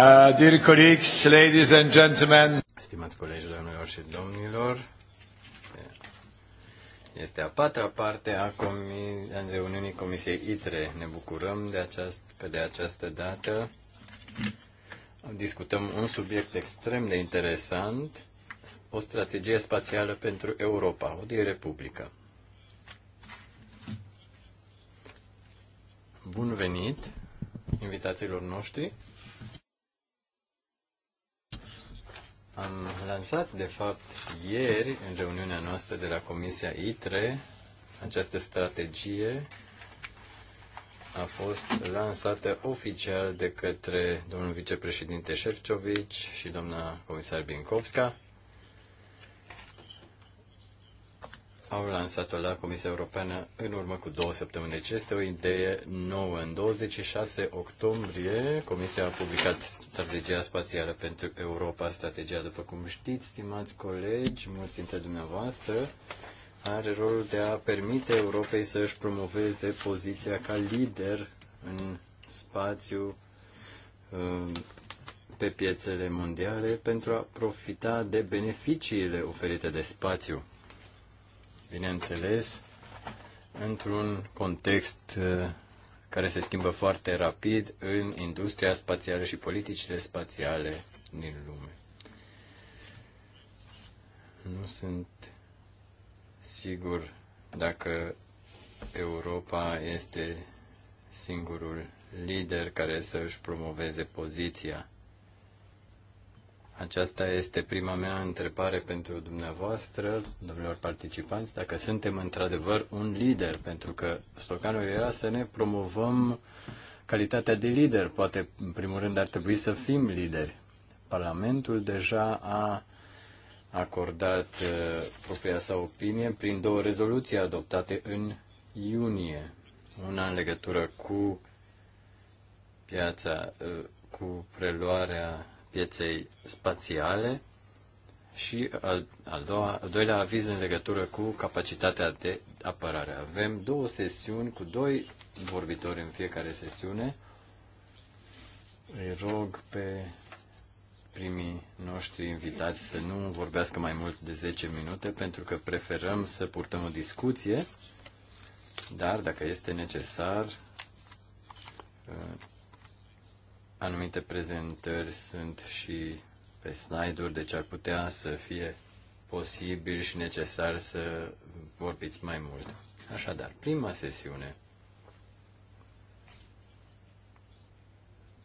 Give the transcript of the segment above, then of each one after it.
Uh, dear colleagues, ladies and gentlemen. Stimați colegi, doamnelor și domnilor, este a patra parte a, comi- a reuniunii Comisiei ITRE. Ne bucurăm de, aceast- de această dată. Discutăm un subiect extrem de interesant, o strategie spațială pentru Europa, o din Republică. Bun venit invitațiilor noștri. Am lansat, de fapt, ieri, în reuniunea noastră de la Comisia ITRE, această strategie a fost lansată oficial de către domnul vicepreședinte Șefcovici și doamna comisar Binkovska. au lansat-o la Comisia Europeană în urmă cu două săptămâni. Deci este o idee nouă. În 26 octombrie, Comisia a publicat strategia spațială pentru Europa, strategia, după cum știți, stimați colegi, mulți dintre dumneavoastră, are rolul de a permite Europei să își promoveze poziția ca lider în spațiu um, pe piețele mondiale pentru a profita de beneficiile oferite de spațiu bineînțeles, într-un context uh, care se schimbă foarte rapid în industria spațială și politicile spațiale din lume. Nu sunt sigur dacă Europa este singurul lider care să își promoveze poziția aceasta este prima mea întrebare pentru dumneavoastră, domnilor participanți, dacă suntem într-adevăr un lider, pentru că sloganul era să ne promovăm calitatea de lider. Poate, în primul rând, ar trebui să fim lideri. Parlamentul deja a acordat uh, propria sa opinie prin două rezoluții adoptate în iunie. Una în legătură cu piața, uh, cu preluarea pieței spațiale și al, al, doua, al doilea aviz în legătură cu capacitatea de apărare. Avem două sesiuni cu doi vorbitori în fiecare sesiune. Îi rog pe primii noștri invitați să nu vorbească mai mult de 10 minute, pentru că preferăm să purtăm o discuție, dar dacă este necesar, Anumite prezentări sunt și pe slide-uri, deci ar putea să fie posibil și necesar să vorbiți mai mult. Așadar, prima sesiune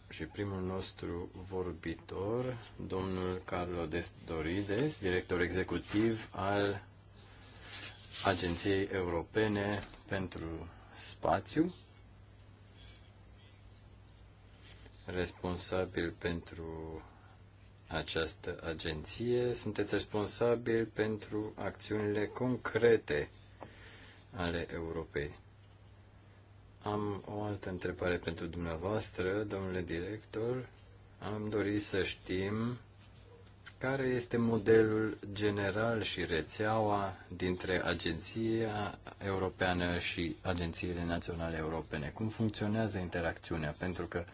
și primul nostru vorbitor, domnul Carlo Dorides, director executiv al Agenției Europene pentru Spațiu. responsabil pentru această agenție, sunteți responsabil pentru acțiunile concrete ale Europei. Am o altă întrebare pentru dumneavoastră, domnule director. Am dorit să știm care este modelul general și rețeaua dintre Agenția Europeană și Agențiile Naționale Europene. Cum funcționează interacțiunea? Pentru că uh,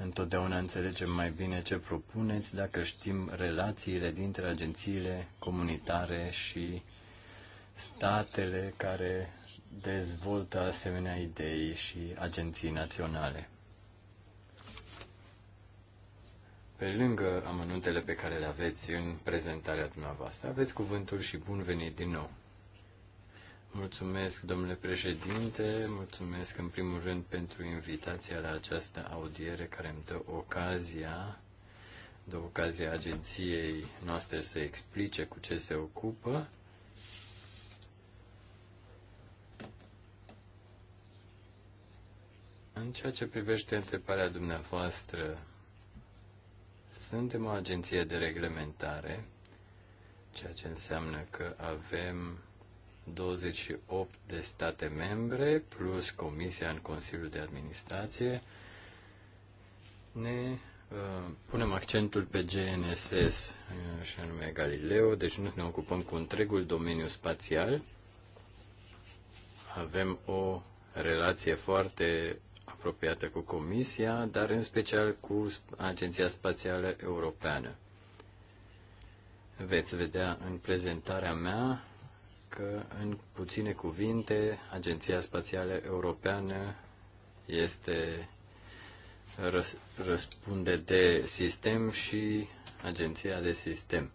Întotdeauna înțelegem mai bine ce propuneți dacă știm relațiile dintre agențiile comunitare și statele care dezvoltă asemenea idei și agenții naționale. Pe lângă amănuntele pe care le aveți în prezentarea dumneavoastră, aveți cuvântul și bun venit din nou. Mulțumesc, domnule președinte, mulțumesc în primul rând pentru invitația la această audiere care îmi dă ocazia, dă ocazia agenției noastre să explice cu ce se ocupă. În ceea ce privește întrebarea dumneavoastră, suntem o agenție de reglementare, ceea ce înseamnă că avem 28 de state membre plus Comisia în Consiliul de Administrație, ne uh, punem accentul pe GNSS uh, așa nume Galileo, deci nu ne ocupăm cu întregul domeniu spațial. Avem o relație foarte apropiată cu Comisia, dar în special cu Agenția Spațială Europeană. Veți vedea în prezentarea mea că, în puține cuvinte, Agenția Spațială Europeană este răs, răspunde de sistem și Agenția de Sistem.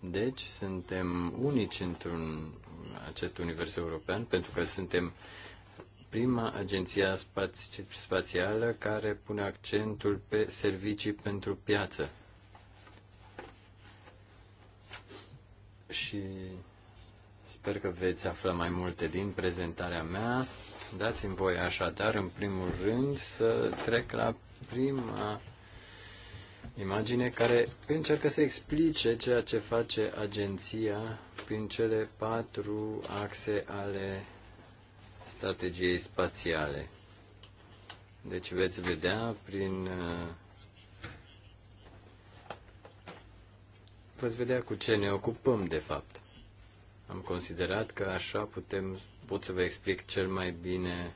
Deci, suntem unici într-un acest univers european, pentru că suntem prima agenția spați, spațială care pune accentul pe servicii pentru piață. Și Sper că veți afla mai multe din prezentarea mea. Dați-mi voi așadar, în primul rând, să trec la prima imagine care încearcă să explice ceea ce face agenția prin cele patru axe ale strategiei spațiale. Deci veți vedea prin veți vedea cu ce ne ocupăm de fapt. Am considerat că așa putem, pot să vă explic cel mai bine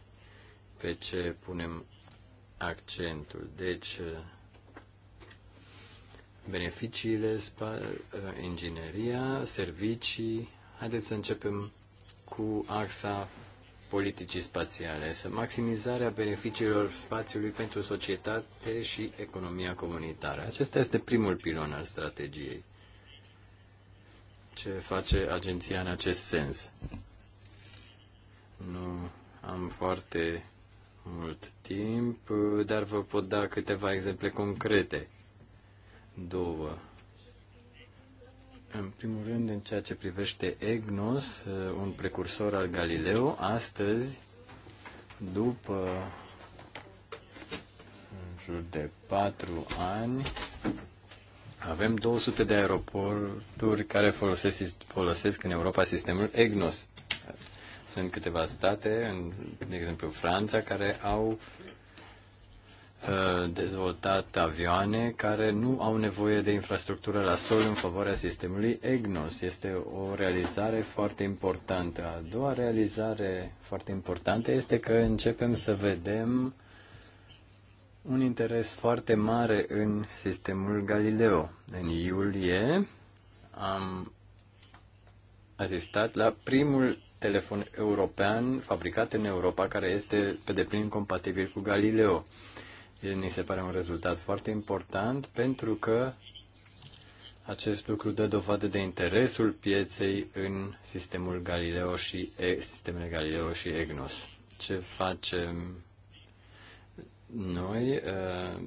pe ce punem accentul. Deci, uh, beneficiile, spa, uh, ingineria, servicii. Haideți să începem cu axa politicii spațiale, Să maximizarea beneficiilor spațiului pentru societate și economia comunitară. Acesta este primul pilon al strategiei ce face agenția în acest sens. Nu am foarte mult timp, dar vă pot da câteva exemple concrete. Două. În primul rând, în ceea ce privește EGNOS, un precursor al Galileo, astăzi, după în jur de patru ani, avem 200 de aeroporturi care folosesc, folosesc în Europa sistemul EGNOS. Sunt câteva state, în, de exemplu Franța, care au uh, dezvoltat avioane care nu au nevoie de infrastructură la sol în favoarea sistemului EGNOS. Este o realizare foarte importantă. A doua realizare foarte importantă este că începem să vedem uh, un interes foarte mare în sistemul Galileo. În iulie am asistat la primul telefon european fabricat în Europa care este pe deplin compatibil cu Galileo. El ni se pare un rezultat foarte important pentru că acest lucru dă dovadă de interesul pieței în sistemul Galileo și sistemele Galileo și EGNOS. Ce facem noi uh,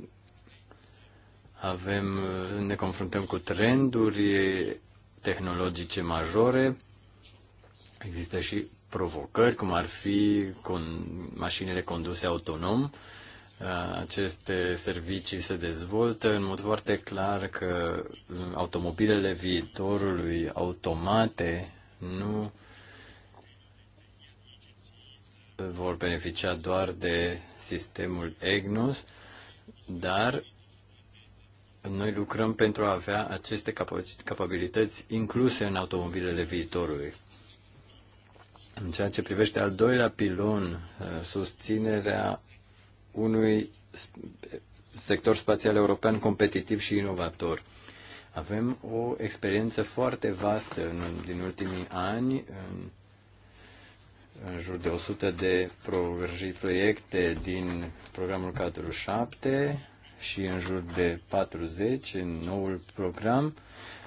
avem, uh, ne confruntăm cu trenduri tehnologice majore, există și provocări, cum ar fi con, mașinile conduse autonom. Uh, aceste servicii se dezvoltă în mod foarte clar că automobilele viitorului automate nu vor beneficia doar de sistemul EGNOS, dar noi lucrăm pentru a avea aceste capabilități incluse în automobilele viitorului. În ceea ce privește al doilea pilon, uh, susținerea unui sector spațial european competitiv și inovator. Avem o experiență foarte vastă în, din ultimii ani în în jur de 100 de proiecte din programul 47 și în jur de 40 în noul program.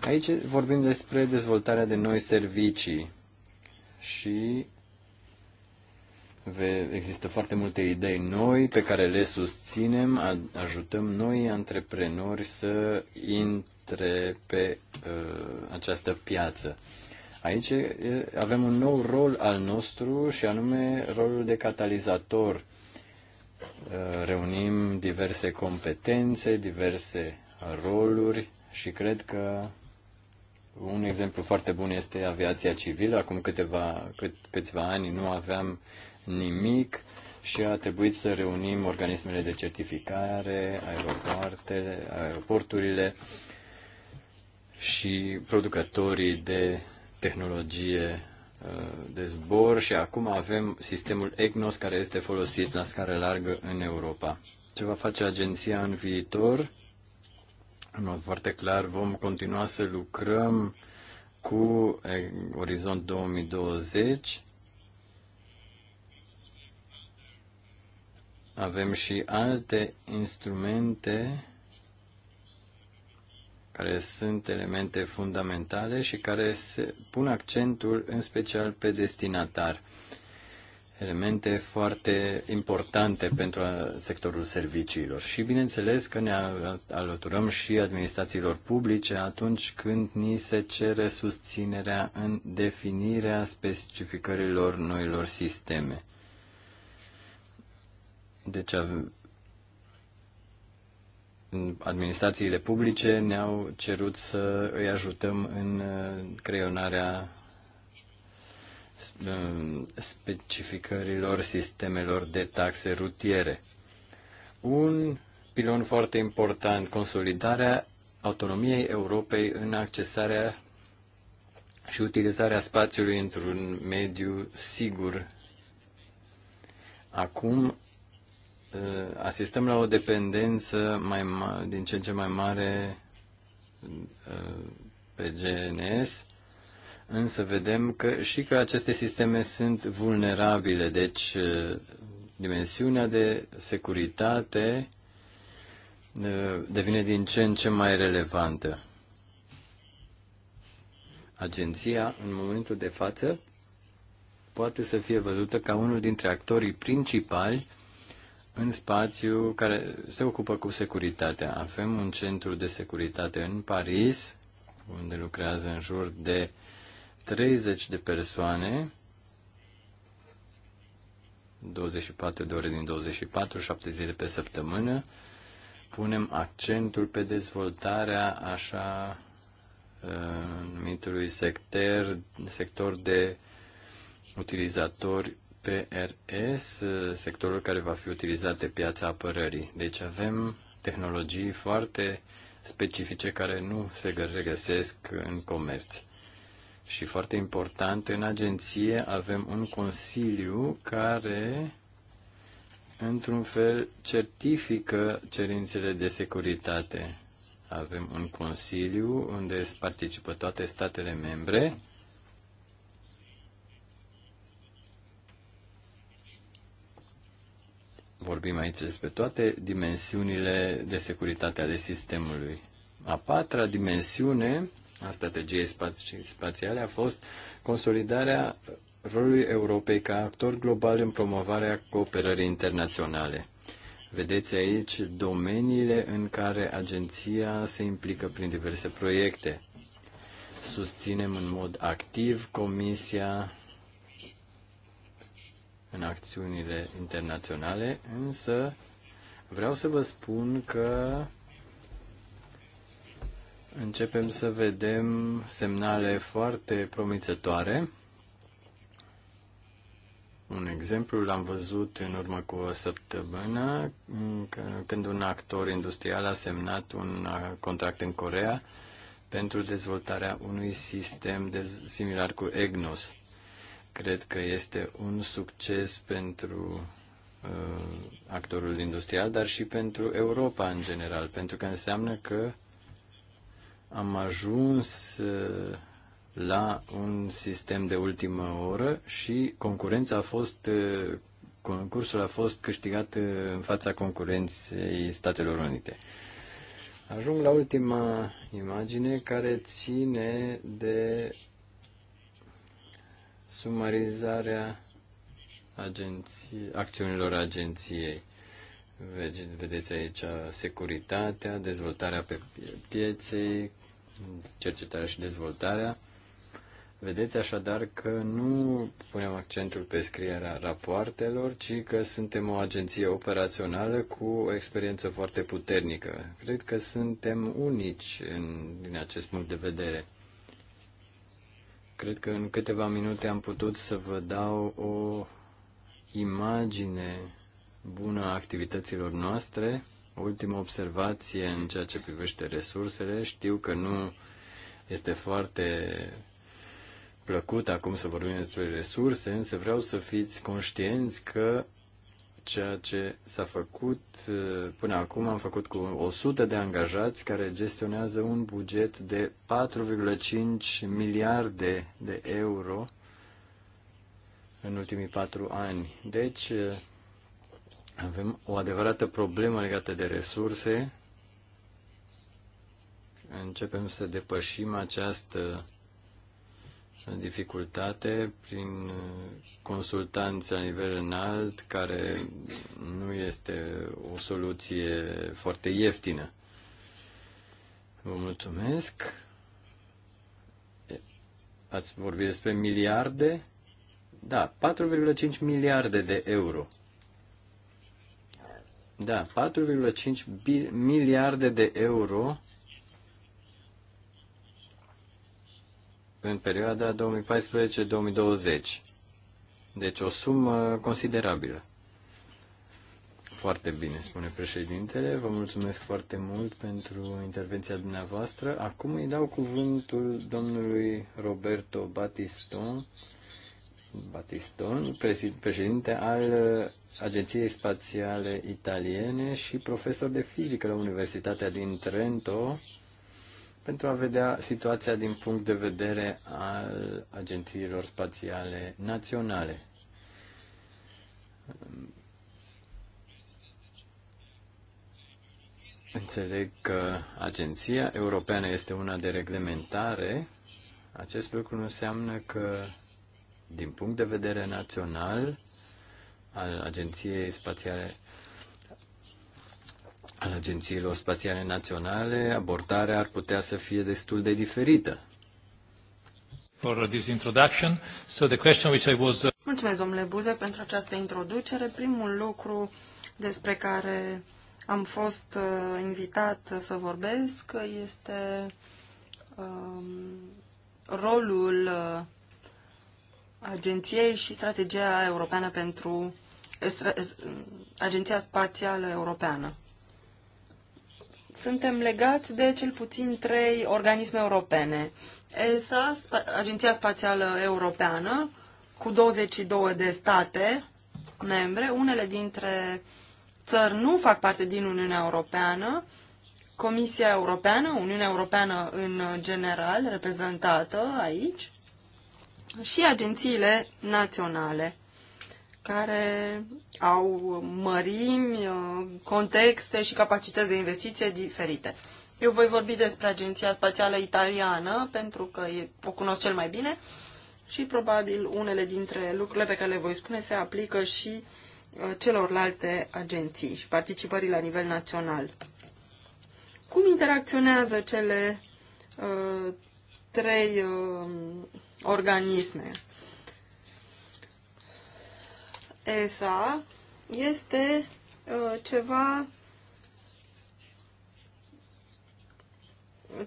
Aici vorbim despre dezvoltarea de noi servicii și există foarte multe idei noi pe care le susținem, ajutăm noi antreprenori să intre pe uh, această piață. Aici avem un nou rol al nostru și anume rolul de catalizator. Reunim diverse competențe, diverse roluri și cred că un exemplu foarte bun este aviația civilă. Acum câteva, cât, câțiva ani nu aveam nimic și a trebuit să reunim organismele de certificare, aeroportele, aeroporturile și producătorii de tehnologie uh, de zbor și acum avem sistemul EGNOS care este folosit la scară largă în Europa. Ce va face agenția în viitor? În mod foarte clar, vom continua să lucrăm cu eh, Orizont 2020. Avem și alte instrumente care sunt elemente fundamentale și care se pun accentul în special pe destinatar. Elemente foarte importante pentru sectorul serviciilor. Și bineînțeles că ne alăturăm și administrațiilor publice atunci când ni se cere susținerea în definirea specificărilor noilor sisteme. Deci administrațiile publice ne-au cerut să îi ajutăm în uh, creionarea uh, specificărilor sistemelor de taxe rutiere. Un pilon foarte important, consolidarea autonomiei Europei în accesarea și utilizarea spațiului într-un mediu sigur. Acum Uh, asistăm la o dependență mai ma- din ce în ce mai mare uh, pe GNS, însă vedem că și că aceste sisteme sunt vulnerabile, deci uh, dimensiunea de securitate devine din ce în ce mai relevantă. Agenția, în momentul de față, poate să fie văzută ca unul dintre actorii principali în spațiu care se ocupă cu securitatea. Avem un centru de securitate în Paris, unde lucrează în jur de 30 de persoane, 24 de ore din 24, 7 zile pe săptămână. Punem accentul pe dezvoltarea așa uh, numitului sector, sector de utilizatori PRS, sectorul care va fi utilizat de piața apărării. Deci avem tehnologii foarte specifice care nu se regăsesc în comerț. Și foarte important, în agenție avem un consiliu care, într-un fel, certifică cerințele de securitate. Avem un consiliu unde participă toate statele membre Vorbim aici despre toate dimensiunile de securitate ale sistemului. A patra dimensiune a strategiei spați- spațiale a fost consolidarea rolului Europei ca actor global în promovarea cooperării internaționale. Vedeți aici domeniile în care agenția se implică prin diverse proiecte. Susținem în mod activ Comisia în acțiunile internaționale, însă vreau să vă spun că începem să vedem semnale foarte promițătoare. Un exemplu l-am văzut în urmă cu o săptămână, când un actor industrial a semnat un uh, contract în Corea pentru dezvoltarea unui sistem de, similar cu EGNOS. Cred că este un succes pentru uh, actorul industrial, dar și pentru Europa în general, pentru că înseamnă că am ajuns uh, la un sistem de ultimă oră și concurența a fost uh, concursul a fost câștigat uh, în fața concurenței Statelor Unite. Ajung la ultima imagine care ține de sumarizarea agenții, acțiunilor agenției. Vedeți aici securitatea, dezvoltarea pe pieței, cercetarea și dezvoltarea. Vedeți așadar că nu punem accentul pe scrierea rapoartelor, ci că suntem o agenție operațională cu o experiență foarte puternică. Cred că suntem unici în, din acest punct de vedere. Cred că în câteva minute am putut să vă dau o imagine bună a activităților noastre. Ultima observație în ceea ce privește resursele. Știu că nu este foarte plăcut acum să vorbim despre resurse, însă vreau să fiți conștienți că ceea ce s-a făcut uh, până acum. Am făcut cu 100 de angajați care gestionează un buget de 4,5 miliarde de euro în ultimii patru ani. Deci uh, avem o adevărată problemă legată de resurse. Începem să depășim această dificultate prin uh, consultanți la nivel înalt, care nu este o soluție foarte ieftină. Vă mulțumesc. Ați vorbit despre miliarde? Da, 4,5 miliarde de euro. Da, 4,5 miliarde de euro în perioada 2014-2020. Deci o sumă considerabilă. Foarte bine, spune președintele. Vă mulțumesc foarte mult pentru intervenția dumneavoastră. Acum îi dau cuvântul domnului Roberto Batiston, Batiston președinte al Agenției Spațiale Italiene și profesor de fizică la Universitatea din Trento pentru a vedea situația din punct de vedere al agențiilor spațiale naționale. Înțeleg că Agenția Europeană este una de reglementare. Acest lucru nu înseamnă că, din punct de vedere național, al Agenției Spațiale al agențiilor spațiale naționale, abordarea ar putea să fie destul de diferită. For this introduction. So the question which I was... Uh, Mulțumesc, domnule Buze, pentru această introducere. Primul lucru despre care am fost uh, invitat să vorbesc este um, rolul uh, agenției și strategia europeană pentru Agenția Spațială Europeană suntem legați de cel puțin trei organisme europene. ESA, Agenția Spațială Europeană, cu 22 de state membre, unele dintre țări nu fac parte din Uniunea Europeană, Comisia Europeană, Uniunea Europeană în general, reprezentată aici, și agențiile naționale care au mărimi, uh, contexte și capacități de investiție diferite. Eu voi vorbi despre Agenția Spațială Italiană, pentru că o cunosc cel mai bine și probabil unele dintre lucrurile pe care le voi spune se aplică și uh, celorlalte agenții și participării la nivel național. Cum interacționează cele uh, trei uh, organisme? ESA este uh, ceva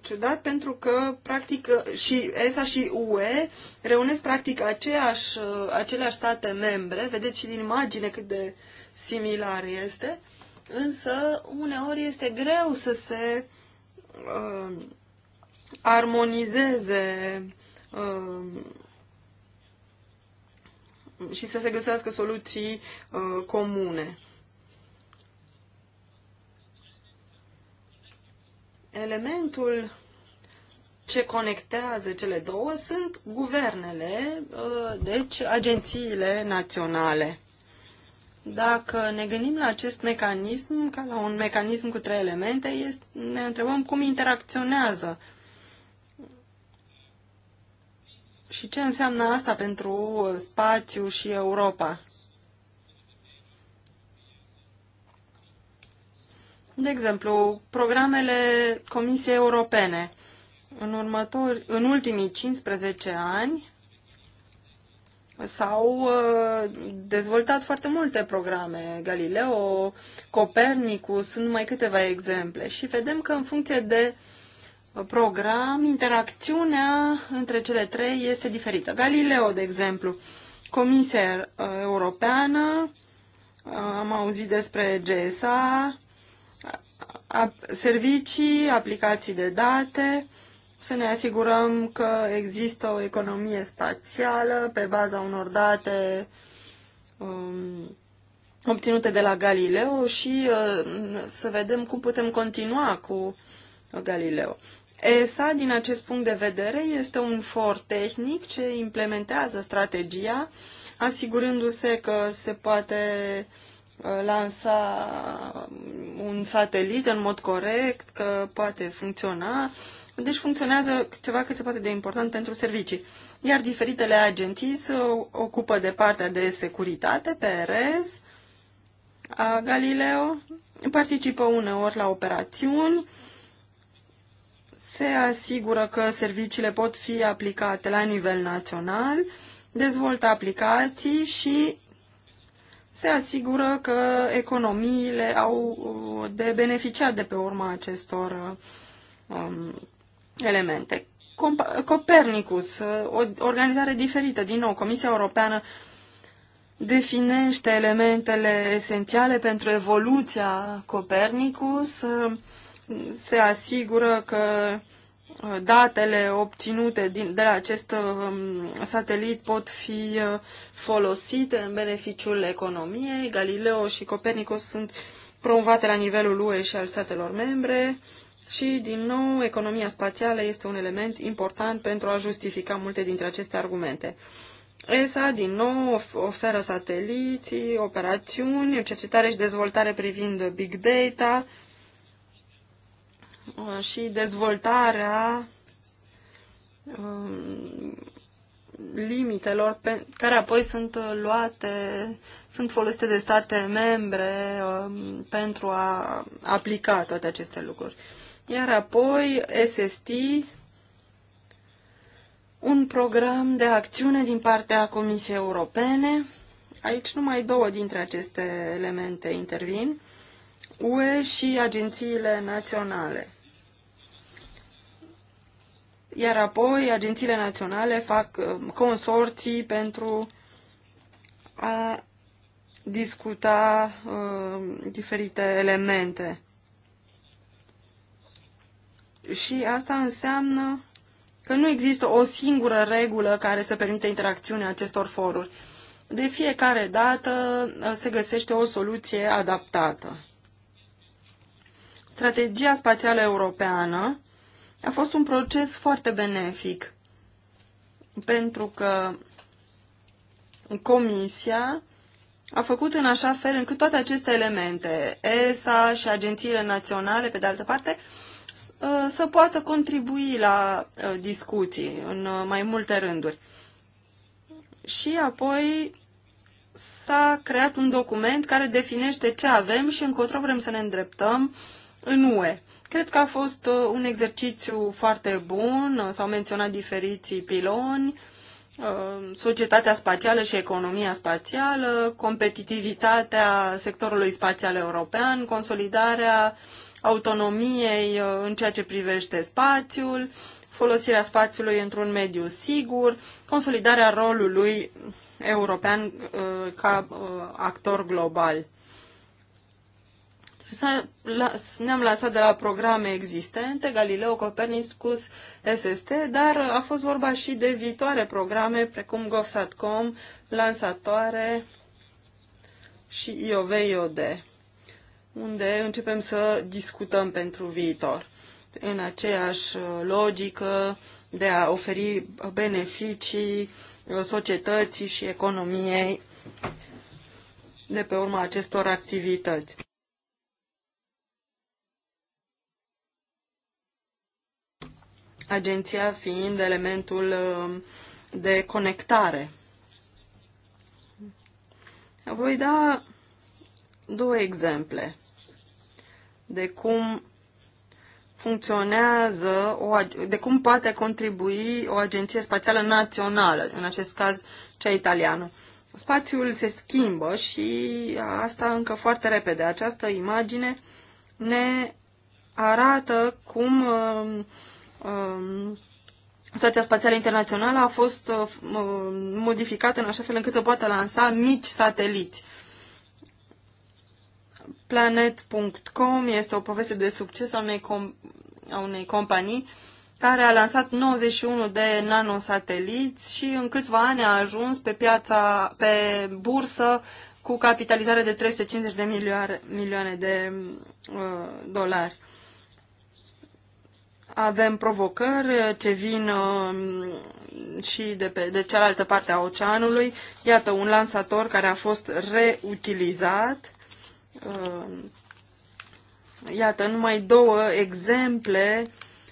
ciudat pentru că practic uh, și ESA și UE reunesc practic aceeași, uh, aceleași state membre, vedeți și din imagine cât de similar este, însă uneori este greu să se uh, armonizeze uh, și să se găsească soluții uh, comune. Elementul ce conectează cele două sunt guvernele, uh, deci agențiile naționale. Dacă ne gândim la acest mecanism, ca la un mecanism cu trei elemente, este, ne întrebăm cum interacționează uh, Și ce înseamnă asta pentru spațiu și Europa? De exemplu, programele Comisiei Europene. În, următor, în ultimii 15 ani s-au uh, dezvoltat foarte multe programe. Galileo, Copernicus, sunt numai câteva exemple. Și vedem că în funcție de uh, program, interacțiunea între cele trei este diferită. Galileo, de exemplu, Comisia Europeană, uh, am auzit despre GSA, servicii, aplicații de date, să ne asigurăm că există o economie spațială pe baza unor date um, obținute de la Galileo și uh, să vedem cum putem continua cu Galileo. ESA, din acest punct de vedere, este un for tehnic ce implementează strategia, asigurându-se că se poate uh, lansa un satelit în mod corect, că poate funcționa. Deci funcționează ceva cât se poate de important pentru servicii. Iar diferitele agenții se ocupă de partea de securitate, PRS, a Galileo, participă uneori la operațiuni, se asigură că serviciile pot fi aplicate la nivel național, dezvoltă aplicații și se asigură că economiile au de beneficiat de pe urma acestor um, elemente. Copernicus, o organizare diferită, din nou, Comisia Europeană definește elementele esențiale pentru evoluția Copernicus, um, se asigură că uh, datele obținute din, de la acest um, satelit pot fi uh, folosite în beneficiul economiei. Galileo și Copernicus sunt promovate la nivelul UE și al statelor membre și, din nou, economia spațială este un element important pentru a justifica multe dintre aceste argumente. ESA, din nou, oferă sateliții, operațiuni, cercetare și dezvoltare privind big data, Uh, și dezvoltarea um, limitelor pe, care apoi sunt uh, luate, sunt folosite de state membre um, pentru a aplica toate aceste lucruri. Iar apoi SST, un program de acțiune din partea Comisiei Europene. Aici numai două dintre aceste elemente intervin, UE și agențiile naționale iar apoi agențiile naționale fac um, consorții pentru a discuta um, diferite elemente. Și asta înseamnă că nu există o singură regulă care să permite interacțiunea acestor foruri. De fiecare dată uh, se găsește o soluție adaptată. Strategia spațială europeană a fost un proces foarte benefic pentru că Comisia a făcut în așa fel încât toate aceste elemente, ESA și agențiile naționale, pe de altă parte, uh, să poată contribui la uh, discuții în uh, mai multe rânduri. Și apoi s-a creat un document care definește ce avem și încotro vrem să ne îndreptăm în UE. Cred că a fost uh, un exercițiu foarte bun, uh, s-au menționat diferiții piloni, uh, societatea spațială și economia spațială, competitivitatea sectorului spațial european, consolidarea autonomiei în ceea ce privește spațiul, folosirea spațiului într-un mediu sigur, consolidarea rolului european ca actor global ne-am lăsat de la programe existente, Galileo, Copernicus, SST, dar a fost vorba și de viitoare programe precum GovSatcom, Lansatoare și IOV-IOD, unde începem să discutăm pentru viitor. În aceeași uh, logică de a oferi beneficii uh, societății și economiei de pe urma acestor activități. agenția fiind elementul um, de conectare. Voi da două exemple de cum funcționează, o, de cum poate contribui o agenție spațială națională, în acest caz cea italiană. Spațiul se schimbă și asta încă foarte repede. Această imagine ne arată cum um, Um, Stația Spațială Internațională a fost uh, uh, modificată în așa fel încât să poată lansa mici sateliți. Planet.com este o poveste de succes a unei, com- a unei companii care a lansat 91 de nanosateliți și în câțiva ani a ajuns pe piața, pe bursă cu capitalizare de 350 de milioane, milioane de uh, dolari. Avem provocări ce vin um, și de, pe, de cealaltă parte a oceanului. Iată, un lansator care a fost reutilizat. Um, iată, numai două exemple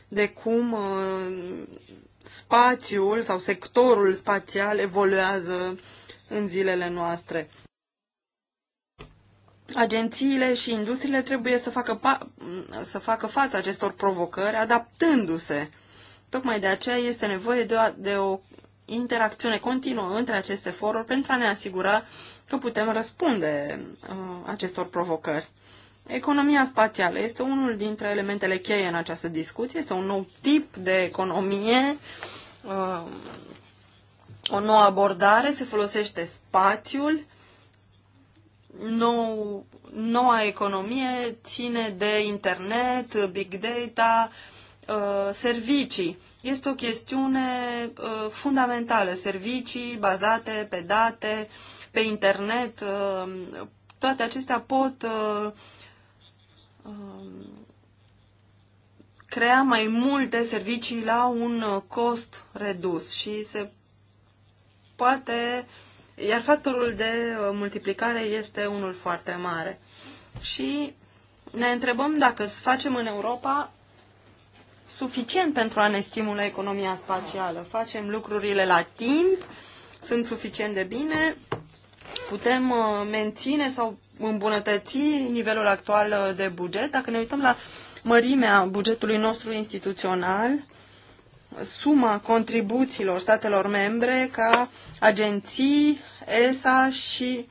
de cum um, spațiul sau sectorul spațial evoluează în zilele noastre agențiile și industriile trebuie să facă, să facă față acestor provocări adaptându-se. Tocmai de aceea este nevoie de o, de o interacțiune continuă între aceste foruri pentru a ne asigura că putem răspunde uh, acestor provocări. Economia spațială este unul dintre elementele cheie în această discuție, este un nou tip de economie, uh, o nouă abordare, se folosește spațiul nou, noua economie ține de internet, big data, uh, servicii. Este o chestiune uh, fundamentală. Servicii bazate pe date, pe internet, uh, toate acestea pot crea mai multe servicii la un cost redus și se poate uh, iar factorul de uh, multiplicare este unul foarte mare. Și ne întrebăm dacă facem în Europa suficient pentru a ne stimula economia spațială. Facem lucrurile la timp, sunt suficient de bine, putem uh, menține sau îmbunătăți nivelul actual uh, de buget. Dacă ne uităm la mărimea bugetului nostru instituțional, suma contribuțiilor statelor membre ca agenții, ESA și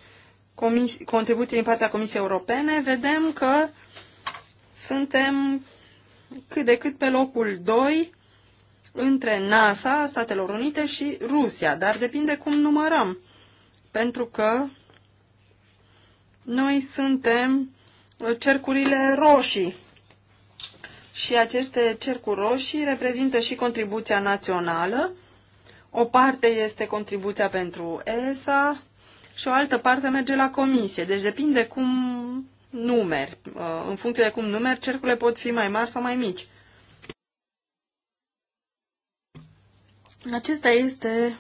contribuții din partea Comisiei Europene, vedem că suntem cât de cât pe locul 2 între NASA, Statelor Unite și Rusia, dar depinde cum numărăm, pentru că noi suntem cercurile roșii și aceste cercuri roșii reprezintă și contribuția națională. O parte este contribuția pentru ESA și o altă parte merge la comisie. Deci depinde cum numeri. Uh, în funcție de cum numeri, cercurile pot fi mai mari sau mai mici. Acesta este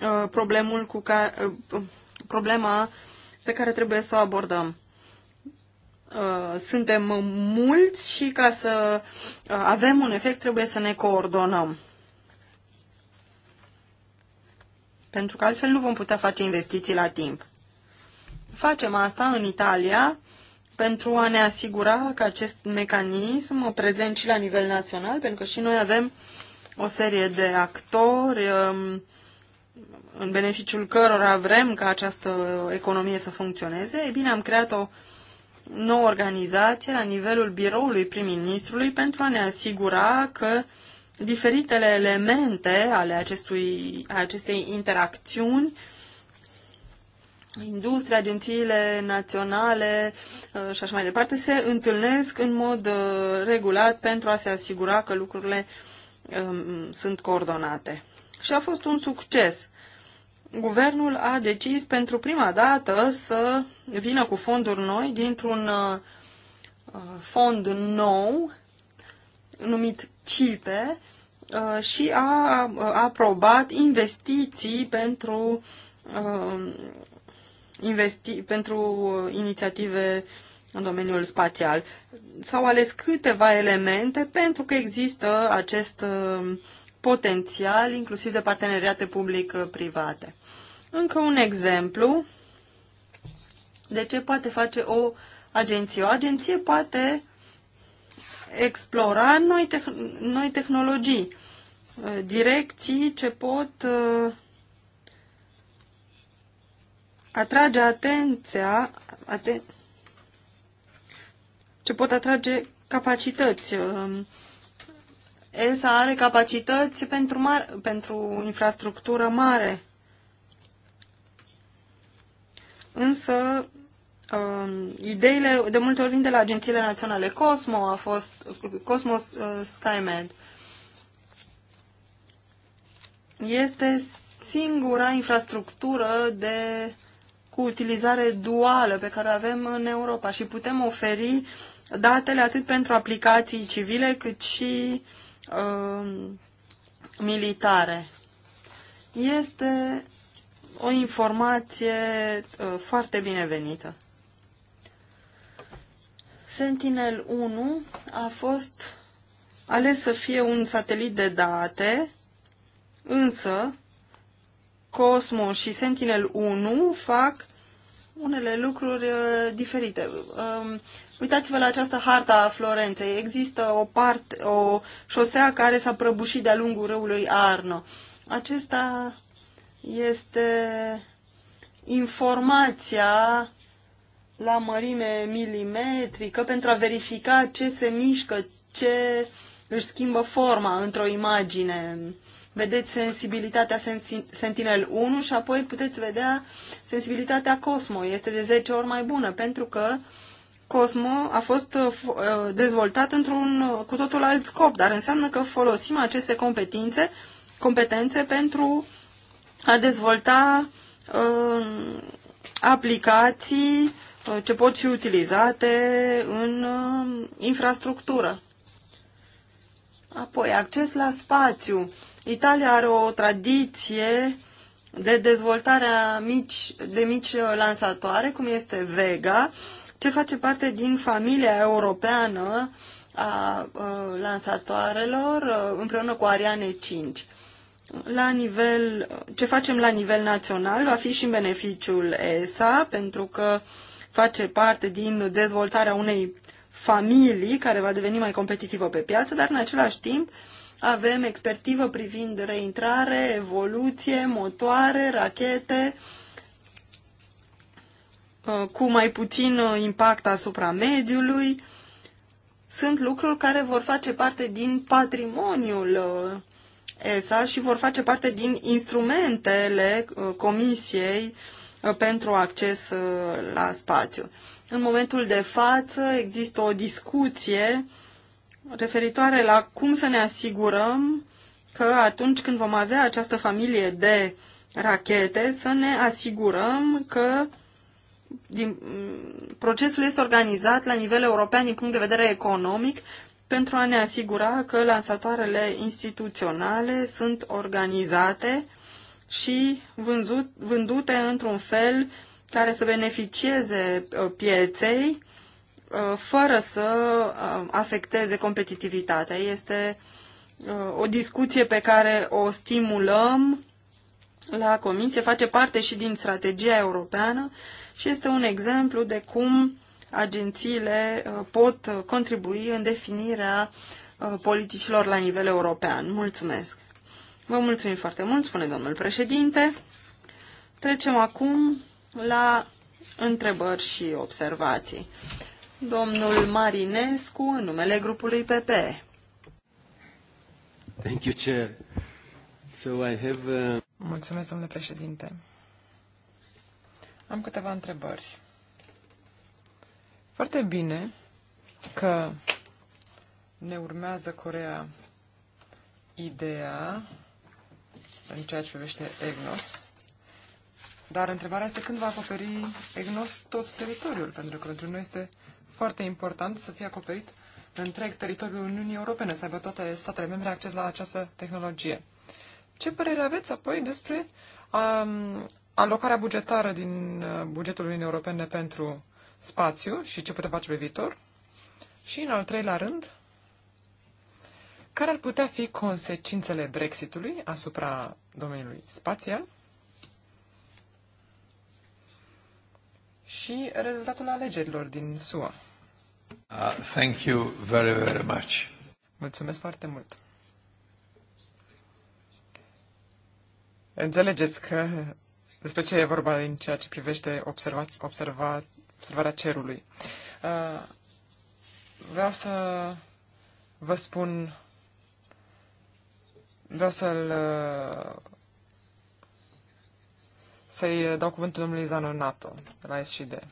uh, problemul cu ca, uh, problema pe care trebuie să o abordăm. Uh, suntem mulți și ca să uh, avem un efect trebuie să ne coordonăm. Pentru că altfel nu vom putea face investiții la timp. Facem asta în Italia pentru a ne asigura că acest mecanism prezent și la nivel național, pentru că și noi avem o serie de actori um, în beneficiul cărora vrem ca această economie să funcționeze, e bine, am creat o nouă organizație la nivelul biroului prim-ministrului pentru a ne asigura că diferitele elemente ale acestui, acestei interacțiuni industria, agențiile naționale uh, și așa mai departe, se întâlnesc în mod uh, regulat pentru a se asigura că lucrurile um, sunt coordonate. Și a fost un succes guvernul a decis pentru prima dată să vină cu fonduri noi dintr-un uh, uh, fond nou numit CIPE uh, și a aprobat investiții pentru, investi, pentru inițiative în domeniul spațial. S-au ales câteva elemente pentru că există acest potențial, inclusiv de parteneriate public-private. Încă un exemplu de ce poate face o agenție. O agenție poate explora noi, te- noi tehnologii, uh, direcții ce pot uh, atrage atenția, aten- ce pot atrage capacități um, ESA are capacități pentru, mar pentru infrastructură mare. Însă, uh, ideile de multe ori vin de la agențiile naționale. Cosmo a fost, Cosmos uh, SkyMed este singura infrastructură de cu utilizare duală pe care o avem în Europa și putem oferi datele atât pentru aplicații civile cât și uh, Um, militare. Este o informație uh, foarte binevenită. Sentinel 1 a fost ales să fie un satelit de date, însă Cosmo și Sentinel 1 fac unele lucruri uh, diferite. Uh, Uitați-vă la această harta a Florenței. Există o, parte, o șosea care s-a prăbușit de-a lungul râului Arno. Acesta este informația la mărime milimetrică pentru a verifica ce se mișcă, ce își schimbă forma într-o imagine. Vedeți sensibilitatea Sentinel 1 și apoi puteți vedea sensibilitatea Cosmo. Este de 10 ori mai bună pentru că uh, Cosmo a fost uh, uh, dezvoltat într-un uh, cu totul alt scop, dar înseamnă că folosim aceste competențe, competențe pentru a dezvolta uh, aplicații uh, ce pot fi utilizate în uh, infrastructură. Apoi, acces la spațiu. Italia are o tradiție de dezvoltare mici, de mici lansatoare, cum este Vega, uh, ce face parte din familia europeană a lansatoarelor împreună cu Ariane 5. La nivel, ce facem la nivel național va fi și în beneficiul ESA, pentru că face parte din dezvoltarea unei familii care va deveni mai competitivă pe piață, dar în același timp avem expertivă privind reintrare, evoluție, motoare, rachete, uh, Uh, cu mai puțin uh, impact asupra mediului. Sunt lucruri care vor face parte din patrimoniul uh, ESA și vor face parte din instrumentele Comisiei pentru acces la spațiu. În momentul de față există o discuție referitoare la cum să ne asigurăm că atunci când vom avea această familie de rachete, să ne asigurăm că din, mm, procesul este organizat la nivel european din punct de vedere economic pentru a ne asigura că lansatoarele instituționale sunt organizate și vânzut, vândute într-un fel care să beneficieze uh, pieței uh, fără să uh, afecteze competitivitatea. Este o discuție pe care o stimulăm la Comisie face parte și din strategia europeană și este un exemplu de cum agențiile uh, pot contribui în definirea uh, politicilor la nivel european. Mulțumesc! Vă mulțumim foarte mult, spune domnul președinte. Trecem acum la întrebări și observații. Domnul Marinescu, în numele grupului PP. Thank you, Chair. So I have, uh... Mulțumesc, domnule președinte. Am câteva întrebări. Foarte bine că ne urmează Corea ideea în ceea ce privește EGNOS, dar întrebarea este când va acoperi EGNOS tot teritoriul, pentru că pentru noi este foarte important să fie acoperit întreg teritoriul Uniunii Europene, să aibă toate statele membre acces la această tehnologie. Ce părere aveți apoi despre um, alocarea bugetară din uh, bugetul Uniunii Europene pentru spațiu și ce putem face pe viitor? Și în al treilea rând, care ar putea fi consecințele Brexitului asupra domeniului spațial și rezultatul alegerilor din SUA? Uh, thank you very, very much. Mulțumesc foarte mult. Înțelegeți că despre ce e vorba în ceea ce privește observa, observa, observarea cerului. Uh, vreau să vă spun, vreau să-l uh, să-i dau cuvântul domnului NATO de la SCD.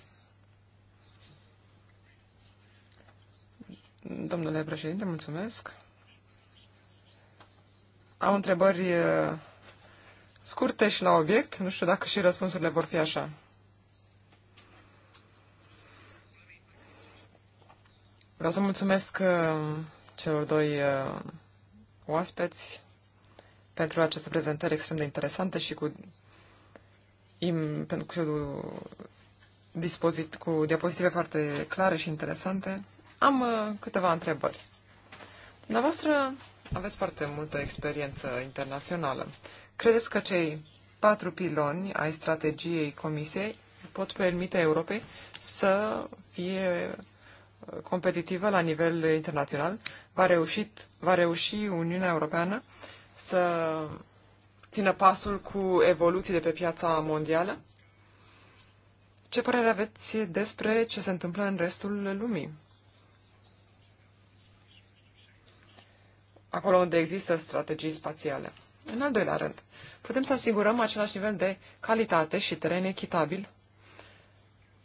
Domnule președinte, mulțumesc. Am întrebări uh, scurte și la obiect. Nu știu dacă și răspunsurile vor fi așa. Vreau să mulțumesc uh, celor doi uh, oaspeți pentru aceste prezentări extrem de interesante și cu, im, pentru, cu, dispozit, cu diapozitive foarte clare și interesante. Am uh, câteva întrebări. Dumneavoastră aveți foarte multă experiență internațională. Credeți că cei patru piloni ai strategiei Comisiei pot permite Europei să fie uh, competitivă la nivel internațional? Va, reușit, va reuși Uniunea Europeană să țină pasul cu evoluțiile pe piața mondială? Ce părere aveți despre ce se întâmplă în restul lumii? Acolo unde există strategii spațiale. În al doilea rând, putem să asigurăm același nivel de calitate și teren echitabil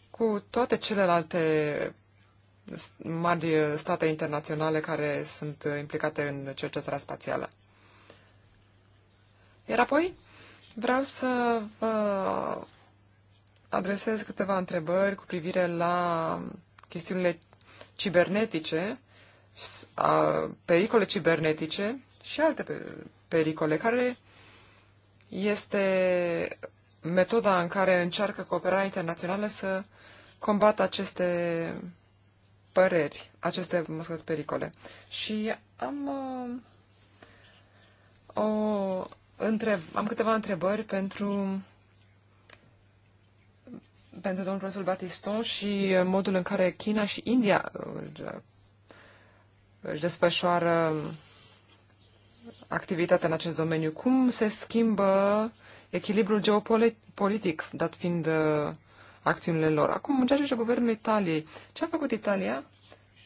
cu toate celelalte mari state internaționale care sunt implicate în cercetarea spațială. Iar apoi vreau să vă adresez câteva întrebări cu privire la chestiunile cibernetice, pericole cibernetice și alte pericole, care este metoda în care încearcă cooperarea internațională să combată aceste păreri, aceste, mă scuze, pericole. Și am uh, o întreb, am câteva întrebări pentru pentru domnul profesor Batiston și modul în care China și India își, își desfășoară activitatea în acest domeniu. Cum se schimbă echilibrul geopolitic, dat fiind uh, acțiunile lor? Acum, în ceea ce guvernul Italiei, ce a făcut Italia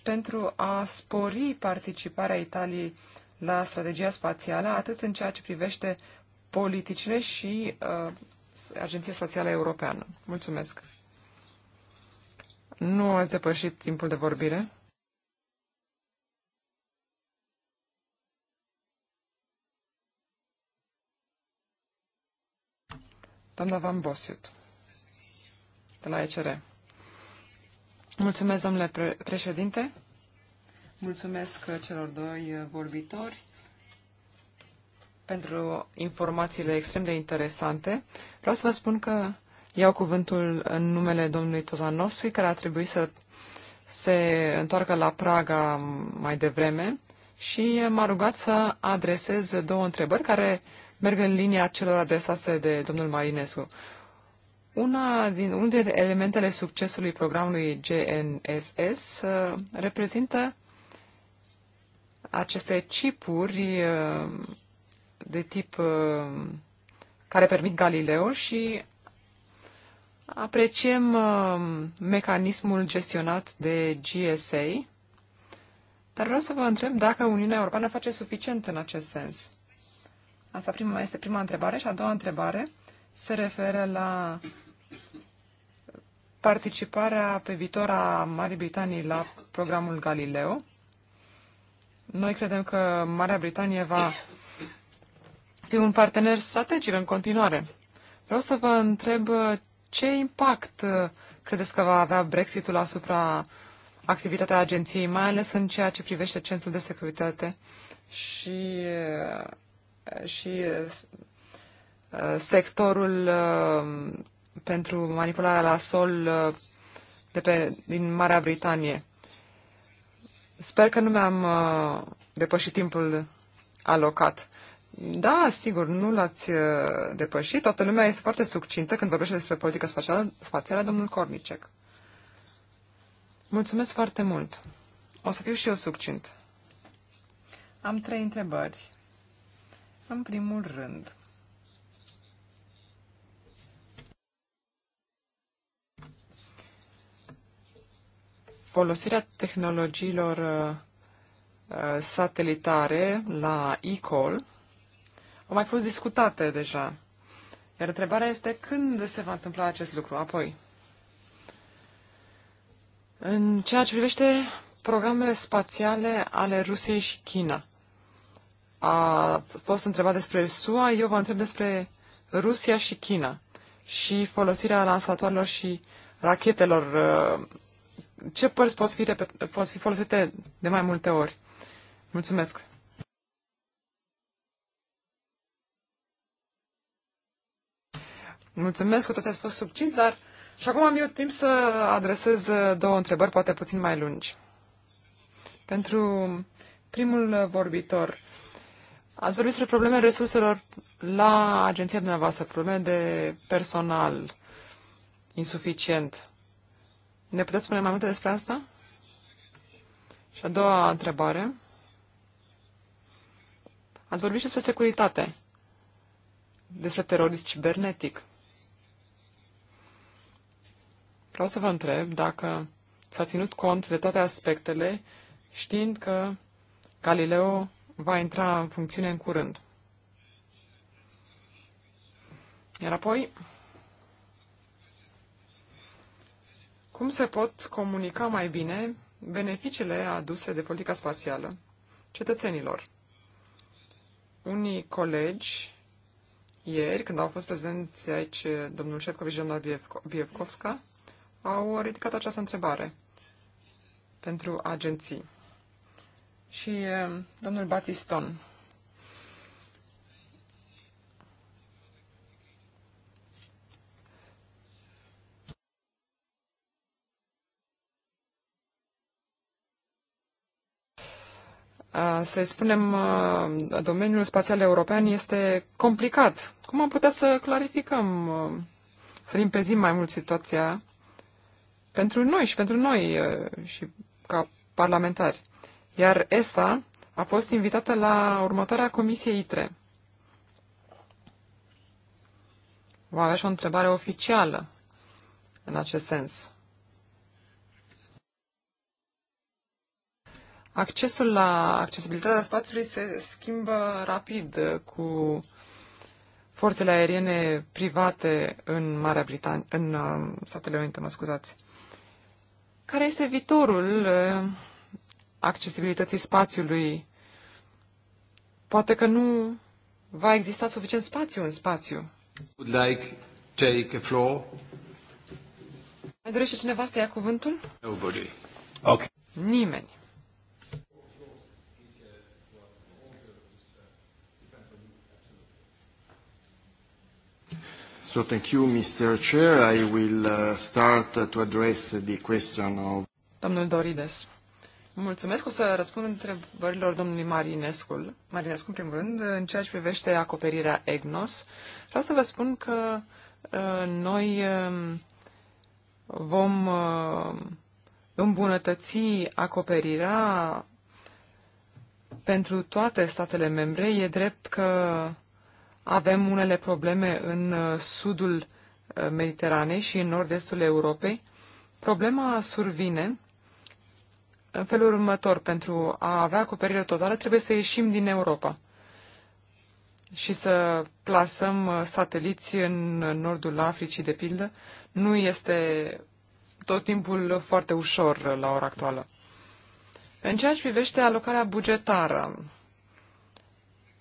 pentru a spori participarea Italiei la strategia spațială, atât în ceea ce privește politicile și uh, Agenția Spațială Europeană? Mulțumesc! Nu ați depășit timpul de vorbire? Doamna Van Bosiut, de la ECR. Mulțumesc, domnule pre președinte. Mulțumesc celor doi vorbitori pentru informațiile extrem de interesante. Vreau să vă spun că iau cuvântul în numele domnului Tozanovski, care a trebuit să se întoarcă la Praga mai devreme și m-a rugat să adresez două întrebări care merg în linia celor adresate de domnul Marinescu. Una din, unul dintre elementele succesului programului GNSS uh, reprezintă aceste chipuri uh, de tip uh, care permit Galileo și apreciem uh, mecanismul gestionat de GSA, dar vreau să vă întreb dacă Uniunea Europeană face suficient în acest sens. Asta prima, este prima întrebare și a doua întrebare se referă la participarea pe viitor a Marii Britanii la programul Galileo. Noi credem că Marea Britanie va fi un partener strategic în continuare. Vreau să vă întreb ce impact uh, credeți că va avea Brexitul asupra activitatea agenției, mai ales în ceea ce privește centrul de securitate și uh, și uh, uh, sectorul uh, pentru manipularea la sol de pe, din Marea Britanie. Sper că nu mi-am depășit timpul alocat. Da, sigur, nu l-ați depășit. Toată lumea este foarte succintă când vorbește despre politică spațială, spațială domnul Cornicec. Mulțumesc foarte mult. O să fiu și eu succint. Am trei întrebări. În primul rând, folosirea tehnologiilor uh, uh, satelitare la e-call au mai fost discutate deja. Iar întrebarea este când se va întâmpla acest lucru apoi. În ceea ce privește programele spațiale ale Rusiei și China, a fost întrebat despre SUA, eu vă întreb despre Rusia și China și folosirea lansatoarelor și rachetelor. Uh, ce părți pot fi, pot fi folosite de mai multe ori? Mulțumesc! Mulțumesc că tot ați fost subținți, dar și acum am eu timp să adresez uh, două întrebări, poate puțin mai lungi. Pentru primul uh, vorbitor, Ați vorbit despre probleme resurselor la agenția dumneavoastră, probleme de personal insuficient. Ne puteți spune mai multe despre asta? Și a doua întrebare. Ați vorbit și despre securitate, despre terorism cibernetic. Vreau să vă întreb dacă s-a ținut cont de toate aspectele, știind că Galileo va intra în funcțiune în curând. Iar apoi, cum se pot comunica mai bine beneficiile aduse de politica spațială cetățenilor? Unii colegi, ieri, când au fost prezenți aici domnul Șefcovic și doamna Vievkovska, au ridicat această întrebare pentru agenții și domnul Batiston. să spunem, domeniul spațial european este complicat. Cum am putea să clarificăm, să limpezim mai mult situația pentru noi și pentru noi și ca parlamentari? iar ESA a fost invitată la următoarea comisie ITRE. Va avea și o întrebare oficială în acest sens. Accesul la accesibilitatea spațiului se schimbă rapid cu forțele aeriene private în Marea Britanie, în uh, Statele Unite, mă scuzați. Care este viitorul uh, accesibilității spațiului. Poate că nu va exista suficient spațiu în spațiu. Would like take a floor? Mai dorește cineva să ia cuvântul? Nobody. Okay. Nimeni. So thank you, Mr. Chair. I will uh, start uh, to address the question of... Domnul Dorides. Mulțumesc. O să răspund întrebărilor domnului Marinescu. Marinescu, în primul rând, în ceea ce privește acoperirea EGNOS, vreau să vă spun că uh, noi uh, vom uh, îmbunătăți acoperirea pentru toate statele membre. E drept că avem unele probleme în uh, sudul uh, Mediteranei și în nord-estul Europei. Problema survine în felul următor. Pentru a avea acoperire totală trebuie să ieșim din Europa și să plasăm uh, sateliți în nordul Africii, de pildă, nu este tot timpul foarte ușor uh, la ora actuală. În ceea ce privește alocarea bugetară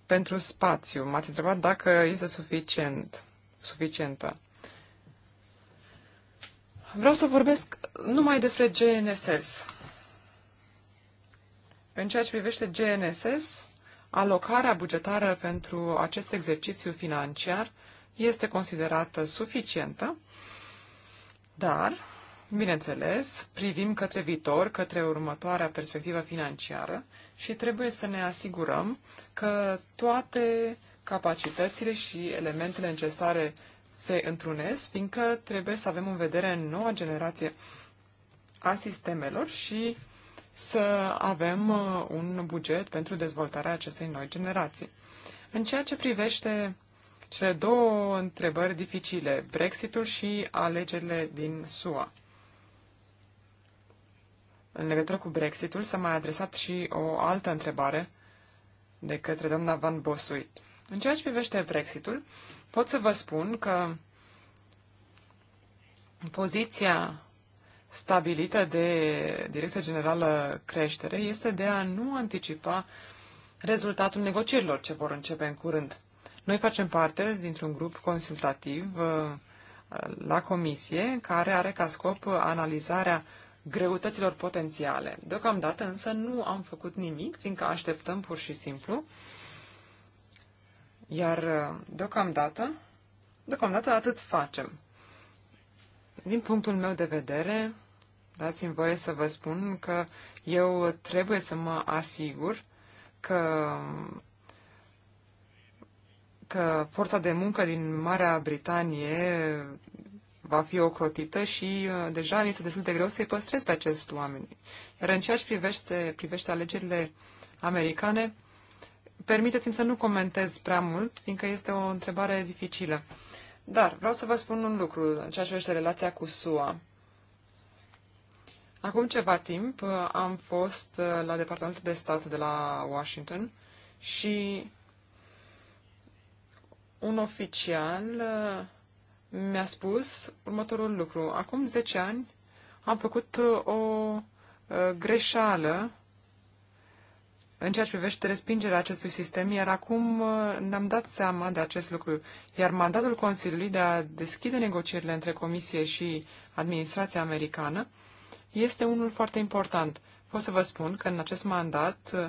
pentru spațiu, m-ați întrebat dacă este suficient, suficientă. Vreau să vorbesc numai despre GNSS. În ceea ce privește GNSS, alocarea bugetară pentru acest exercițiu financiar este considerată suficientă, dar, bineînțeles, privim către viitor, către următoarea perspectivă financiară și trebuie să ne asigurăm că toate capacitățile și elementele necesare se întrunesc, fiindcă trebuie să avem în vedere noua generație a sistemelor și să avem uh, un buget pentru dezvoltarea acestei noi generații. În ceea ce privește cele două întrebări dificile, Brexitul și alegerile din SUA. În legătură cu Brexitul s-a mai adresat și o altă întrebare de către doamna Van Bosuit. În ceea ce privește Brexitul, pot să vă spun că poziția stabilită de Direcția Generală Creștere este de a nu anticipa rezultatul negocierilor ce vor începe în curând. Noi facem parte dintr-un grup consultativ uh, la comisie care are ca scop analizarea greutăților potențiale. Deocamdată însă nu am făcut nimic, fiindcă așteptăm pur și simplu. Iar uh, deocamdată, deocamdată atât facem. Din punctul meu de vedere, Dați-mi voie să vă spun că eu trebuie să mă asigur că, că forța de muncă din Marea Britanie va fi ocrotită și uh, deja mi este destul de greu să-i păstrez pe acest oameni. Iar în ceea ce privește, privește alegerile americane, permiteți-mi să nu comentez prea mult, fiindcă este o întrebare dificilă. Dar vreau să vă spun un lucru în ceea ce privește relația cu SUA. Acum ceva timp uh, am fost uh, la Departamentul de Stat de la Washington și un oficial uh, mi-a spus următorul lucru. Acum 10 ani am făcut o greșeală în ceea ce privește respingerea acestui sistem, iar acum ne-am dat seama de acest lucru. Iar mandatul Consiliului de a deschide negocierile între Comisie și administrația americană este unul foarte important. Pot să vă spun că în acest mandat uh,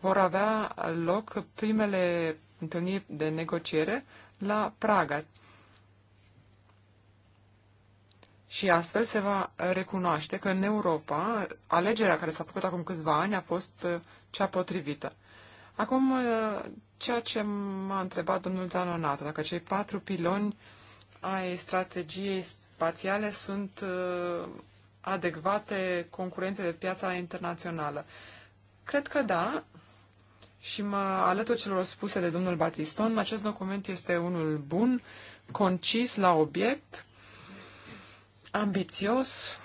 vor avea loc primele întâlniri de negociere la Praga. Și astfel se va recunoaște că în Europa alegerea care s-a făcut acum câțiva ani a fost uh, cea potrivită. Acum, uh, ceea ce m-a întrebat domnul Zanonato, dacă cei patru piloni ai strategiei spațiale sunt adecvate concurențe de piața internațională. Cred că da, și mă alătur celor spuse de domnul Batiston. Acest document este unul bun, concis la obiect, ambițios.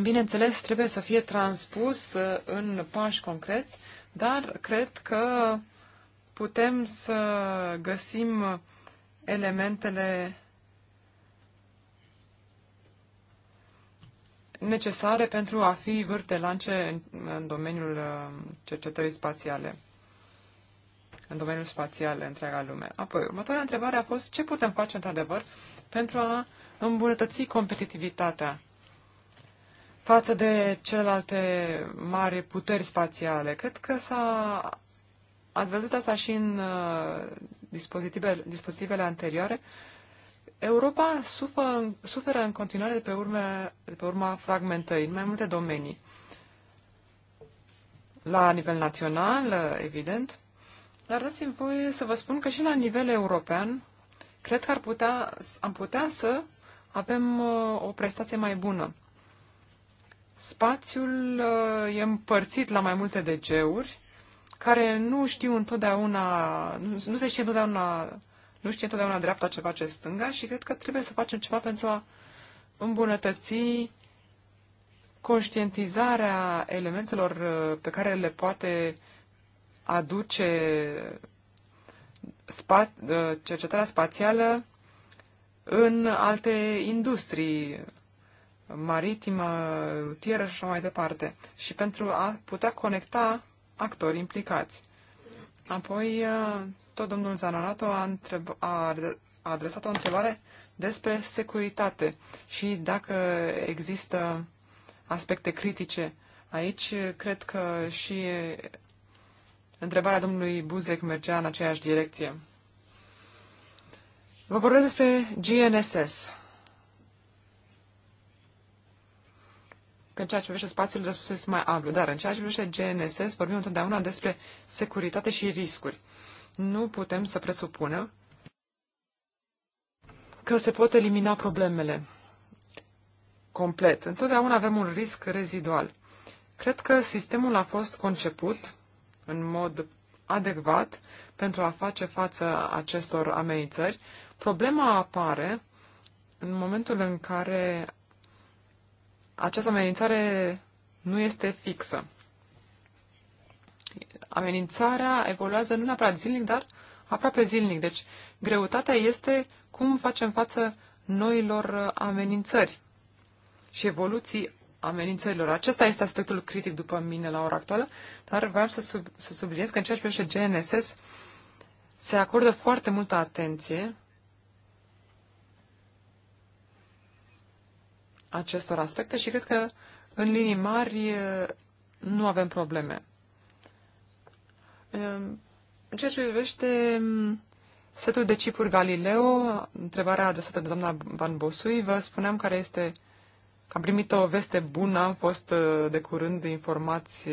Bineînțeles, trebuie să fie transpus uh, în pași concreți, dar cred că putem să găsim elementele necesare pentru a fi vârte lance în, în domeniul uh, cercetării spațiale, în domeniul spațial întreaga lume. Apoi, următoarea întrebare a fost ce putem face într-adevăr pentru a îmbunătăți competitivitatea față de celelalte mari puteri spațiale. Cred că s-a... Ați văzut asta și în uh, dispozitivele anterioare. Uh, Europa sufă, suferă în continuare de pe, urme, de pe urma fragmentării în mai multe domenii. La nivel național, evident, dar dați-mi voie să vă spun că și la nivel european, cred că ar putea, am putea să avem uh, o prestație mai bună. Spațiul uh, e împărțit la mai multe DG-uri, care nu știu întotdeauna, nu se știe întotdeauna nu știe întotdeauna dreapta ce face stânga și cred că trebuie să facem ceva pentru a îmbunătăți conștientizarea elementelor uh, pe care le poate aduce spa, uh, cercetarea spațială în alte industrii maritimă, rutieră și așa mai departe. Și pentru a putea conecta actori implicați. Apoi, uh, tot domnul Zanarato a, întreb, a adresat o întrebare despre securitate și dacă există aspecte critice. Aici, uh, cred că și uh, întrebarea domnului Buzek mergea în aceeași direcție. Vă vorbesc despre GNSS. că în ceea ce privește spațiul răspunsul este mai amplu, dar în ceea ce privește GNSS vorbim întotdeauna despre securitate și riscuri. Nu putem să presupunem că se pot elimina problemele complet. Întotdeauna avem un risc rezidual. Cred că sistemul a fost conceput în mod adecvat pentru a face față acestor amenințări. Problema apare în momentul în care această amenințare nu este fixă. Amenințarea evoluează nu neapărat zilnic, dar aproape zilnic. Deci, greutatea este cum facem față noilor amenințări și evoluții amenințărilor. Acesta este aspectul critic după mine la ora actuală, dar vreau să, sub, să subliniez că în ceea ce privește GNSS se acordă foarte multă atenție acestor aspecte și cred că în linii mari nu avem probleme. În ceea ce privește setul de cipuri Galileo, întrebarea adresată de doamna Van Bosui, vă spuneam care este, am primit o veste bună, am fost de curând informați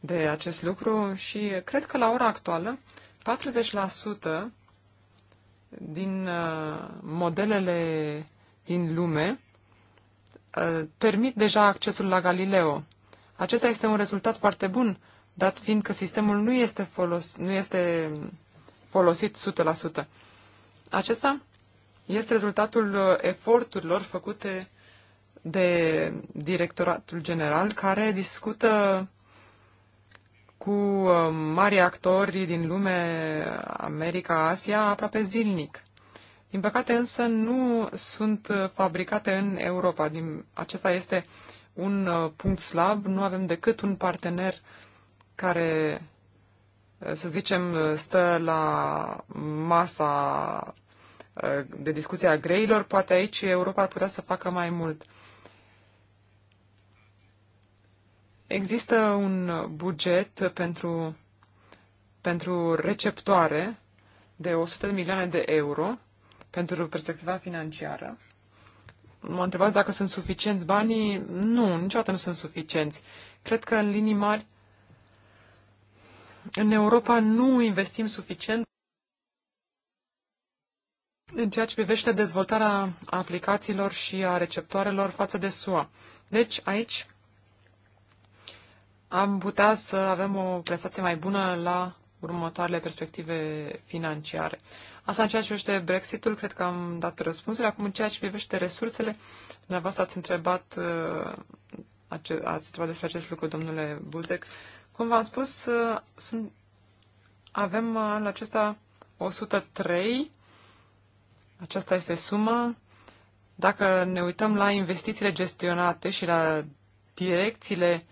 de acest lucru și cred că la ora actuală 40% din modelele din lume Uh, permit deja accesul la Galileo. Acesta este un rezultat foarte bun, dat fiind că sistemul nu este, folos, nu este folosit 100%. Acesta este rezultatul uh, eforturilor făcute de Directoratul General, care discută cu uh, mari actori din lume, America, Asia, aproape zilnic. Din păcate însă nu sunt uh, fabricate în Europa. Din, acesta este un uh, punct slab. Nu avem decât un partener care, uh, să zicem, stă la masa de discuție a greilor. Poate aici Europa ar putea să facă mai mult. Există un buget pentru, pentru receptoare de 100 de milioane de euro pentru perspectiva financiară. Mă întrebați dacă sunt suficienți banii? Nu, niciodată nu sunt suficienți. Cred că în linii mari în Europa nu investim suficient în ceea ce privește dezvoltarea aplicațiilor și a receptoarelor față de SUA. Deci, aici am putea să avem o prestație mai bună la următoarele perspective financiare. Asta în ceea ce privește Brexitul, cred că am dat răspunsul. Acum, în ceea ce privește resursele, dumneavoastră ați întrebat, uh, ați întrebat despre acest lucru, domnule Buzec. Cum v-am spus, uh, sunt, avem uh, la acesta 103, aceasta este suma. Dacă ne uităm la investițiile gestionate și la direcțiile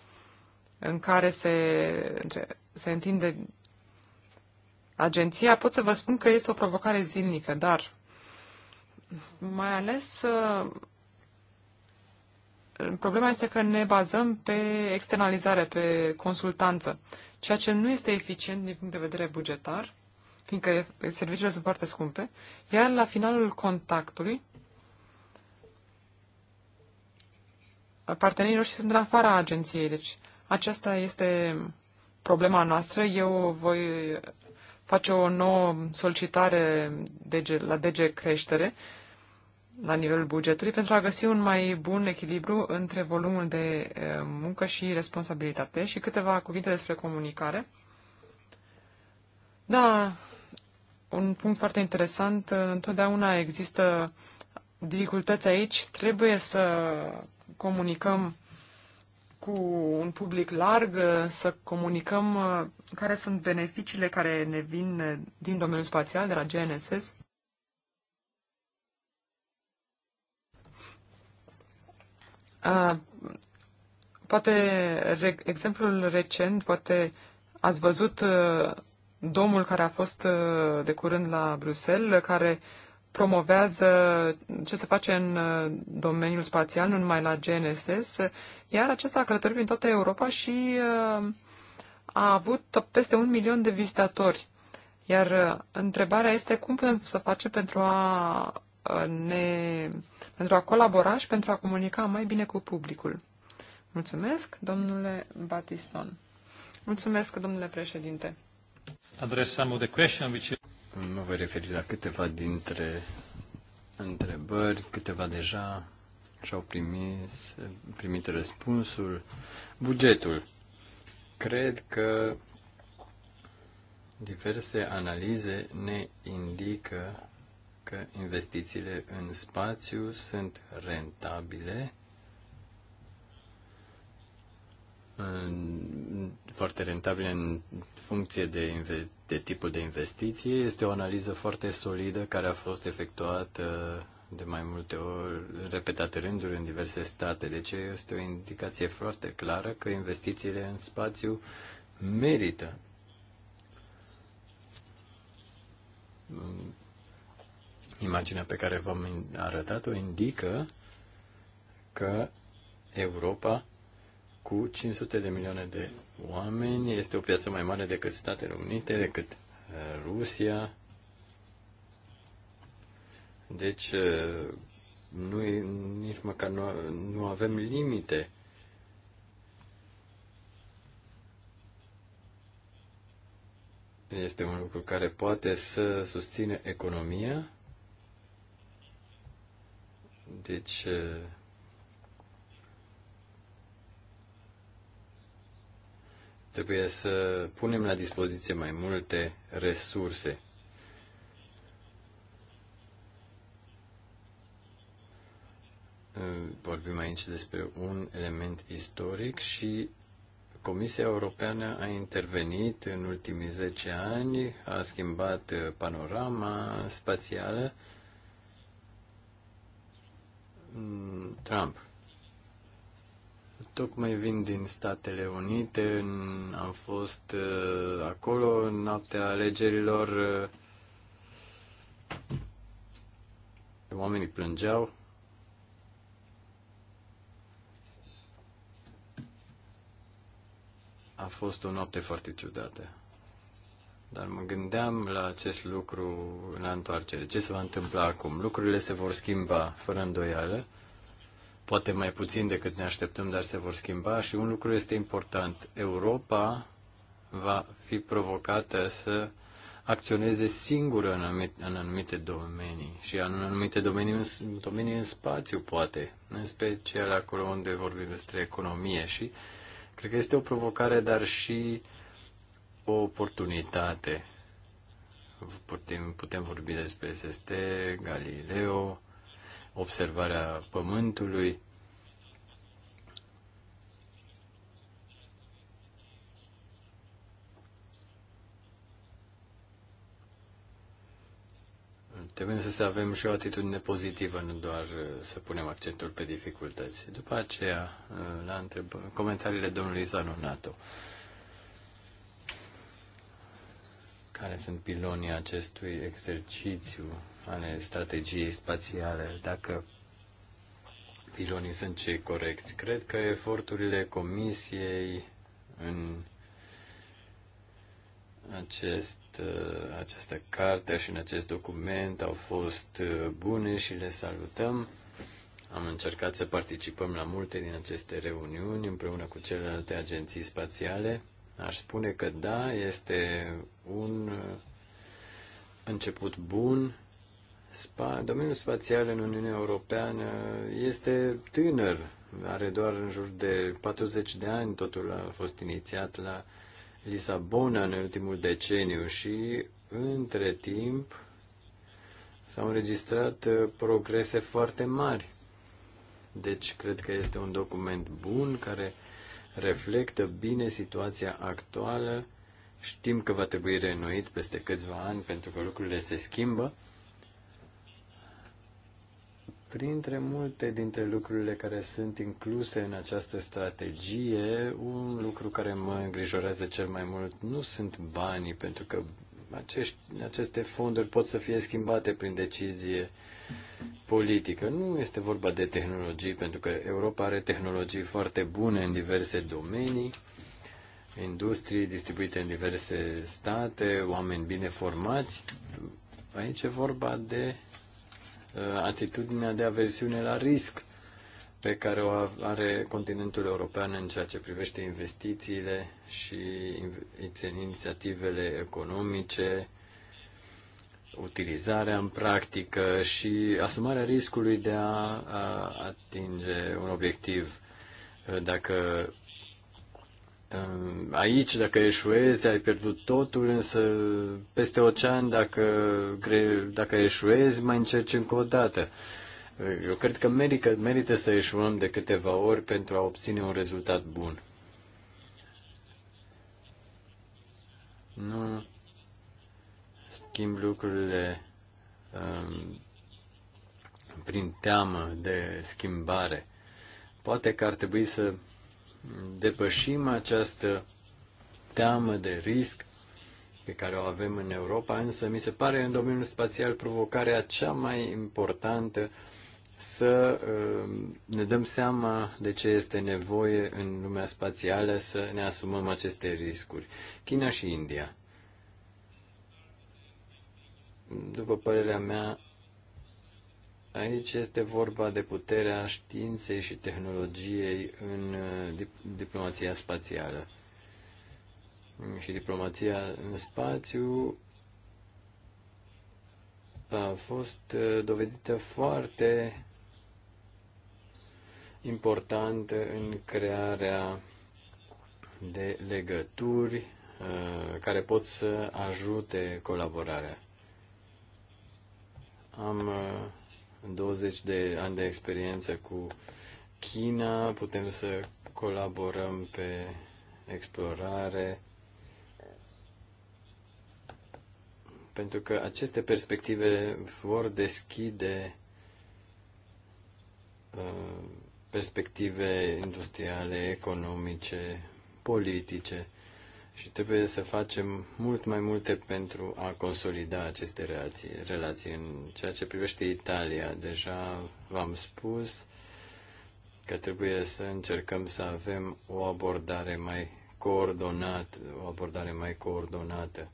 în care se, se întinde agenția, pot să vă spun că este o provocare zilnică, dar mai ales uh, problema este că ne bazăm pe externalizare, pe consultanță, ceea ce nu este eficient din punct de vedere bugetar, fiindcă serviciile sunt foarte scumpe, iar la finalul contactului, partenerii noștri sunt în afara agenției, deci aceasta este problema noastră. Eu voi face o nouă solicitare la DG Creștere la nivelul bugetului pentru a găsi un mai bun echilibru între volumul de eh, muncă și responsabilitate și câteva cuvinte despre comunicare. Da, un punct foarte interesant. Eh, întotdeauna există dificultăți aici. Trebuie să comunicăm cu un public larg, uh, să comunicăm uh, care sunt beneficiile care ne vin uh, din domeniul spațial, de la GNSS. poate re, exemplul recent, poate ați văzut domnul care a fost de curând la Bruxelles, care promovează ce se face în uh, domeniul spațial, nu numai la GNSS, iar acesta a călătorit prin toată Europa și uh, a avut peste un milion de vizitatori. Iar uh, întrebarea este cum putem să facem pentru a ne, pentru a colabora și pentru a comunica mai bine cu publicul. Mulțumesc, domnule Batiston. Mulțumesc, domnule președinte. Address some of the question which Mă voi referi la câteva dintre întrebări, câteva deja și-au primit, primit răspunsul. Bugetul. Cred că diverse analize ne indică că investițiile în spațiu sunt rentabile foarte rentabile în funcție de, de tipul de investiție. Este o analiză foarte solidă care a fost efectuată de mai multe ori, repetate rânduri în diverse state. Deci este o indicație foarte clară că investițiile în spațiu merită. Imaginea pe care v-am arătat-o indică că Europa cu 500 de milioane de oameni. Este o piață mai mare decât Statele Unite, decât uh, Rusia. Deci, uh, nu, nici măcar nu, nu avem limite. Este un lucru care poate să susține economia. Deci, uh, Trebuie să punem la dispoziție mai multe resurse. Vorbim aici despre un element istoric și Comisia Europeană a intervenit în ultimii 10 ani, a schimbat panorama spațială. Mm, Trump Tocmai vin din Statele Unite, am fost uh, acolo în noaptea alegerilor. Uh, oamenii plângeau. A fost o noapte foarte ciudată. Dar mă gândeam la acest lucru la întoarcere. Ce se va întâmpla acum? Lucrurile se vor schimba fără îndoială poate mai puțin decât ne așteptăm, dar se vor schimba și un lucru este important. Europa va fi provocată să acționeze singură în anumite, în anumite domenii și în anumite domenii în, domenii în spațiu, poate, în special acolo unde vorbim despre economie și cred că este o provocare, dar și o oportunitate. Putem, putem vorbi despre SST, Galileo, observarea pământului. Trebuie să avem și o atitudine pozitivă, nu doar uh, să punem accentul pe dificultăți. După aceea, uh, la întreb... comentariile domnului Zanonato. Care sunt pilonii acestui exercițiu ale strategiei spațiale, dacă pilonii sunt cei corecți. Cred că eforturile Comisiei în acest, uh, această carte și în acest document au fost uh, bune și le salutăm. Am încercat să participăm la multe din aceste reuniuni împreună cu celelalte agenții spațiale. Aș spune că da, este un uh, început bun Spa, domeniul spațial în Uniunea Europeană este tânăr, are doar în jur de 40 de ani, totul a fost inițiat la Lisabona în ultimul deceniu și între timp s-au înregistrat uh, progrese foarte mari. Deci cred că este un document bun care reflectă bine situația actuală. Știm că va trebui reînnoit peste câțiva ani pentru că lucrurile se schimbă Printre multe dintre lucrurile care sunt incluse în această strategie, un lucru care mă îngrijorează cel mai mult nu sunt banii, pentru că acești, aceste fonduri pot să fie schimbate prin decizie politică. Nu este vorba de tehnologii, pentru că Europa are tehnologii foarte bune în diverse domenii, industrii distribuite în diverse state, oameni bine formați. Aici e vorba de Uh, atitudinea de aversiune la risc pe care o are continentul european în ceea ce privește investițiile și inițiativele economice, utilizarea în practică și asumarea riscului de a atinge un obiectiv. Uh, dacă aici, dacă eșuezi, ai pierdut totul, însă peste ocean, dacă, dacă eșuezi, mai încerci încă o dată. Eu cred că merită, merită să eșuăm de câteva ori pentru a obține un rezultat bun. Nu schimb lucrurile um, prin teamă de schimbare. Poate că ar trebui să depășim această teamă de risc pe care o avem în Europa, însă mi se pare în domeniul spațial provocarea cea mai importantă să uh, ne dăm seama de ce este nevoie în lumea spațială să ne asumăm aceste riscuri. China și India. După părerea mea, Aici este vorba de puterea științei și tehnologiei în uh, diplomația spațială. Și diplomația în spațiu a fost uh, dovedită foarte importantă în crearea de legături uh, care pot să ajute colaborarea. Am 20 de ani de experiență cu China, putem să colaborăm pe explorare, pentru că aceste perspective vor deschide uh, perspective industriale, economice, politice și trebuie să facem mult mai multe pentru a consolida aceste relații. relații. În ceea ce privește Italia, deja v-am spus că trebuie să încercăm să avem o abordare mai coordonată, o abordare mai coordonată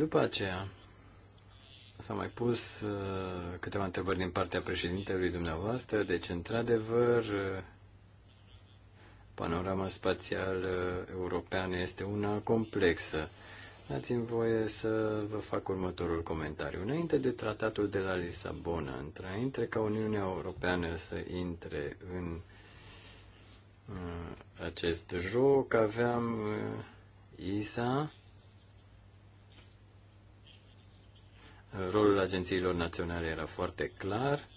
După aceea, s-au mai pus uh, câteva întrebări din partea președintelui dumneavoastră. Deci, într-adevăr, uh, panorama spațială europeană este una complexă. Dați-mi voie să vă fac următorul comentariu. Înainte de tratatul de la Lisabona, înainte ca Uniunea Europeană să intre în uh, acest joc, aveam uh, ISA, Rolul agențiilor naționale era foarte clar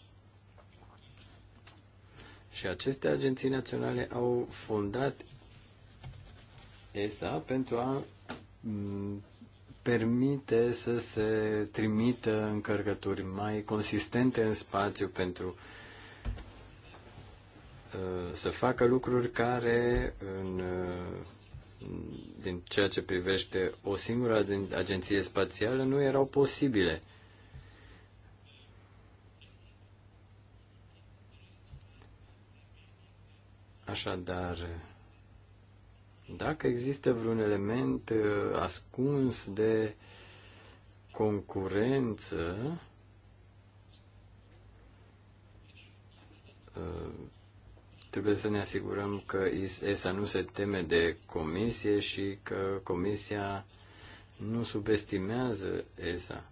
și aceste agenții naționale au fondat ESA pentru a permite să se trimită încărcături mai consistente în spațiu pentru uh, să facă lucruri care în uh, din ceea ce privește o singură agenție spațială nu erau posibile. Așadar, dacă există vreun element uh, ascuns de concurență, uh, Trebuie să ne asigurăm că ESA nu se teme de comisie și că comisia nu subestimează ESA.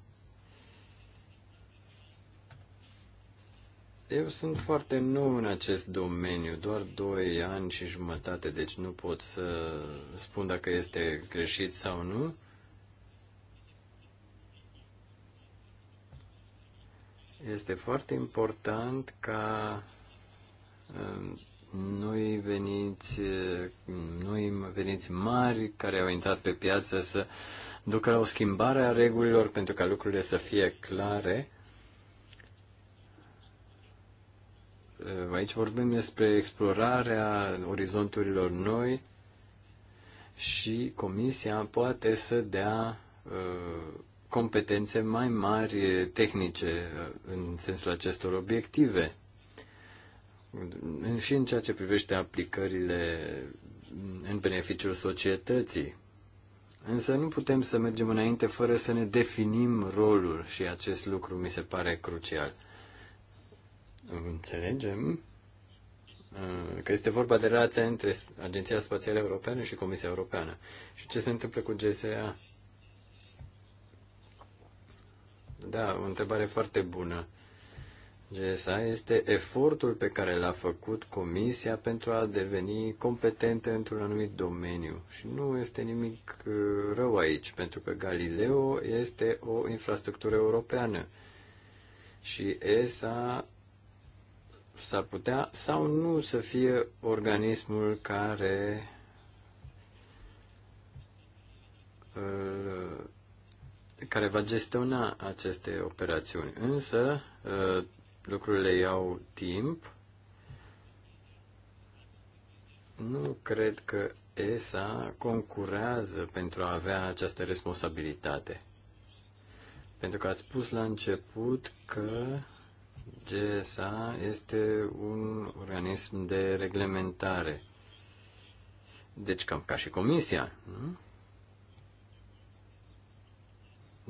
Eu sunt foarte nou în acest domeniu, doar 2 ani și jumătate, deci nu pot să spun dacă este greșit sau nu. Este foarte important ca um, noi veniți, noi veniți mari care au intrat pe piață să ducă la o schimbare a regulilor pentru ca lucrurile să fie clare. Aici vorbim despre explorarea orizonturilor noi și Comisia poate să dea uh, competențe mai mari tehnice uh, în sensul acestor obiective și în ceea ce privește aplicările în beneficiul societății. Însă nu putem să mergem înainte fără să ne definim rolul și acest lucru mi se pare crucial. Înțelegem uh, că este vorba de relația între Agenția Spațială Europeană și Comisia Europeană. Și ce se întâmplă cu GSA? Da, o întrebare foarte bună. GSA este efortul pe care l-a făcut Comisia pentru a deveni competentă într-un anumit domeniu. Și nu este nimic uh, rău aici, pentru că Galileo este o infrastructură europeană. Și ESA s-ar putea sau nu să fie organismul care uh, care va gestiona aceste operațiuni. Însă, uh, lucrurile iau timp. Nu cred că ESA concurează pentru a avea această responsabilitate. Pentru că ați spus la început că GSA este un organism de reglementare. Deci cam ca și comisia, nu?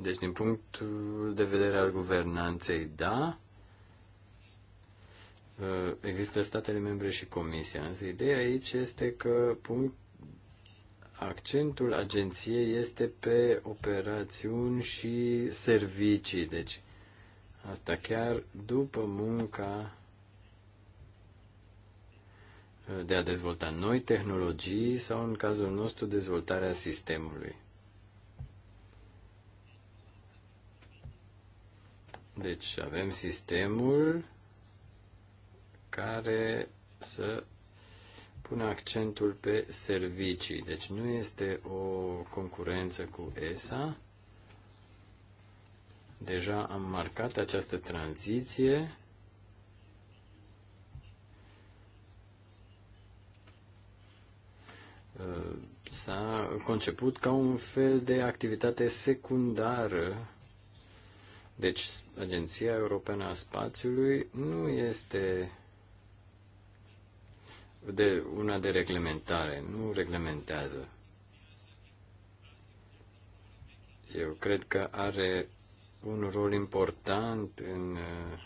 Deci din punctul de vedere al guvernanței, da, Uh, există statele membre și Comisia. Însă ideea aici este că punct, accentul agenției este pe operațiuni și servicii. Deci, asta chiar după munca uh, de a dezvolta noi tehnologii sau, în cazul nostru, dezvoltarea sistemului. Deci avem sistemul care să pună accentul pe servicii. Deci nu este o concurență cu ESA. Deja am marcat această tranziție. S-a conceput ca un fel de activitate secundară. Deci, Agenția Europeană a Spațiului nu este de una de reglementare. Nu reglementează. Eu cred că are un rol important în uh,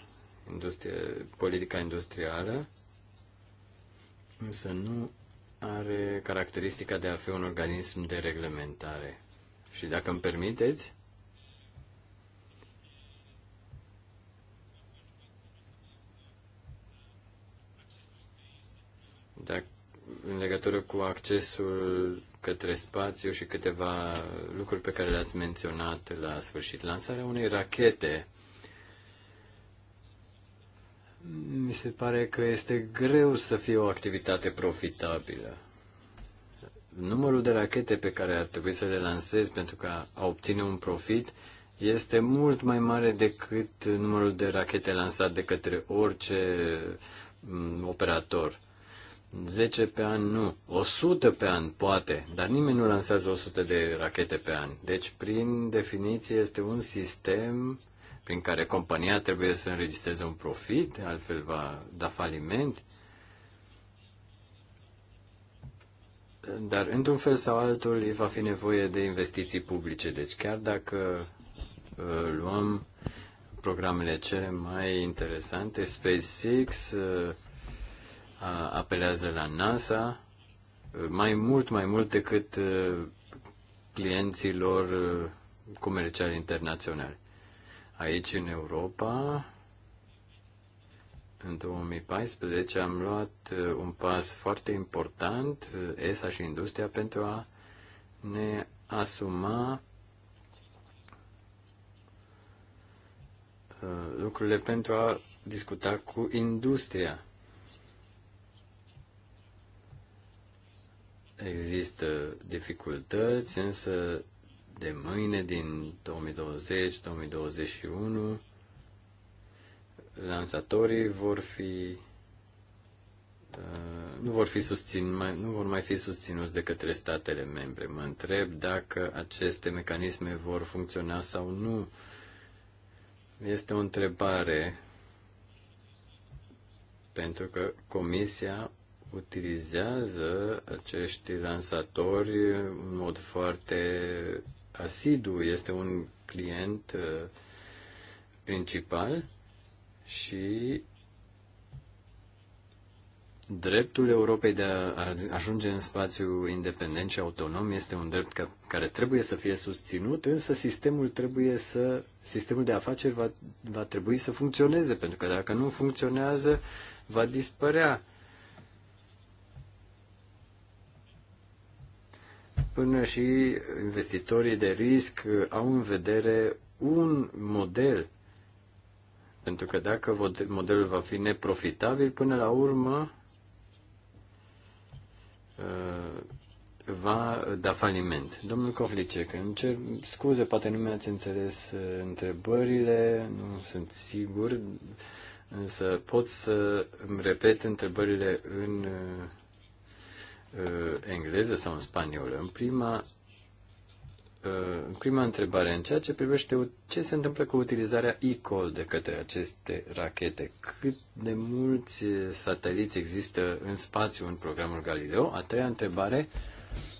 industrie, politica industrială, însă nu are caracteristica de a fi un organism de reglementare. Și dacă îmi permiteți, dacă, în legătură cu accesul către spațiu și câteva lucruri pe care le-ați menționat la sfârșit. Lansarea unei rachete mi se pare că este greu să fie o activitate profitabilă. Numărul de rachete pe care ar trebui să le lansezi pentru ca a obține un profit este mult mai mare decât numărul de rachete lansat de către orice mm, operator. 10 pe an nu, 100 pe an poate, dar nimeni nu lansează 100 de rachete pe an. Deci, prin definiție, este un sistem prin care compania trebuie să înregistreze un profit, altfel va da faliment. Dar, într-un fel sau altul, va fi nevoie de investiții publice. Deci, chiar dacă uh, luăm programele cele mai interesante, SpaceX, uh, apelează la NASA mai mult, mai mult decât clienților comerciali internaționali. Aici, în Europa, în 2014 am luat un pas foarte important, ESA și industria, pentru a ne asuma lucrurile pentru a discuta cu industria. Există dificultăți, însă de mâine, din 2020-2021, lansatorii vor fi uh, nu vor, fi susțin, nu vor mai fi susținuți de către statele membre. Mă întreb dacă aceste mecanisme vor funcționa sau nu. Este o întrebare pentru că Comisia utilizează acești lansatori în mod foarte asidu. Este un client uh, principal și dreptul Europei de a ajunge în spațiu independent și autonom este un drept care trebuie să fie susținut, însă sistemul trebuie să sistemul de afaceri va, va trebui să funcționeze, pentru că dacă nu funcționează, va dispărea până și investitorii de risc uh, au în vedere un model. Pentru că dacă modelul va fi neprofitabil, până la urmă uh, va da faliment. Domnul Kohlicek, îmi cer scuze, poate nu mi-ați înțeles uh, întrebările, nu sunt sigur, însă pot să îmi repet întrebările în Uh, engleză sau în spaniolă. În prima, uh, în prima întrebare, în ceea ce privește ce se întâmplă cu utilizarea e-call de către aceste rachete, cât de mulți sateliți există în spațiu în programul Galileo? A treia întrebare,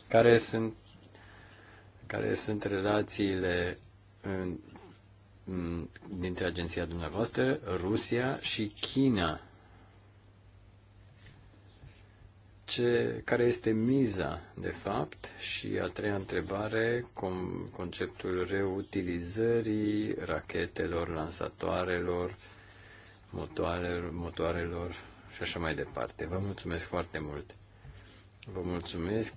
care sunt, care sunt relațiile în, dintre agenția dumneavoastră, Rusia și China ce, care este miza, de fapt? Și a treia întrebare, cum conceptul reutilizării rachetelor, lansatoarelor, motoarelor, motoarelor și așa mai departe. Vă mulțumesc foarte mult! Vă mulțumesc.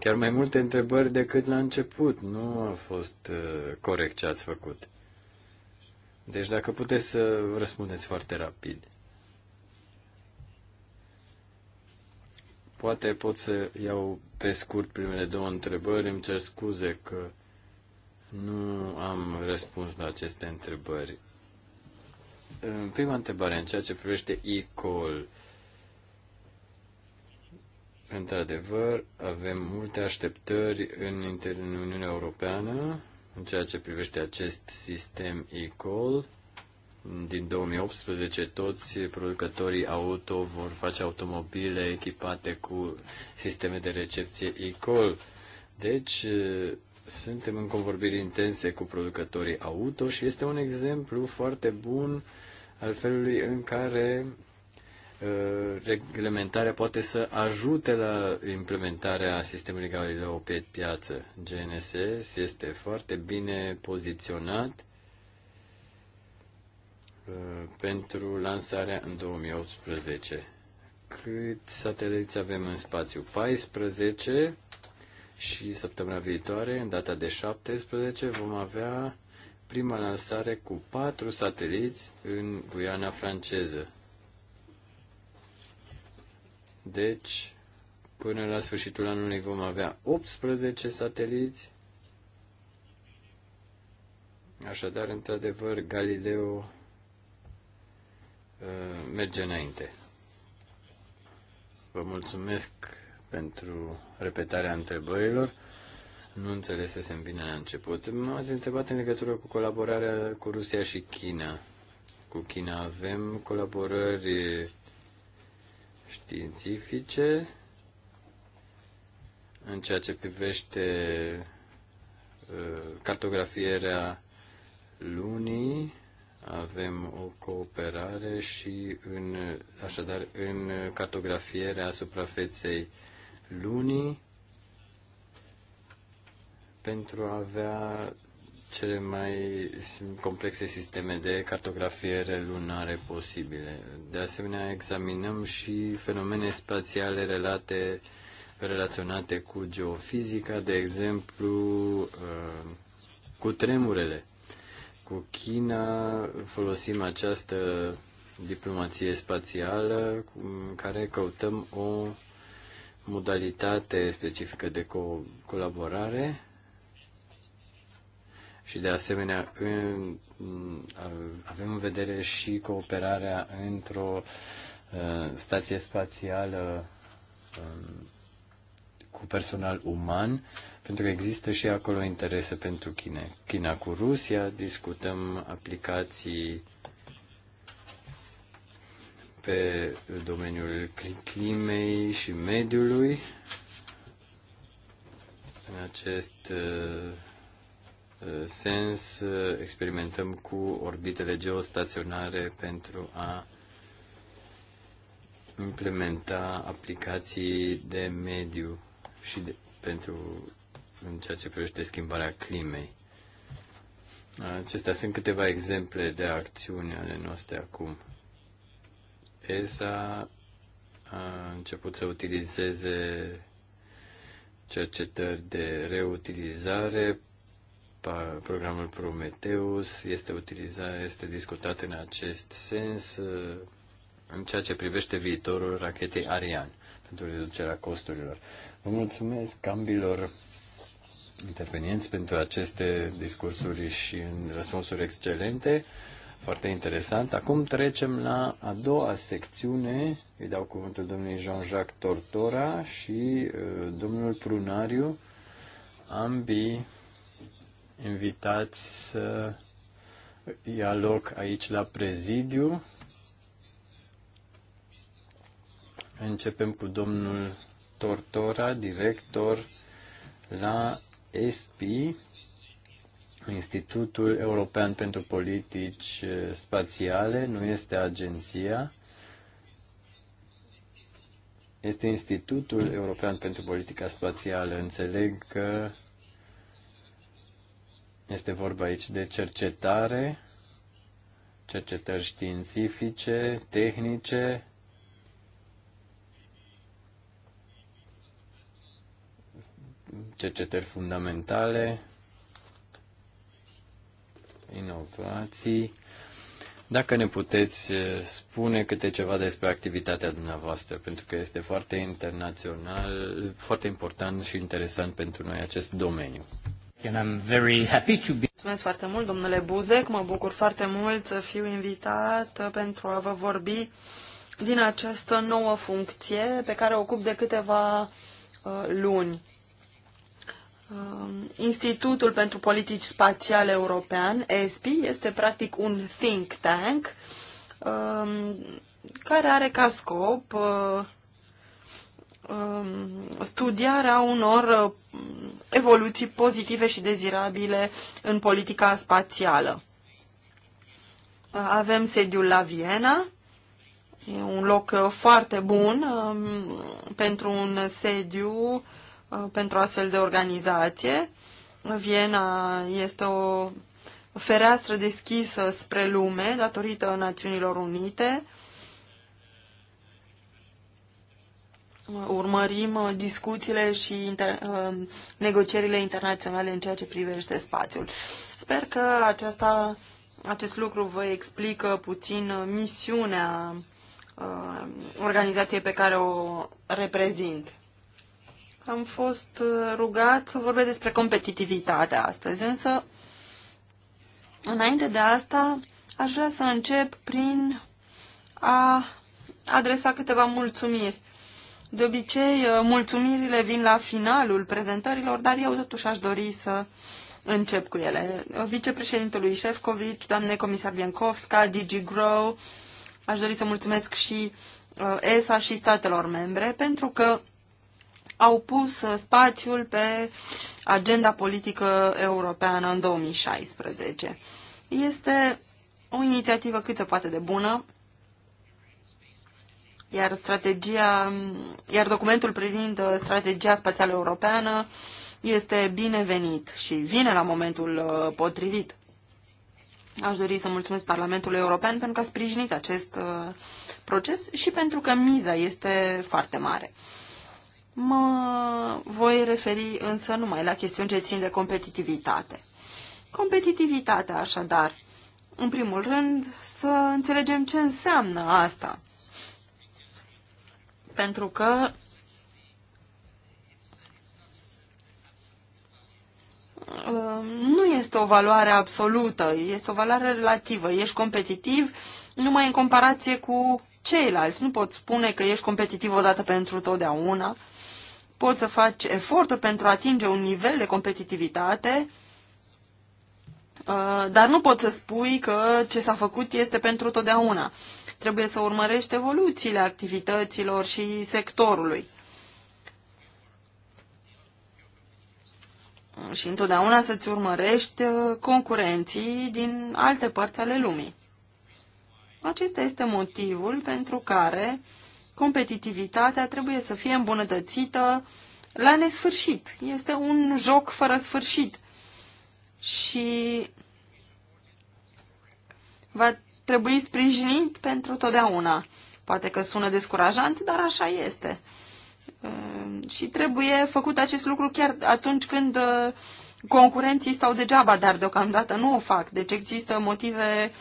Chiar mai multe întrebări decât la început. Nu a fost uh, corect ce ați făcut. Deci dacă puteți să răspundeți foarte rapid. Poate pot să iau pe scurt primele două întrebări. Îmi cer scuze că nu am răspuns la aceste întrebări. În prima întrebare, în ceea ce privește e-call, într-adevăr, avem multe așteptări în, inter- în Uniunea Europeană în ceea ce privește acest sistem e-call din 2018 toți producătorii auto vor face automobile echipate cu sisteme de recepție e-call. Deci suntem în convorbiri intense cu producătorii auto și este un exemplu foarte bun al felului în care uh, reglementarea poate să ajute la implementarea sistemului Galileo pe piață. GNSS este foarte bine poziționat Uh, pentru lansarea în 2018. Cât sateliți avem în spațiu? 14 și săptămâna viitoare, în data de 17, vom avea prima lansare cu patru sateliți în Guiana franceză. Deci, până la sfârșitul anului vom avea 18 sateliți. Așadar, într-adevăr, Galileo Uh, merge înainte. Vă mulțumesc pentru repetarea întrebărilor. Nu înțelesesem bine la început. M-ați întrebat în legătură cu colaborarea cu Rusia și China. Cu China avem colaborări științifice în ceea ce privește uh, cartografierea lunii avem o cooperare și în, așadar în cartografierea suprafeței lunii pentru a avea cele mai complexe sisteme de cartografiere lunare posibile. De asemenea, examinăm și fenomene spațiale relate, relaționate cu geofizica, de exemplu, uh, cu tremurele cu China folosim această diplomație spațială în care căutăm o modalitate specifică de co- colaborare și de asemenea în, avem în vedere și cooperarea într-o uh, stație spațială um, cu personal uman, pentru că există și acolo interese pentru China. China cu Rusia, discutăm aplicații pe domeniul climei și mediului. În acest uh, uh, sens, uh, experimentăm cu orbitele geostaționare pentru a implementa aplicații de mediu și de, pentru în ceea ce privește schimbarea climei. Acestea sunt câteva exemple de acțiuni ale noastre acum. ESA a început să utilizeze cercetări de reutilizare. Programul Prometheus este, utilizat, este discutat în acest sens în ceea ce privește viitorul rachetei Ariane pentru reducerea costurilor. Vă mulțumesc ambilor intervenienți pentru aceste discursuri și răspunsuri excelente. Foarte interesant. Acum trecem la a doua secțiune. Îi dau cuvântul domnului Jean-Jacques Tortora și uh, domnul Prunariu, ambii invitați să ia loc aici la prezidiu. Începem cu domnul Tortora, director la ESPI, Institutul European pentru Politici Spațiale, nu este agenția, este Institutul European pentru Politica Spațială. Înțeleg că este vorba aici de cercetare, cercetări științifice, tehnice, cercetări fundamentale, inovații. Dacă ne puteți eh, spune câte ceva despre activitatea dumneavoastră, pentru că este foarte internațional, foarte important și interesant pentru noi acest domeniu. And I'm very happy to be... Mulțumesc foarte mult, domnule Buzec. Mă bucur foarte mult să fiu invitat eh, pentru a vă vorbi din această nouă funcție pe care o ocup de câteva eh, luni. Um, Institutul pentru Politici Spațiale European, ESPI, este practic un think tank um, care are ca scop uh, um, studiarea unor uh, evoluții pozitive și dezirabile în politica spațială. Avem sediul la Viena, e un loc uh, foarte bun pentru un sediu Uh, pentru astfel de organizație. Viena este o fereastră deschisă spre lume datorită Națiunilor Unite. Urmărim uh, discuțiile și inter... Uh, negocierile internaționale în ceea ce privește spațiul. Sper că aceasta, acest lucru vă explică puțin misiunea organizației pe care o reprezint am fost uh, rugat să vorbesc despre competitivitatea astăzi, însă înainte de asta aș vrea să încep prin a adresa câteva mulțumiri. De obicei, uh, mulțumirile vin la finalul prezentărilor, dar eu totuși aș dori să încep cu ele. Vicepreședintelui Șefcovic, doamne comisar Biancovska, Grow, aș dori să mulțumesc și uh, ESA și statelor membre, pentru că au pus uh, spațiul pe agenda politică europeană în 2016. Este o inițiativă cât se poate de bună, iar strategia, iar documentul privind uh, strategia spațială europeană este binevenit și vine la momentul uh, potrivit. Aș dori să mulțumesc Parlamentului European pentru că a sprijinit acest proces și pentru că miza este foarte mare. Mă voi referi însă numai la chestiuni ce țin de competitivitate. Competitivitatea, așadar, în primul rând, să înțelegem ce înseamnă asta. Pentru că uh, nu este o valoare absolută, este o valoare relativă. Ești competitiv numai în comparație cu ceilalți. Nu poți spune că ești competitiv odată pentru totdeauna. Poți să faci eforturi pentru a atinge un nivel de competitivitate, uh, dar nu poți să spui că ce s-a făcut este pentru totdeauna. Trebuie să urmărești evoluțiile activităților și sectorului. Și întotdeauna să-ți urmărești uh, concurenții din alte părți ale lumii. Acesta este motivul pentru care competitivitatea trebuie să fie îmbunătățită la nesfârșit. Este un joc fără sfârșit. Și va trebui sprijinit pentru totdeauna. Poate că sună descurajant, dar așa este. Ehm, și trebuie făcut acest lucru chiar atunci când uh, concurenții stau degeaba, dar deocamdată nu o fac. Deci există motive uh,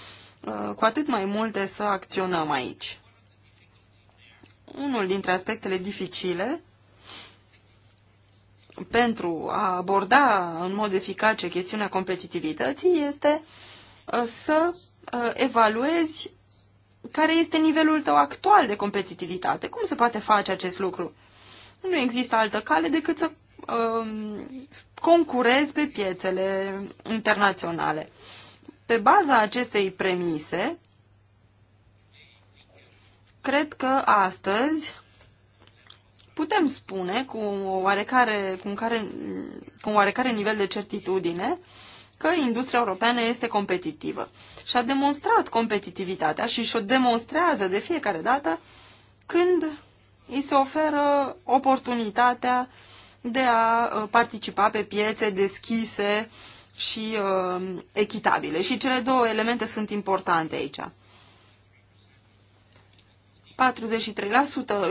Uh, cu atât mai multe să acționăm aici. Unul dintre aspectele dificile pentru a aborda în mod eficace chestiunea competitivității este uh, să uh, evaluezi care este nivelul tău actual de competitivitate. Cum se poate face acest lucru? Nu există altă cale decât să um, concurezi pe piețele internaționale. Pe baza acestei premise, cred că astăzi putem spune cu, oarecare, cu, un care, cu un oarecare nivel de certitudine că industria europeană este competitivă. Și a demonstrat competitivitatea și și-o demonstrează de fiecare dată când îi se oferă oportunitatea de a uh, participa pe piețe deschise și uh, echitabile. Și cele două elemente sunt importante aici. 43%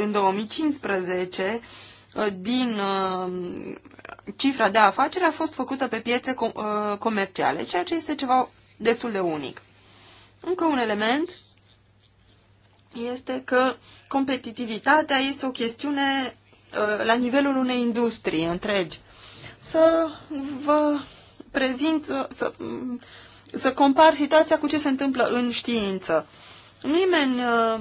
în 2015 uh, din uh, cifra de afaceri a fost făcută pe piețe uh, comerciale, ceea ce este ceva destul de unic. Încă un element este că competitivitatea este o chestiune la nivelul unei industrii întregi. Să vă prezint, uh, să, mm, să compar situația cu ce se întâmplă în știință. Nimeni uh,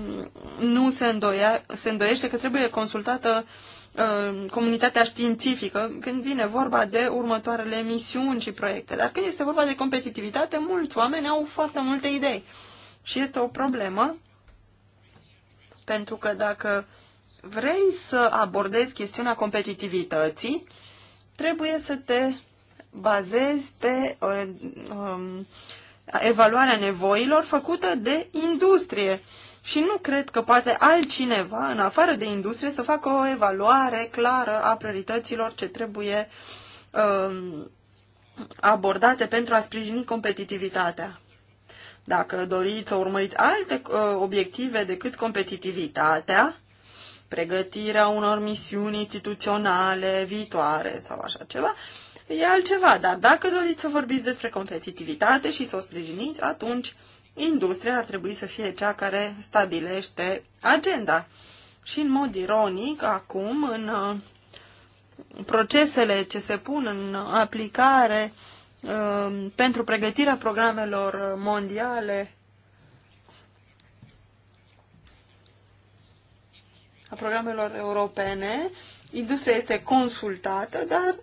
nu se, îndoia, se îndoiește că trebuie consultată uh, comunitatea științifică când vine vorba de următoarele misiuni și proiecte. Dar când este vorba de competitivitate, mulți oameni au foarte multe idei. Și este o problemă pentru că dacă vrei să abordezi chestiunea competitivității, trebuie să te bazezi pe uh, um, evaluarea nevoilor făcută de industrie. Și nu cred că poate altcineva, în afară de industrie, să facă o evaluare clară a priorităților ce trebuie um, abordate pentru a sprijini competitivitatea. Dacă doriți să urmăriți alte uh, obiective decât competitivitatea, pregătirea unor misiuni instituționale viitoare sau așa ceva, uh, e altceva, dar dacă doriți să vorbiți despre competitivitate și să o sprijiniți, atunci industria ar trebui să fie cea care stabilește agenda. Și în mod ironic, acum, în uh, procesele ce se pun în aplicare uh, pentru pregătirea programelor mondiale, a programelor europene, industria este consultată, dar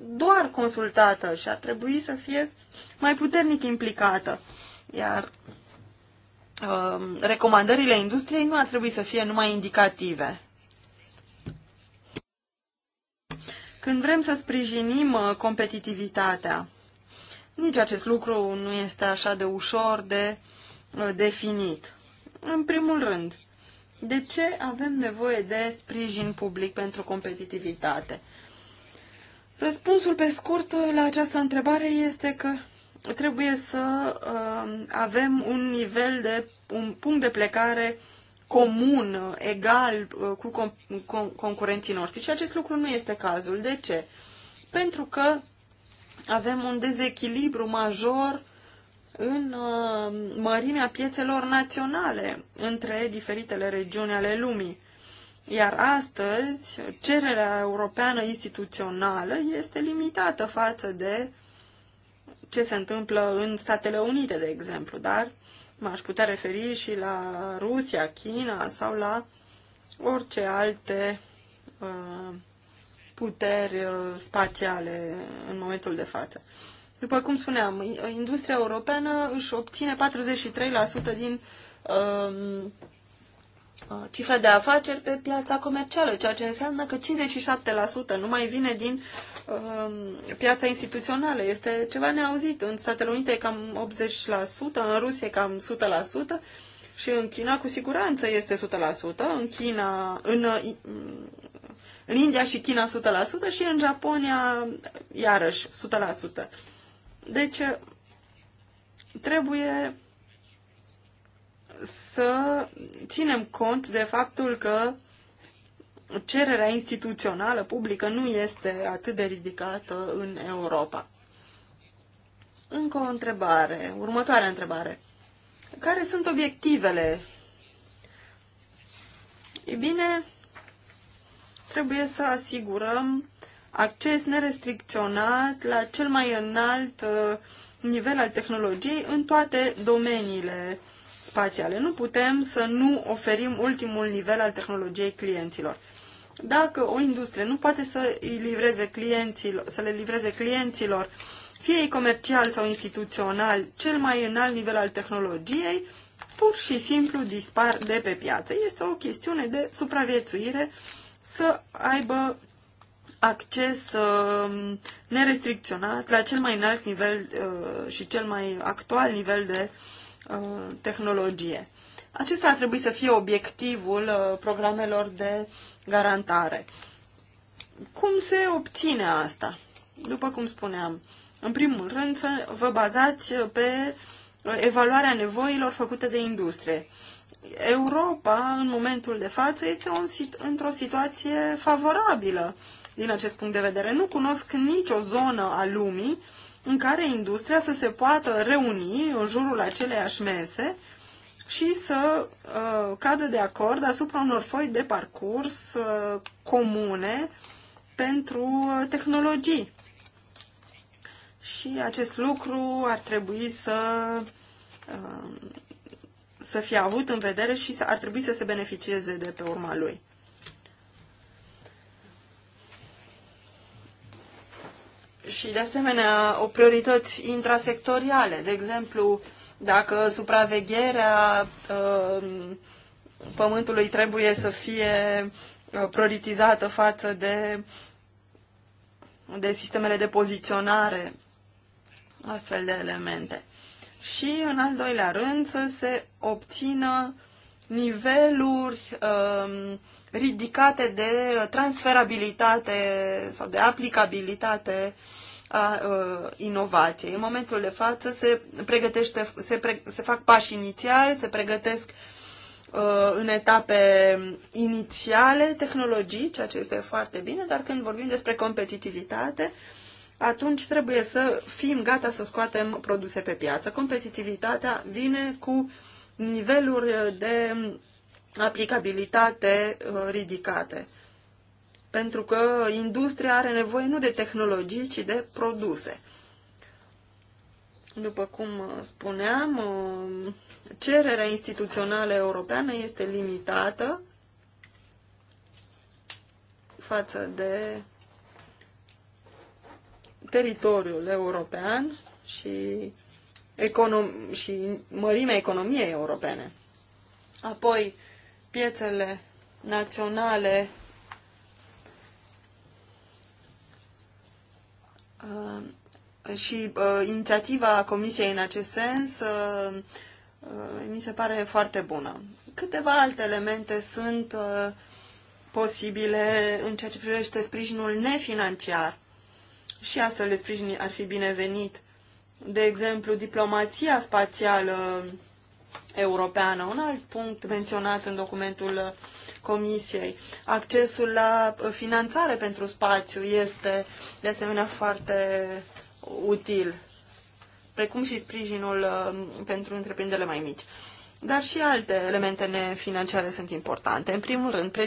doar consultată și ar trebui să fie mai puternic implicată. Iar um, recomandările industriei nu ar trebui să fie numai indicative. Când vrem să sprijinim uh, competitivitatea, nici acest lucru nu este așa de ușor de uh, definit. În primul rând, de ce avem nevoie de sprijin public pentru competitivitate? Răspunsul pe scurt la această întrebare este că trebuie să uh, avem un nivel de, un punct de plecare comun, egal uh, cu com- com- concurenții noștri. Și acest lucru nu este cazul. De ce? Pentru că avem un dezechilibru major în uh, mărimea piețelor naționale între diferitele regiuni ale lumii. Iar astăzi, cererea europeană instituțională este limitată față de ce se întâmplă în Statele Unite, de exemplu, dar m-aș putea referi și la Rusia, China sau la orice alte uh, puteri uh, spațiale în momentul de față. După cum spuneam, industria europeană își obține 43% din uh, Uh, cifra de afaceri pe piața comercială, ceea ce înseamnă că 57% nu mai vine din uh, piața instituțională. Este ceva neauzit. În Statele Unite e cam 80%, în Rusie cam 100% și în China cu siguranță este 100%, în China, în, uh, în India și China 100% și în Japonia iarăși 100%. Deci uh, trebuie să ținem cont de faptul că cererea instituțională publică nu este atât de ridicată în Europa. Încă o întrebare, următoarea întrebare. Care sunt obiectivele? E bine, trebuie să asigurăm acces nerestricționat la cel mai înalt uh, nivel al tehnologiei în toate domeniile spațiale. Nu putem să nu oferim ultimul nivel al tehnologiei clienților. Dacă o industrie nu poate să, îi livreze clienților, să le livreze clienților, fie ei comercial sau instituțional, cel mai înalt nivel al tehnologiei, pur și simplu dispar de pe piață. Este o chestiune de supraviețuire să aibă acces uh, nerestricționat la cel mai înalt nivel uh, și cel mai actual nivel de uh, Uh, tehnologie. Acesta ar trebui să fie obiectivul uh, programelor de garantare. Cum se obține asta? După cum spuneam, în primul rând să vă bazați pe uh, evaluarea nevoilor făcute de industrie. Europa, în momentul de față, este într-o situație favorabilă din acest punct de vedere. Nu cunosc nicio zonă a lumii uh, în care industria să se poată reuni în jurul aceleiași mese și să uh, cadă de acord asupra unor foi de parcurs uh, comune pentru uh, tehnologii. Și acest lucru ar trebui să, uh, să fie avut în vedere și să, ar trebui să se beneficieze de pe urma lui. și, de asemenea, o priorități intrasectoriale. De exemplu, dacă supravegherea uh, pământului trebuie să fie uh, prioritizată față de, de sistemele de poziționare, astfel de elemente. Și, în al doilea rând, să se obțină niveluri um, ridicate de transferabilitate sau de aplicabilitate a uh, inovației. În momentul de față se pregătește, se, pre, se fac pași inițiali, se pregătesc uh, în etape inițiale tehnologii, ceea ce este foarte bine, dar când vorbim despre competitivitate, atunci trebuie să fim gata să scoatem produse pe piață. Competitivitatea vine cu uh, niveluri de aplicabilitate uh, ridicate. Pentru că industria are nevoie nu de tehnologii, ci de produse. După cum uh, spuneam, uh, cererea instituțională europeană este limitată față de teritoriul european și econom- și mărimea economiei europene. Apoi, piețele naționale uh, și uh, inițiativa Comisiei în acest sens uh, mi se pare foarte bună. Câteva alte elemente sunt posibile în ceea ce privește sprijinul nefinanciar. Și astfel de sprijin ar fi binevenit de exemplu, diplomația spațială europeană, un alt punct menționat în documentul Comisiei. Accesul la finanțare pentru spațiu este, de asemenea, foarte util, precum și sprijinul uh, pentru întreprinderile mai mici. Dar și alte elemente nefinanciare sunt importante. În primul rând,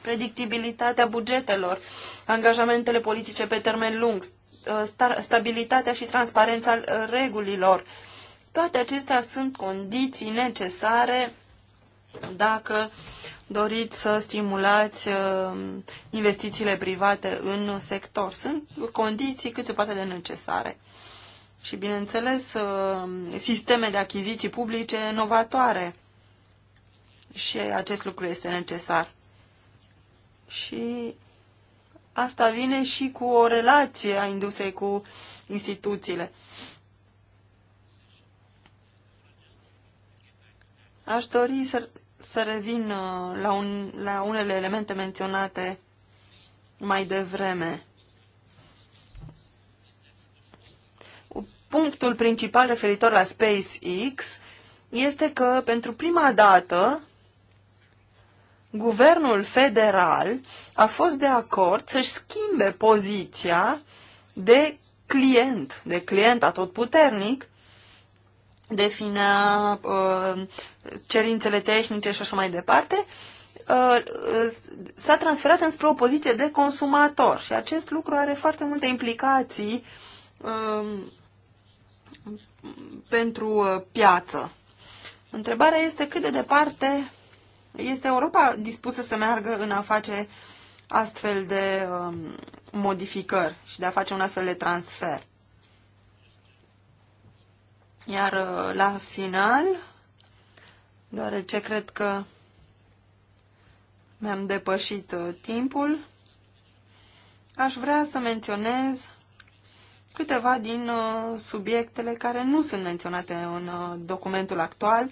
predictibilitatea bugetelor, angajamentele politice pe termen lung, Uh, stabilitatea și transparența uh, regulilor. Toate acestea sunt condiții necesare dacă doriți să stimulați uh, investițiile private în sector. Sunt condiții cât se poate de necesare. Și, bineînțeles, sisteme de achiziții publice novatoare. Și acest lucru este necesar. Și asta vine și cu o relație a indusei cu instituțiile. Aș dori să, să revin uh, la, un, la unele elemente menționate mai devreme. Punctul principal referitor la SpaceX este că pentru prima dată guvernul federal a fost de acord să-și schimbe poziția de client, de client atotputernic, definea uh, cerințele tehnice și așa mai departe, uh, s-a transferat înspre o poziție de consumator și acest lucru are foarte multe implicații um, pentru uh, piață. Întrebarea este cât de departe este Europa dispusă să meargă în a face astfel de um, modificări și de a face un astfel de transfer? Iar uh, la final, deoarece cred că mi-am depășit uh, timpul, aș vrea să menționez câteva din uh, subiectele care nu sunt menționate în documentul actual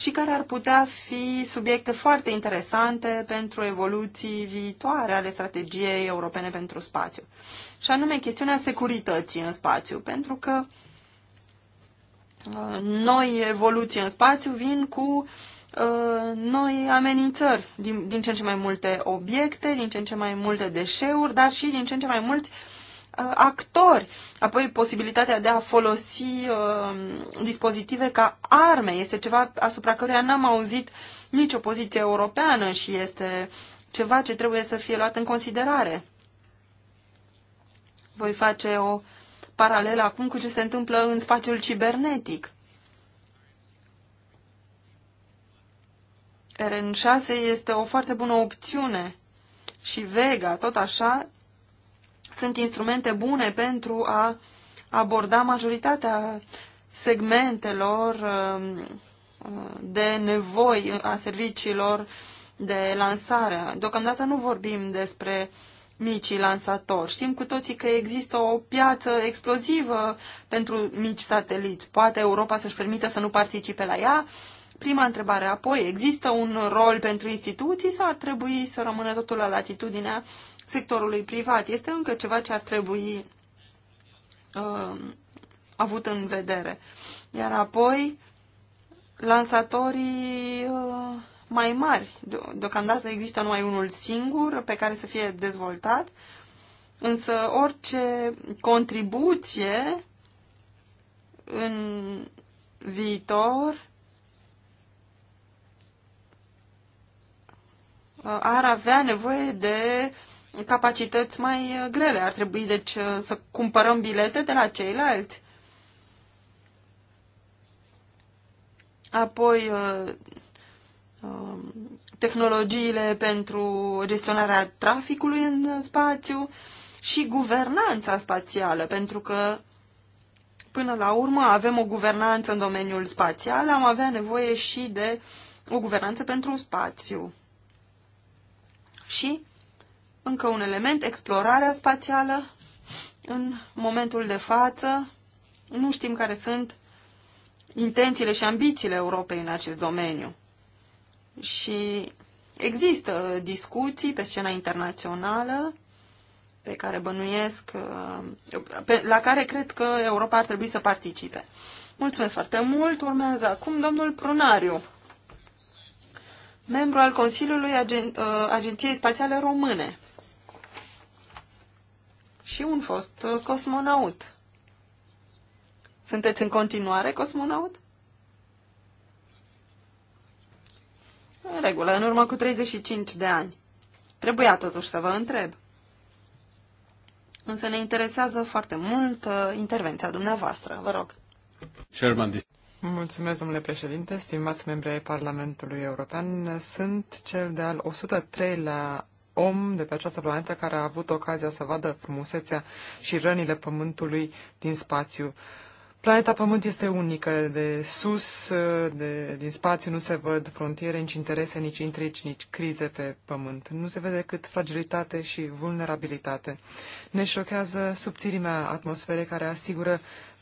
și care ar putea fi subiecte foarte interesante pentru evoluții viitoare ale strategiei europene pentru spațiu. Și anume chestiunea securității în spațiu, pentru că uh, noi evoluții în spațiu vin cu uh, noi amenințări, din, din ce în ce mai multe obiecte, din ce în ce mai multe deșeuri, dar și din ce în ce mai mulți uh, Uh, actori, apoi posibilitatea de a folosi uh, dispozitive ca arme. Este ceva asupra căruia n-am auzit nicio poziție europeană și este ceva ce trebuie să fie luat în considerare. Voi face o paralelă acum cu ce se întâmplă în spațiul cibernetic. RN6 este o foarte bună opțiune și Vega, tot așa, sunt instrumente bune pentru a aborda majoritatea segmentelor um, uh, de nevoi a serviciilor de lansare. Deocamdată nu vorbim despre micii lansatori. Știm cu toții că există o piață explozivă pentru mici sateliți. Poate Europa să-și permită să nu participe la ea? Prima întrebare. Apoi, există un rol pentru instituții sau ar trebui să rămână totul la latitudinea sectorului privat. Este încă ceva ce ar trebui uh, avut în vedere. Iar apoi, lansatorii uh, mai mari. De deocamdată există numai unul singur pe care să fie dezvoltat, însă orice contribuție în viitor uh, ar avea nevoie de capacități mai uh, grele. Ar trebui, deci, uh, să cumpărăm bilete de la ceilalți. Apoi, uh, um, tehnologiile pentru gestionarea traficului în spațiu și guvernanța spațială, pentru că până la urmă avem o guvernanță în domeniul spațial, am avea nevoie și de o guvernanță pentru spațiu. Și încă un element, explorarea spațială. În momentul de față, nu știm care sunt intențiile și ambițiile Europei în acest domeniu. Și există discuții pe scena internațională pe care bănuiesc, uh, pe, la care cred că Europa ar trebui să participe. Mulțumesc foarte mult. Urmează acum domnul Prunariu, membru al Consiliului Agen- uh, Agenției Spațiale Române și un fost uh, cosmonaut. Sunteți în continuare cosmonaut? În regulă, în urmă cu 35 de ani. Trebuia totuși să vă întreb. Însă ne interesează foarte mult uh, intervenția dumneavoastră. Vă rog. Sherman, Mulțumesc, domnule președinte, stimați membri ai Parlamentului European. Sunt cel de-al 103-lea om de pe această planetă care a avut ocazia să vadă frumusețea și rănile Pământului din spațiu. Planeta Pământ este unică. De sus, de, din spațiu, nu se văd frontiere, nici interese, nici intrigi, nici crize pe Pământ. Nu se vede cât fragilitate și vulnerabilitate. Ne șochează subțirimea atmosferei care asigură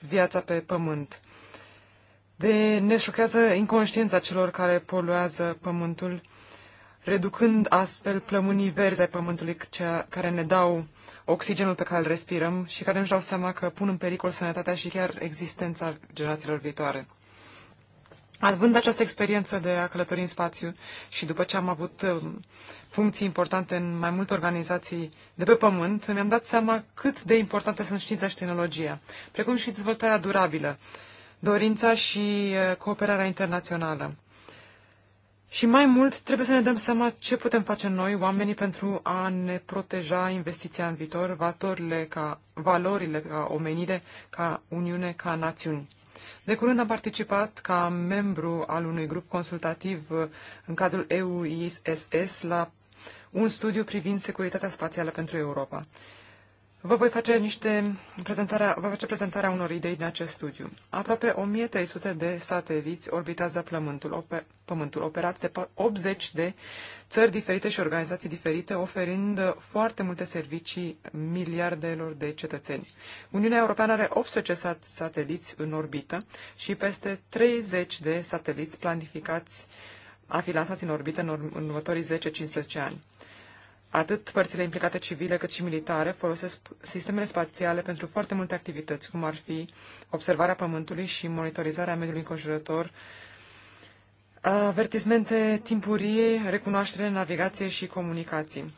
viața pe Pământ. De, ne șochează inconștiența celor care poluează Pământul reducând astfel plămânii verzi ai pământului cea, care ne dau oxigenul pe care îl respirăm și care nu-și dau seama că pun în pericol sănătatea și chiar existența generațiilor viitoare. Având această experiență de a călători în spațiu și după ce am avut um, funcții importante în mai multe organizații de pe pământ, mi-am dat seama cât de importante sunt știința și tehnologia, precum și dezvoltarea durabilă, dorința și uh, cooperarea internațională. Și mai mult, trebuie să ne dăm seama ce putem face noi, oamenii, pentru a ne proteja investiția în viitor, valorile ca, valorile ca omenire, ca Uniune, ca națiuni. De curând am participat ca membru al unui grup consultativ uh, în cadrul EUISS la un studiu privind securitatea spațială pentru Europa. Vă voi face niște prezentarea, vă face prezentarea unor idei din acest studiu. Aproape 1300 de sateliți orbitează Pământul, oper, Pământul operați de 80 de țări diferite și organizații diferite, oferind foarte multe servicii miliardelor de cetățeni. Uniunea Europeană are 18 sateliți în orbită și peste 30 de sateliți planificați a fi lansați în orbită în, în următorii 10-15 ani. Atât părțile implicate civile cât și militare folosesc sistemele spațiale pentru foarte multe activități, cum ar fi observarea Pământului și monitorizarea mediului înconjurător, avertismente timpurii, recunoaștere, navigație și comunicații.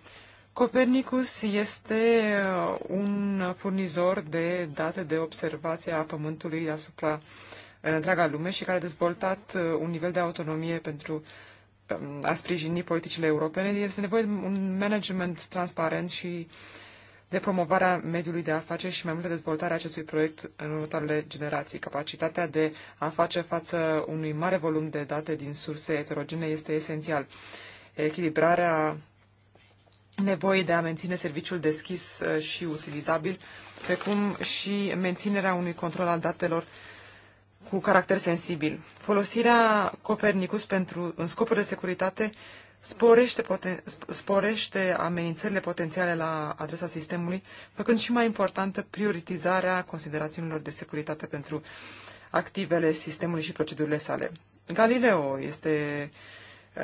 Copernicus este uh, un furnizor de date de observație a Pământului asupra în întreaga lume și care a dezvoltat uh, un nivel de autonomie pentru Um, a sprijini politicile europene, este nevoie de un management transparent și de promovarea mediului de afaceri și mai multă dezvoltare a acestui proiect în următoarele generații. Capacitatea de a face față unui mare volum de date din surse heterogene este esențial. Echilibrarea nevoii de a menține serviciul deschis uh, și utilizabil, precum și menținerea unui control al datelor cu caracter sensibil. Folosirea Copernicus pentru, în scopuri de securitate sporește, poten, sporește amenințările potențiale la adresa sistemului, făcând și mai importantă prioritizarea considerațiunilor de securitate pentru activele sistemului și procedurile sale. Galileo este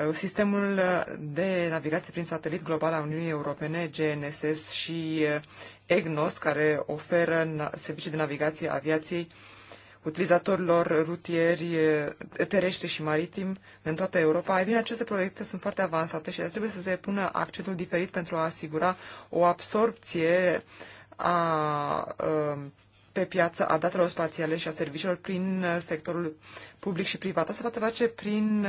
uh, sistemul de navigație prin satelit global a Uniunii Europene, GNSS și uh, EGNOS, care oferă servicii de navigație aviației utilizatorilor rutieri eh, terestre și maritim în toată Europa. Ei bine, aceste proiecte sunt foarte avansate și trebuie să se pună accentul diferit pentru a asigura o absorpție a, a eh, pe piață a datelor spațiale și a serviciilor prin eh, sectorul public și privat. Asta se poate face prin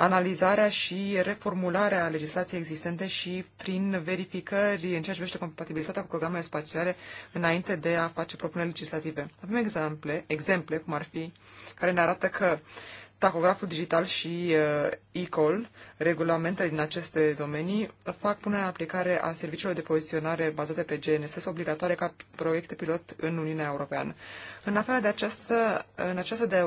analizarea și reformularea legislației existente și prin verificări în ceea ce privește compatibilitatea cu programele spațiale înainte de a face propuneri legislative. Avem exemple, exemple cum ar fi, care ne arată că tacograful digital și uh, e-call, regulamentele din aceste domenii, fac punerea în aplicare a serviciilor de poziționare bazate pe GNSS obligatoare ca proiecte pilot în Uniunea Europeană. În afară de această, în această de,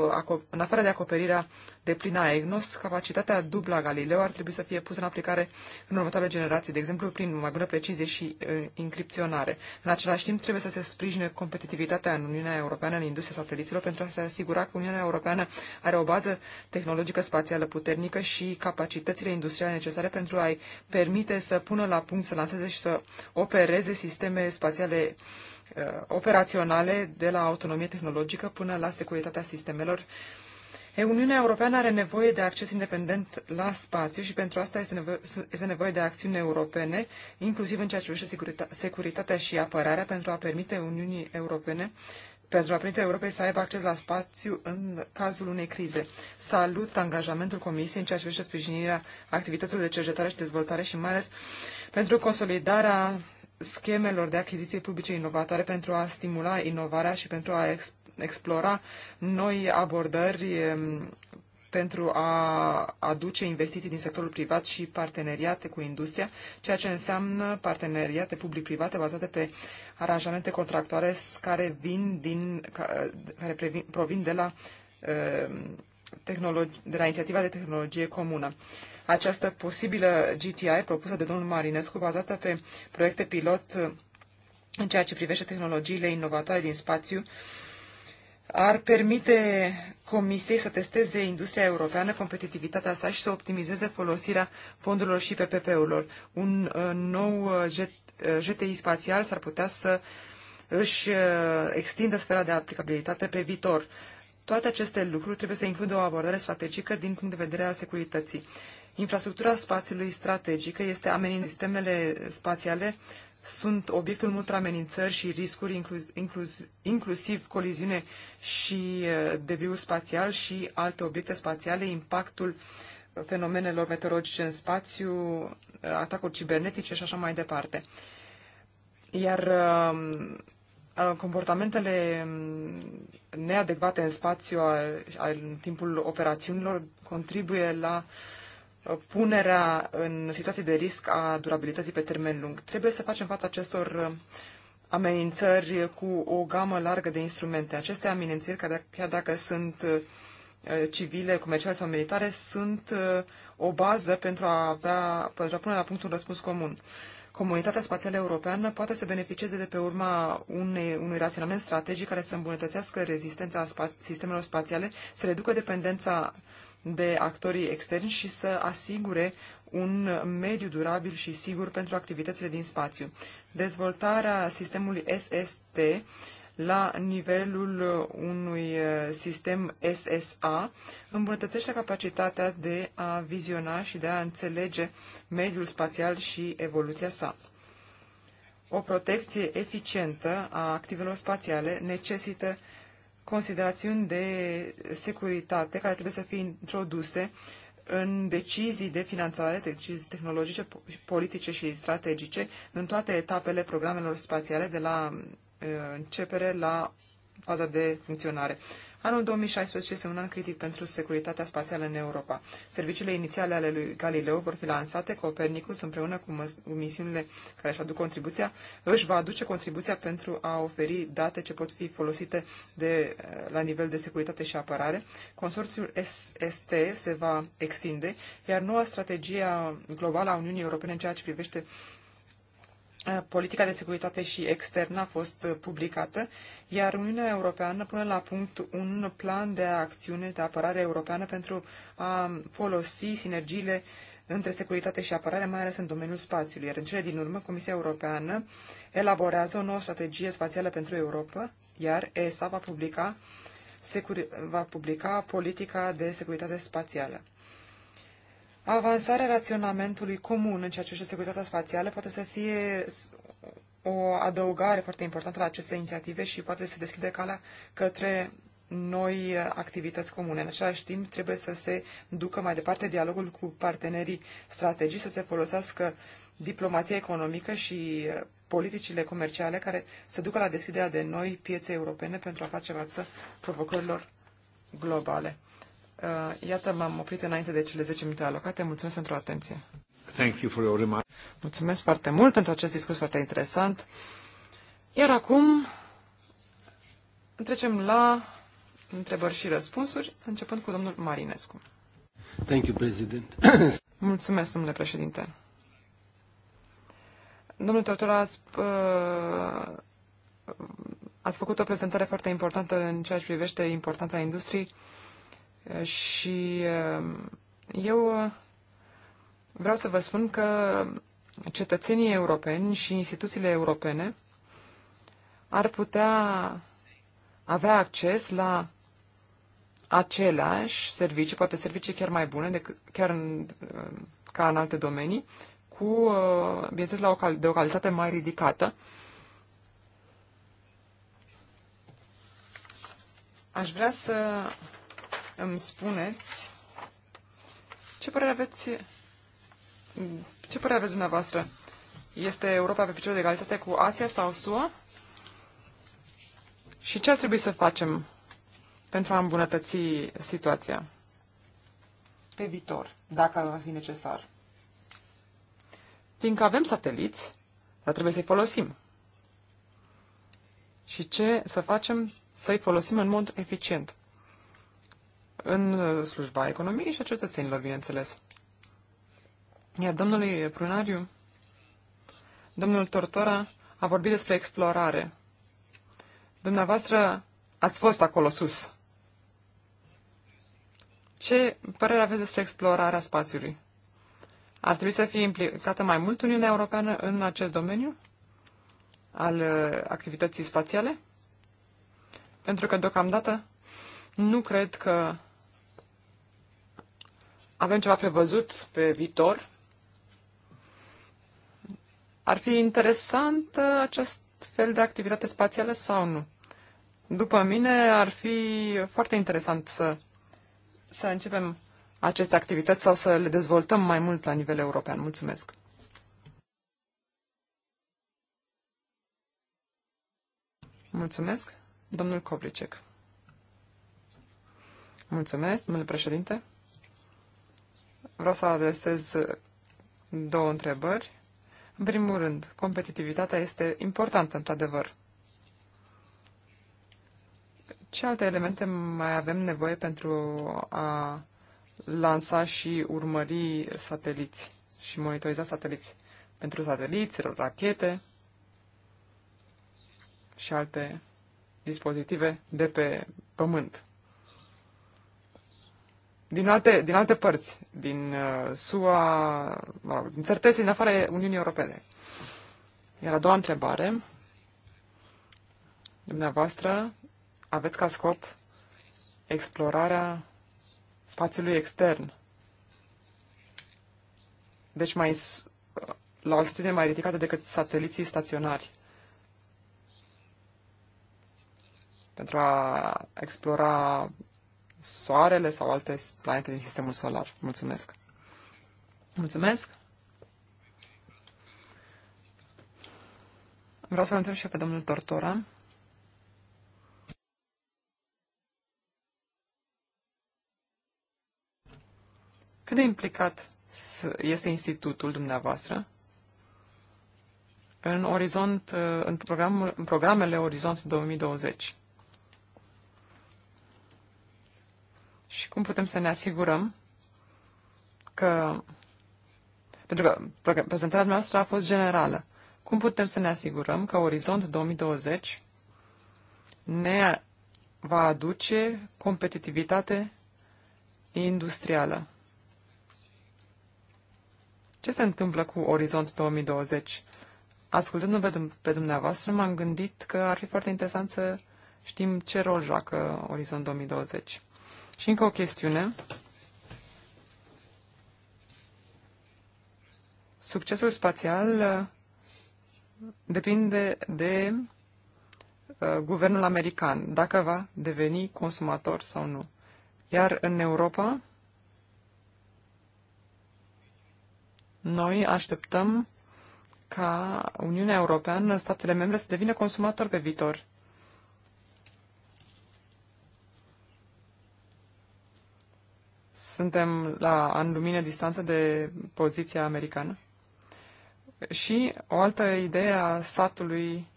în afară de acoperirea de plină a EGNOS, capacitatea dublă a Galileo ar trebui să fie pusă în aplicare în următoarele generații, de exemplu prin mai bună precizie și uh, încripționare. În același timp, trebuie să se sprijine competitivitatea în Uniunea Europeană în industria sateliților pentru a se asigura că Uniunea Europeană are o bază tehnologică spațială puternică și capacitățile industriale necesare pentru a-i permite să pună la punct, să lanseze și să opereze sisteme spațiale uh, Uh, operaționale, de la autonomie tehnologică până la securitatea sistemelor. Uniunea Europeană are nevoie de acces independent la spațiu și pentru asta este, nevo- este nevoie de acțiuni europene, inclusiv în ceea ce privește securita- securitatea și apărarea, pentru a permite Uniunii Europene pentru a permite Europei să aibă acces la spațiu în cazul unei crize. Salut angajamentul Comisiei în ceea ce privește sprijinirea activităților de cercetare și dezvoltare și mai ales pentru consolidarea schemelor de achiziție publice inovatoare pentru a stimula inovarea și pentru a explora noi abordări pentru a aduce investiții din sectorul privat și parteneriate cu industria, ceea ce înseamnă parteneriate public-private bazate pe aranjamente contractuale care, vin din, care previn, provin de la uh, de la inițiativa de tehnologie comună. Această posibilă GTI propusă de domnul Marinescu, bazată pe proiecte pilot uh, în ceea ce privește tehnologiile inovatoare din spațiu, ar permite Comisiei să testeze industria europeană, competitivitatea sa și să optimizeze folosirea fondurilor și PPP-urilor. Un uh, nou uh, GTI spațial s-ar putea să își extindă sfera de aplicabilitate pe viitor. Toate aceste lucruri trebuie să includă o abordare strategică din punct de vedere al securității. Infrastructura spațiului strategică este amenințată. Sistemele spațiale sunt obiectul multor amenințări și riscuri, inclusiv coliziune și uh, debriul spațial și alte obiecte spațiale, impactul uh, fenomenelor meteorologice în spațiu, uh, atacuri cibernetice și așa mai departe. Iar um, comportamentele mm, neadecvate în spațiu în timpul operațiunilor contribuie la punerea în situații de risc a durabilității pe termen lung. Trebuie să facem față acestor amenințări cu o gamă largă de instrumente. Aceste amenințări, chiar dacă sunt civile, comerciale sau militare, sunt o bază pentru a, avea, pentru a pune la punct un răspuns comun. Comunitatea Spațială Europeană poate să beneficieze de pe urma unei, unui raționament strategic care să îmbunătățească rezistența spa- sistemelor spațiale, să reducă dependența de actorii externi și să asigure un mediu durabil și sigur pentru activitățile din spațiu. Dezvoltarea sistemului SST la nivelul unui uh, sistem SSA îmbunătățește capacitatea de a viziona și de a înțelege mediul spațial și evoluția sa. O protecție eficientă a activelor spațiale necesită considerațiuni de securitate care trebuie să fie introduse în decizii de finanțare, decizii tehnologice, politice și strategice, în toate etapele programelor spațiale, de la Uh, începere la faza de funcționare. Anul 2016 este un an critic pentru securitatea spațială în Europa. Serviciile inițiale ale lui Galileo vor fi lansate, Copernicus împreună cu, cu misiunile care își aduc contribuția, își va aduce contribuția pentru a oferi date ce pot fi folosite de, uh, la nivel de securitate și apărare. Consorțiul SST se va extinde, iar noua strategie globală a Uniunii Europene în ceea ce privește uh, Eh, politica de securitate și externă a fost eh, publicată, iar Uniunea Europeană pune la punct un plan de acțiune de apărare europeană pentru a folosi sinergiile între securitate și apărare, mai ales în domeniul spațiului. Iar în cele din urmă, Comisia Europeană elaborează o nouă strategie spațială pentru Europa, iar ESA va publica, va publica politica de securitate spațială. Avansarea raționamentului comun în ceea ce este securitatea spațială poate să fie o adăugare foarte importantă la aceste inițiative și poate să deschide calea către noi activități comune. În același timp, trebuie să se ducă mai departe dialogul cu partenerii strategii, să se folosească diplomația economică și politicile comerciale care să ducă la deschiderea de noi piețe europene pentru a face față provocărilor globale. Uh, iată, m-am oprit înainte de cele 10 minute alocate. Mulțumesc pentru atenție. Thank you for your remark. Mulțumesc foarte mult pentru acest discurs foarte interesant. Iar acum trecem la întrebări și răspunsuri, începând cu domnul Marinescu. Thank you, President. Mulțumesc, domnule președinte. Domnul Tortura, ați, uh, ați făcut o prezentare foarte importantă în ceea ce privește importanța industriei și um, eu vreau să vă spun că cetățenii europeni și instituțiile europene ar putea avea acces la aceleași servicii, poate servicii chiar mai bune decât chiar în, um, ca în alte domenii, cu, uh, bineînțeles, la o, de o calitate mai ridicată. Aș vrea să îmi spuneți ce părere aveți, ce părere aveți dumneavoastră? Este Europa pe picior de egalitate cu Asia sau SUA? Și ce ar trebui să facem pentru a îmbunătăți situația pe viitor, dacă va fi necesar? Fiindcă avem sateliți, dar trebuie să-i folosim. Și ce să facem să-i folosim în mod eficient? în uh, slujba economiei și a cetățenilor, bineînțeles. Iar domnului Prunariu, domnul Tortora a vorbit despre explorare. Dumneavoastră ați fost acolo sus. Ce părere aveți despre explorarea spațiului? Ar trebui să fie implicată mai mult Uniunea Europeană în acest domeniu al uh, activității spațiale? Pentru că, deocamdată, nu cred că avem ceva prevăzut pe viitor. Ar fi interesant uh, acest fel de activitate spațială sau nu? După mine ar fi foarte interesant să, să începem aceste activități sau să le dezvoltăm mai mult la nivel european. Mulțumesc! Mulțumesc, domnul Kovricek. Mulțumesc, domnule președinte. Vreau să adresez două întrebări. În primul rând, competitivitatea este importantă, într-adevăr. Ce alte elemente mai avem nevoie pentru a lansa și urmări sateliți și monitoriza sateliți? Pentru sateliți, rachete și alte dispozitive de pe Pământ din alte, din alte părți, din uh, SUA, mă rog, din țărtezi din afara Uniunii Europene. Iar a doua întrebare, dumneavoastră aveți ca scop explorarea spațiului extern. Deci mai, uh, la o altitudine mai ridicată decât sateliții staționari. Pentru a explora Soarele sau alte planete din sistemul solar. Mulțumesc! Mulțumesc! Vreau să-l întreb și pe domnul Tortora. Cât de implicat este institutul dumneavoastră în orizont, în, program, în programele Orizont 2020? și cum putem să ne asigurăm că... Pentru că prezentarea noastră a fost generală. Cum putem să ne asigurăm că Orizont 2020 ne va aduce competitivitate industrială? Ce se întâmplă cu Orizont 2020? Ascultându-vă pe, pe dumneavoastră, m-am gândit că ar fi foarte interesant să știm ce rol joacă Orizont 2020. Și încă o chestiune. Succesul spațial uh, depinde de uh, guvernul american, dacă va deveni consumator sau nu. Iar în Europa, noi așteptăm ca Uniunea Europeană, statele membre, să devină consumator pe viitor. suntem la an lumină distanță de poziția americană. Și o altă idee a satului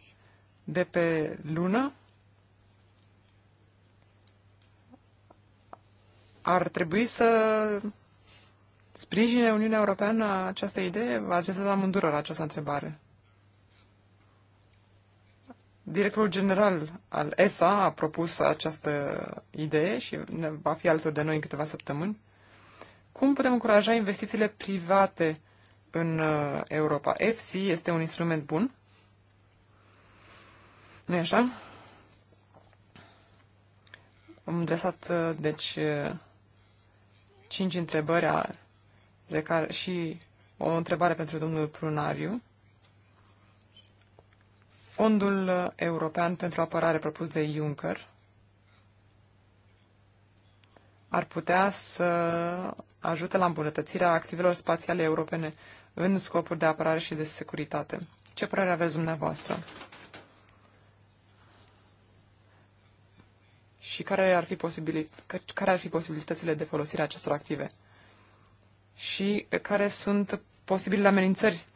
de pe lună ar trebui să sprijine Uniunea Europeană această idee? Adresez la această întrebare. Directorul general al ESA a propus această idee și ne va fi alături de noi în câteva săptămâni. Cum putem încuraja investițiile private în uh, Europa? FC este un instrument bun? nu așa? Am adresat, uh, deci, uh, cinci întrebări a, de care, și o întrebare pentru domnul Prunariu. Fondul uh, European pentru Apărare propus de Juncker ar putea să ajute la îmbunătățirea activelor spațiale europene în scopuri de apărare și de securitate. Ce părere aveți dumneavoastră? Și care ar fi, posibilit- care ar fi posibilitățile de folosire a acestor active? Și uh, care sunt posibilele amenințări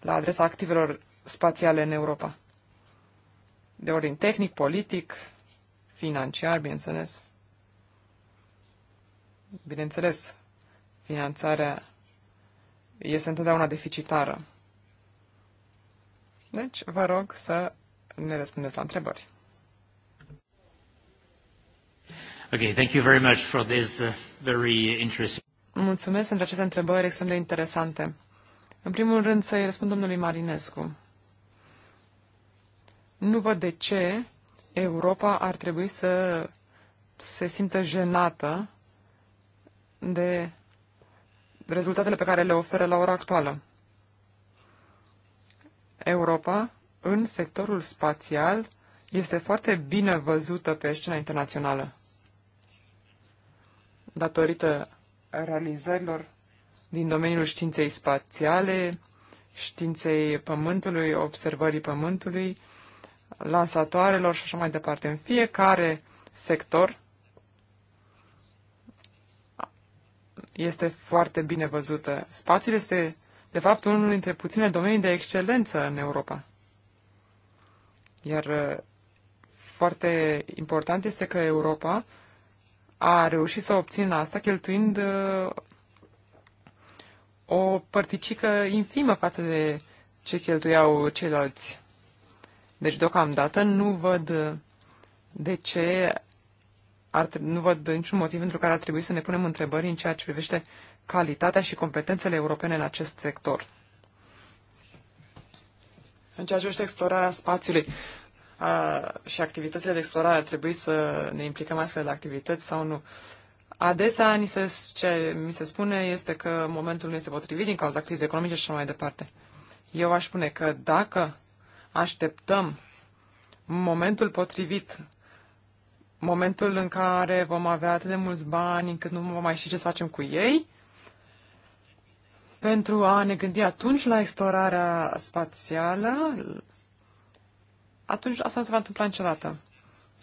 la adresa activelor spațiale în Europa? de ordin tehnic, politic, financiar, bineînțeles. Bineînțeles, finanțarea este întotdeauna deficitară. Deci, vă rog să ne răspundeți la întrebări. Okay, thank you very much for this uh, very interesting... Mulțumesc pentru aceste întrebări extrem de interesante. În primul rând, să-i răspund domnului Marinescu. Nu văd de ce Europa ar trebui să se simtă jenată de rezultatele pe care le oferă la ora actuală. Europa, în sectorul spațial, este foarte bine văzută pe scena internațională. Datorită realizărilor din domeniul științei spațiale, științei Pământului, observării Pământului, lansatoarelor și așa mai departe. În fiecare sector este foarte bine văzută. Spațiul este, de fapt, unul dintre puține domenii de excelență în Europa. Iar foarte important este că Europa a reușit să obțină asta cheltuind o părticică infimă față de ce cheltuiau ceilalți. Deci, deocamdată, nu văd uh, de ce ar, nu văd niciun motiv pentru care ar trebui să ne punem întrebări în ceea ce privește calitatea și competențele europene în acest sector. În ceea ce privește explorarea spațiului a, și activitățile de explorare, ar trebui să ne implicăm astfel de activități sau nu? Adesea ni se, ce mi se spune este că momentul nu este potrivit din cauza crizei economice și așa mai departe. Eu aș spune că dacă așteptăm momentul potrivit, momentul în care vom avea atât de mulți bani încât nu vom mai ști ce să facem cu ei, pentru a ne gândi atunci la explorarea spațială, atunci asta nu se va întâmpla niciodată.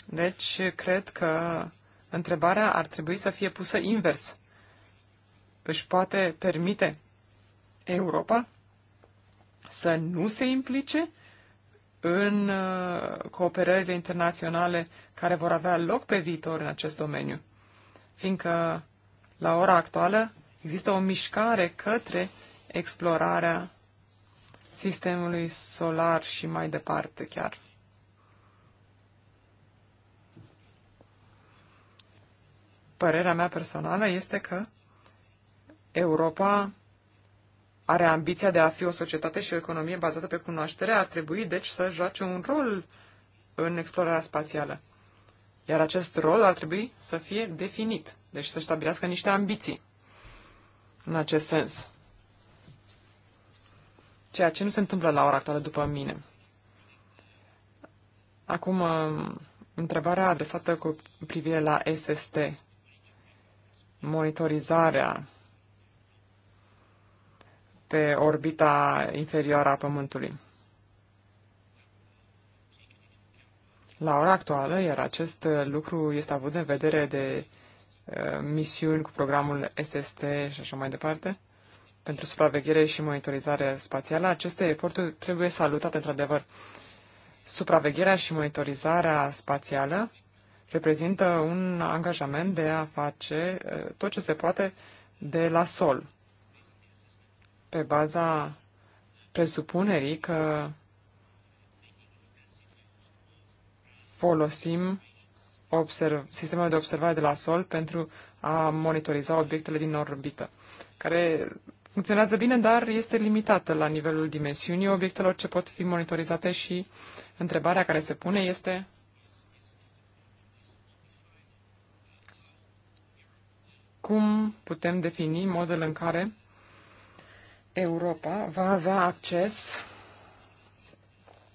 Deci, cred că întrebarea ar trebui să fie pusă invers. Își poate permite Europa să nu se implice în uh, cooperările internaționale care vor avea loc pe viitor în acest domeniu, fiindcă la ora actuală există o mișcare către explorarea sistemului solar și mai departe chiar. Părerea mea personală este că Europa are ambiția de a fi o societate și o economie bazată pe cunoaștere, ar trebui deci să joace un rol în explorarea spațială. Iar acest rol ar trebui să fie definit, deci să stabilească niște ambiții în acest sens. Ceea ce nu se întâmplă la ora actuală după mine. Acum, um, întrebarea adresată cu privire la SST, monitorizarea pe orbita inferioară a Pământului. La ora actuală, iar acest lucru este avut în vedere de uh, misiuni cu programul SST și așa mai departe, pentru supraveghere și monitorizare spațială, aceste eforturi trebuie salutate într-adevăr. Supravegherea și monitorizarea spațială reprezintă un angajament de a face uh, tot ce se poate de la sol pe baza presupunerii că folosim observ, sistemele de observare de la sol pentru a monitoriza obiectele din orbită, care funcționează bine, dar este limitată la nivelul dimensiunii obiectelor ce pot fi monitorizate și întrebarea care se pune este cum putem defini modul în care Europa va avea acces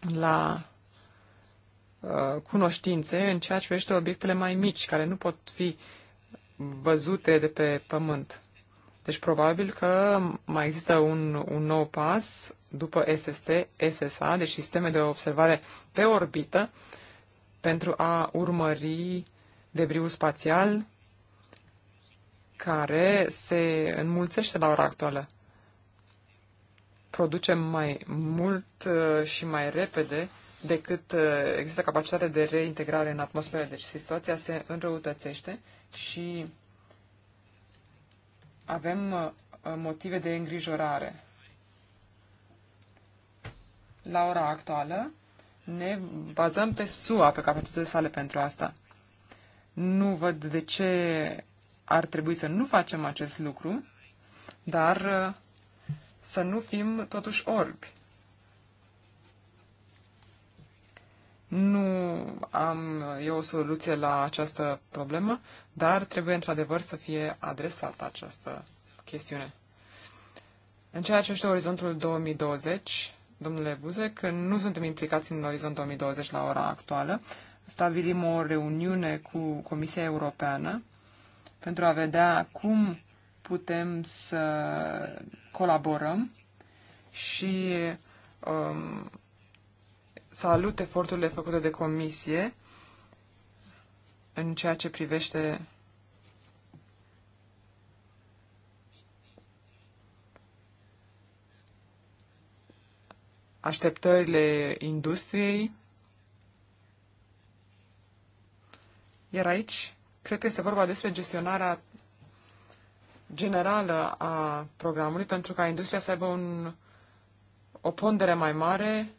la uh, cunoștințe în ceea ce privește obiectele mai mici, care nu pot fi văzute de pe pământ. Deci probabil că mai există un, un nou pas după SST, SSA, deci sisteme de observare pe orbită, pentru a urmări debriul spațial care se înmulțește la ora actuală producem mai mult uh, și mai repede decât uh, există capacitatea de reintegrare în atmosferă. Deci situația se înrăutățește și avem uh, motive de îngrijorare. La ora actuală ne bazăm pe SUA, pe capacitățile sale pentru asta. Nu văd de ce ar trebui să nu facem acest lucru, dar să nu fim totuși orbi. Nu am eu o soluție la această problemă, dar trebuie într-adevăr să fie adresată această chestiune. În ceea ce este orizontul 2020, domnule Buzec, nu suntem implicați în orizont 2020 la ora actuală. Stabilim o reuniune cu Comisia Europeană pentru a vedea cum putem să colaborăm și um, salut eforturile făcute de comisie în ceea ce privește așteptările industriei. Iar aici, cred că este vorba despre gestionarea generală a programului pentru ca industria să aibă un, o pondere mai mare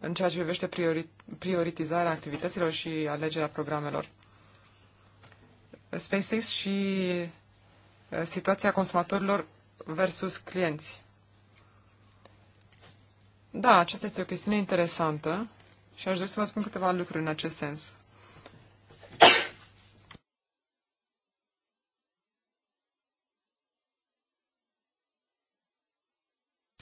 în ceea ce privește priori, prioritizarea activităților și alegerea programelor. SpaceX și uh, situația consumatorilor versus clienți. Da, aceasta este o chestiune interesantă și aș dori să vă spun câteva lucruri în acest sens.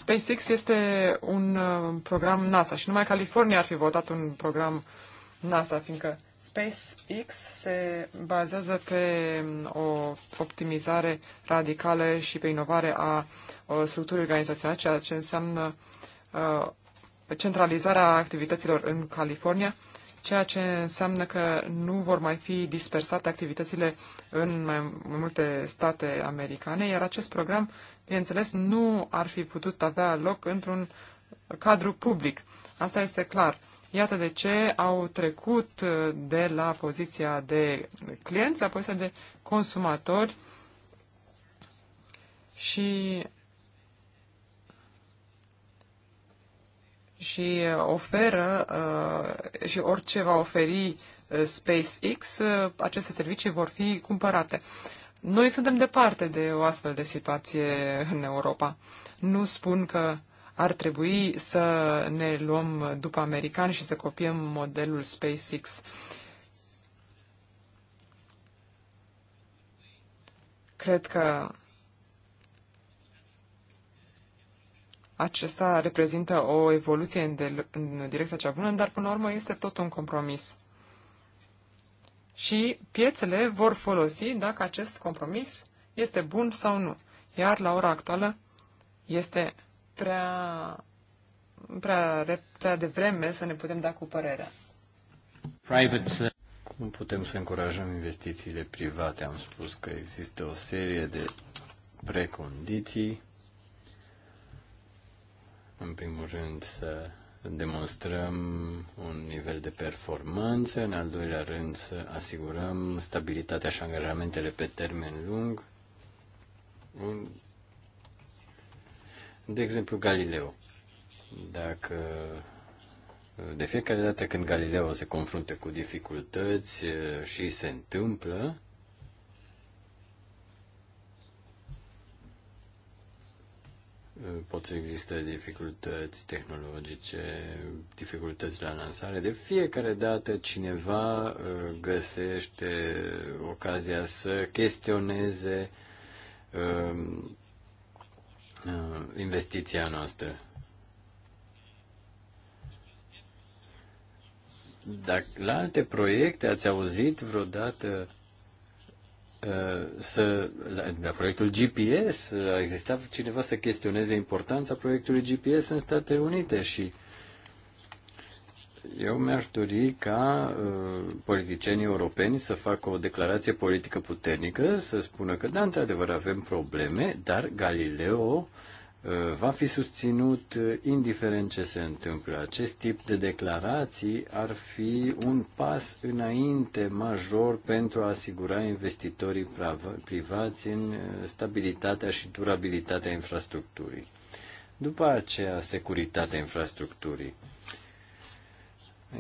SpaceX este uh, un program NASA și numai California ar fi votat un program NASA, fiindcă SpaceX se bazează pe um, o optimizare radicală și pe inovare a uh, structurii organizaționale, ceea ce înseamnă uh, centralizarea activităților în California ceea ce înseamnă că nu vor mai fi dispersate activitățile în mai multe state americane, iar acest program, bineînțeles, nu ar fi putut avea loc într-un cadru public. Asta este clar. Iată de ce au trecut uh, de la poziția de clienți la poziția de consumatori și și oferă uh, și orice va oferi uh, SpaceX, uh, aceste servicii vor fi cumpărate. Noi suntem departe de o astfel de situație în Europa. Nu spun că ar trebui să ne luăm după americani și să copiem modelul SpaceX. Cred că Acesta reprezintă o evoluție în, del- în direcția cea bună, dar până la urmă este tot un compromis. Și piețele vor folosi dacă acest compromis este bun sau nu. Iar la ora actuală este prea, prea, prea devreme să ne putem da cu părerea. Private. Uh, Cum putem să încurajăm investițiile private? Am spus că există o serie de precondiții în primul rând, să demonstrăm un nivel de performanță, în al doilea rând, să asigurăm stabilitatea și angajamentele pe termen lung. De exemplu, Galileo. Dacă de fiecare dată când Galileo se confruntă cu dificultăți uh, și se întâmplă, pot să existe dificultăți tehnologice, dificultăți la lansare. De fiecare dată cineva uh, găsește ocazia să chestioneze um, uh, investiția noastră. Dacă la alte proiecte ați auzit vreodată Uh, să, la proiectul GPS, uh, a existat cineva să chestioneze importanța proiectului GPS în Statele Unite și eu mi-aș dori ca uh, politicienii europeni să facă o declarație politică puternică, să spună că, da, într-adevăr, avem probleme, dar Galileo uh, Eh, va fi susținut eh, indiferent ce se întâmplă. Acest tip de declarații ar fi un pas înainte major pentru a asigura investitorii privați în eh, stabilitatea și durabilitatea infrastructurii. După aceea, securitatea infrastructurii.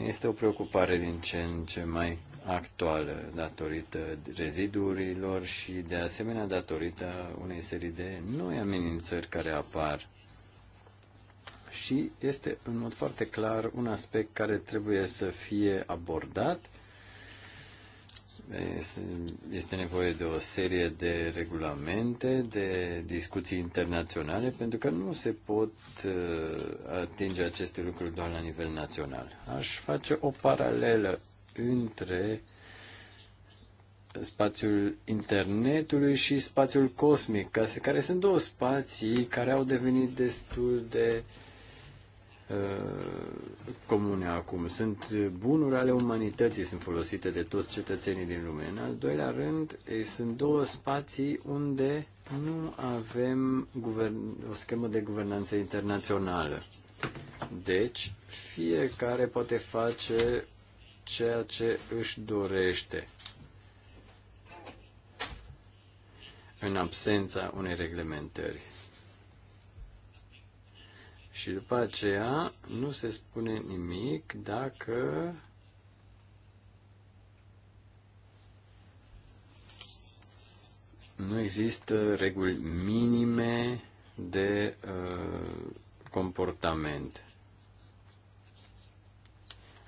Este o preocupare din ce în ce mai actuală datorită reziduurilor și de asemenea datorită unei serii de noi amenințări care apar. Și este în mod foarte clar un aspect care trebuie să fie abordat. Este nevoie de o serie de regulamente, de discuții internaționale, pentru că nu se pot uh, atinge aceste lucruri doar la nivel național. Aș face o paralelă între spațiul internetului și spațiul cosmic, care sunt două spații care au devenit destul de uh, comune acum. Sunt bunuri ale umanității, sunt folosite de toți cetățenii din lume. În al doilea rând, sunt două spații unde nu avem guvern- o schemă de guvernanță internațională. Deci, fiecare poate face ceea ce își dorește în absența unei reglementări. Și după aceea nu se spune nimic dacă nu există reguli minime de uh, comportament.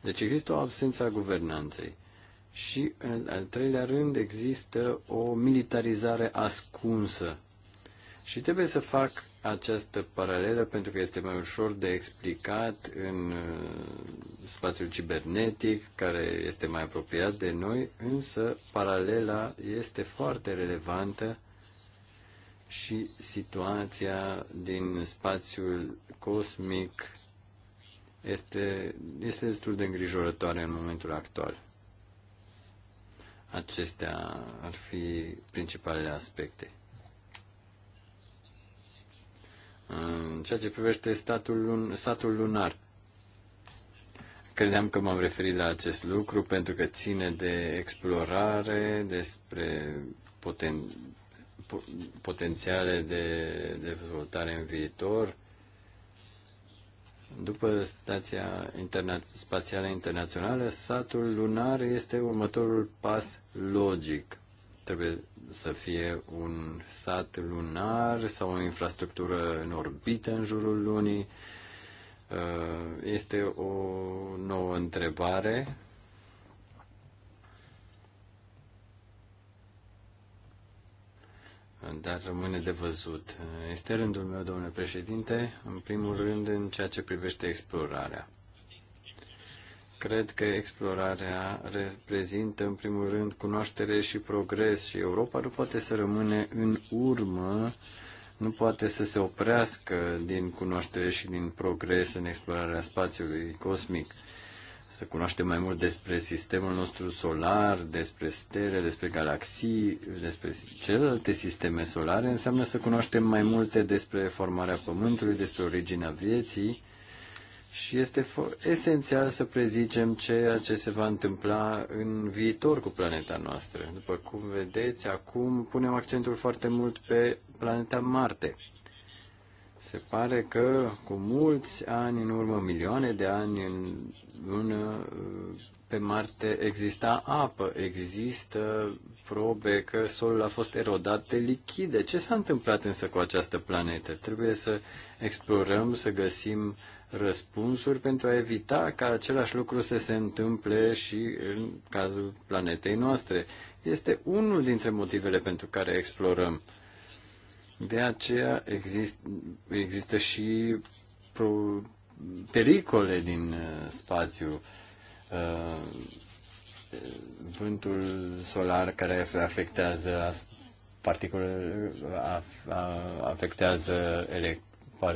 Deci există o absență a guvernanței. Și, în al treilea rând, există o militarizare ascunsă. Și trebuie să fac această paralelă pentru că este mai ușor de explicat în uh, spațiul cibernetic, care este mai apropiat de noi, însă paralela este foarte relevantă și situația din spațiul cosmic este, este destul de îngrijorătoare în momentul actual. Acestea ar fi principalele aspecte. În ceea ce privește statul, lun, statul lunar, credeam că m-am referit la acest lucru pentru că ține de explorare, despre poten, po, potențiale de dezvoltare în viitor, după Stația Interna- Spațială Internațională, satul lunar este următorul pas logic. Trebuie să fie un sat lunar sau o infrastructură în orbită în jurul lunii. Uh, este o nouă întrebare dar rămâne de văzut. Este rândul meu, domnule președinte, în primul rând în ceea ce privește explorarea. Cred că explorarea reprezintă, în primul rând, cunoaștere și progres și Europa nu poate să rămâne în urmă, nu poate să se oprească din cunoaștere și din progres în explorarea spațiului cosmic să cunoaștem mai mult despre sistemul nostru solar, despre stele, despre galaxii, despre celelalte sisteme solare, înseamnă să cunoaștem mai multe despre formarea Pământului, despre originea vieții și este esențial să prezicem ceea ce se va întâmpla în viitor cu planeta noastră. După cum vedeți, acum punem accentul foarte mult pe planeta Marte. Se pare că cu mulți ani în urmă, milioane de ani în lună, pe Marte exista apă, există probe că solul a fost erodat de lichide. Ce s-a întâmplat însă cu această planetă? Trebuie să explorăm, să găsim răspunsuri pentru a evita ca același lucru să se întâmple și în cazul planetei noastre. Este unul dintre motivele pentru care explorăm. De aceea exist, există și pro, pericole din uh, spațiu. Uh, vântul solar care afectează particulele, afectează ele,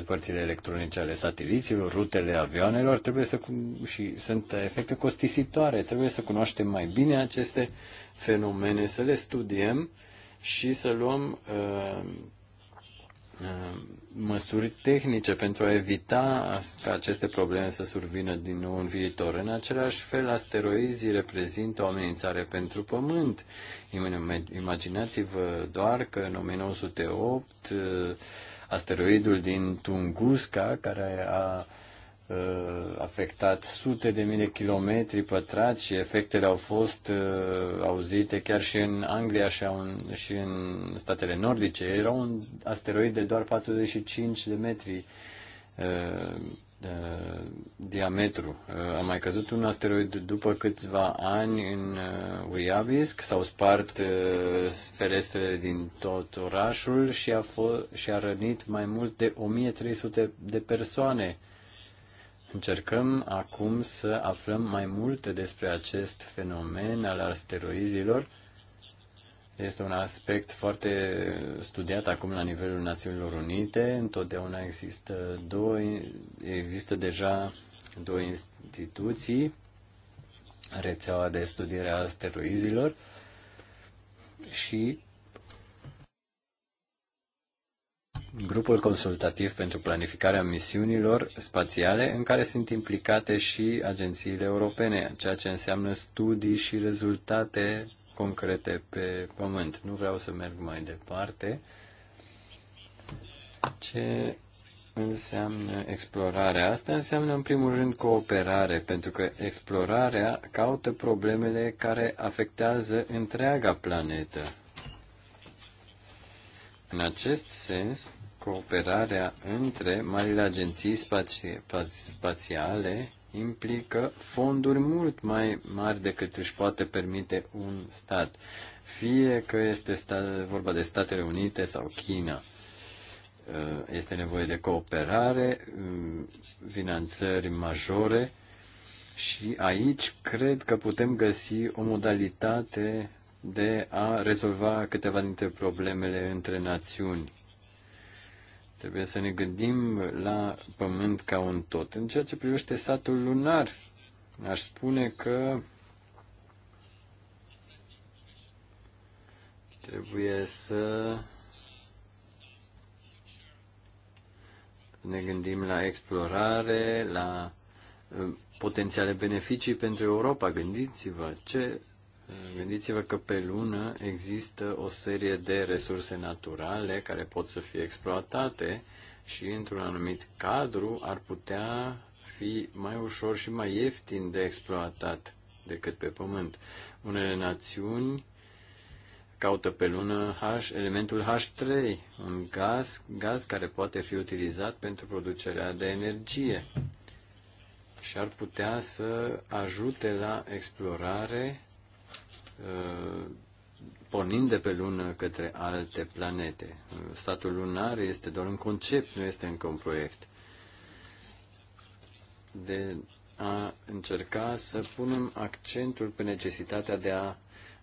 părțile electronice ale sateliților, rutele avioanelor, trebuie să și sunt efecte costisitoare. Trebuie să cunoaștem mai bine aceste fenomene, să le studiem și să luăm uh, Uh, măsuri tehnice pentru a evita ca aceste probleme să survină din nou în viitor. În același fel, asteroizii reprezintă o amenințare pentru Pământ. Imaginați-vă doar că în 1908 uh, asteroidul din Tunguska, care a Uh, afectat sute de mii de kilometri pătrați și efectele au fost uh, auzite chiar și în Anglia și, un, și în statele nordice. Era un asteroid de doar 45 de metri uh, uh, diametru. Uh, a mai căzut un asteroid după câțiva ani în uh, Uriabisk, s-au spart uh, ferestrele din tot orașul și a, fost și a rănit mai mult de 1300 de persoane Încercăm acum să aflăm mai multe despre acest fenomen al asteroizilor. Este un aspect foarte studiat acum la nivelul Națiunilor Unite. Întotdeauna există, două, există deja două instituții, rețeaua de studiere a asteroizilor și grupul consultativ pentru planificarea misiunilor spațiale în care sunt implicate și agențiile europene, ceea ce înseamnă studii și rezultate concrete pe pământ. Nu vreau să merg mai departe. Ce înseamnă explorarea? Asta înseamnă, în primul rând, cooperare, pentru că explorarea caută problemele care afectează întreaga planetă. În acest sens, cooperarea între marile agenții spațiale implică fonduri mult mai mari decât își poate permite un stat, fie că este stat, vorba de Statele Unite sau China. Uh, este nevoie de cooperare, uh, finanțări majore și aici cred că putem găsi o modalitate de a rezolva câteva dintre problemele între națiuni Trebuie să ne gândim la pământ ca un tot. În ceea ce privește satul lunar, aș spune că trebuie să ne gândim la explorare, la uh, potențiale beneficii pentru Europa. Gândiți-vă ce Gândiți-vă că pe lună există o serie de resurse naturale care pot să fie exploatate și într-un anumit cadru ar putea fi mai ușor și mai ieftin de exploatat decât pe pământ. Unele națiuni caută pe lună H, elementul H3, un gaz, gaz care poate fi utilizat pentru producerea de energie și ar putea să ajute la explorare Uh, pornind de pe lună către alte planete. Statul lunar este doar un concept, nu este încă un proiect. De a încerca să punem accentul pe necesitatea de a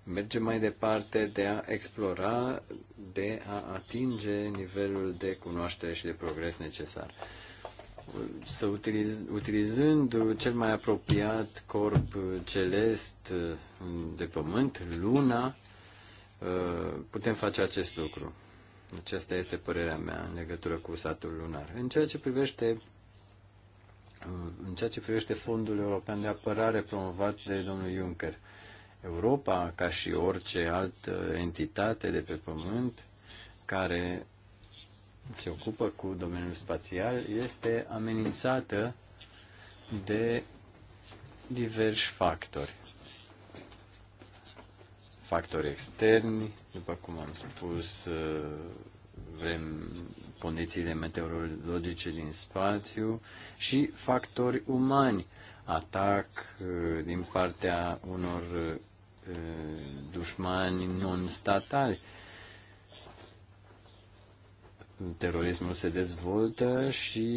merge mai departe, de a explora, de a atinge nivelul de cunoaștere și de progres necesar să utiliz, utilizând cel mai apropiat corp celest uh, de pământ, luna, uh, putem face acest lucru. Aceasta este părerea mea în legătură cu satul lunar. În ceea ce privește uh, în ceea ce privește fondul european de apărare promovat de domnul Juncker, Europa, ca și orice altă entitate de pe pământ, care se ocupă cu domeniul spațial este amenințată de diversi factori. Factori externi, după cum am spus, uh, vrem condițiile meteorologice din spațiu și factori umani, atac uh, din partea unor uh, dușmani non-statali terorismul se dezvoltă și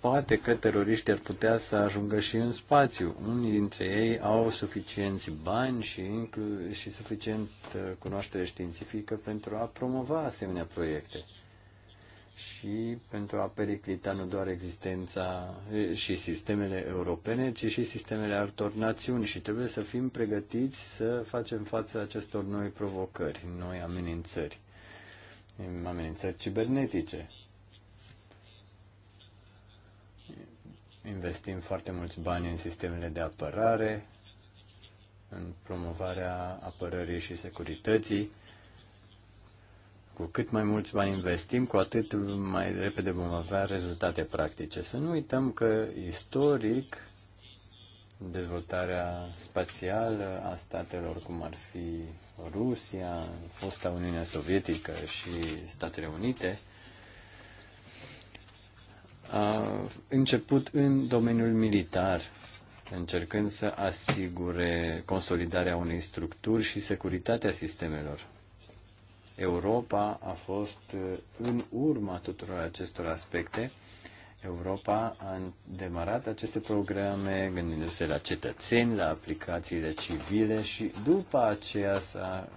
poate că teroriștii ar putea să ajungă și în spațiu. Unii dintre ei au suficienți bani și, inclu- și suficient uh, cunoaștere științifică pentru a promova asemenea proiecte și pentru a periclita nu doar existența și sistemele europene, ci și sistemele altor națiuni și trebuie să fim pregătiți să facem față acestor noi provocări, noi amenințări amenințări cibernetice. Investim foarte mulți bani în sistemele de apărare, în promovarea apărării și securității. Cu cât mai mulți bani investim, cu atât mai repede vom avea rezultate practice. Să nu uităm că istoric dezvoltarea spațială a statelor cum ar fi Rusia, fosta Uniunea Sovietică și Statele Unite, a început în domeniul militar, încercând să asigure consolidarea unei structuri și securitatea sistemelor. Europa a fost în urma tuturor acestor aspecte Europa a demarat aceste programe gândindu-se la cetățeni, la aplicațiile civile și după aceea s-a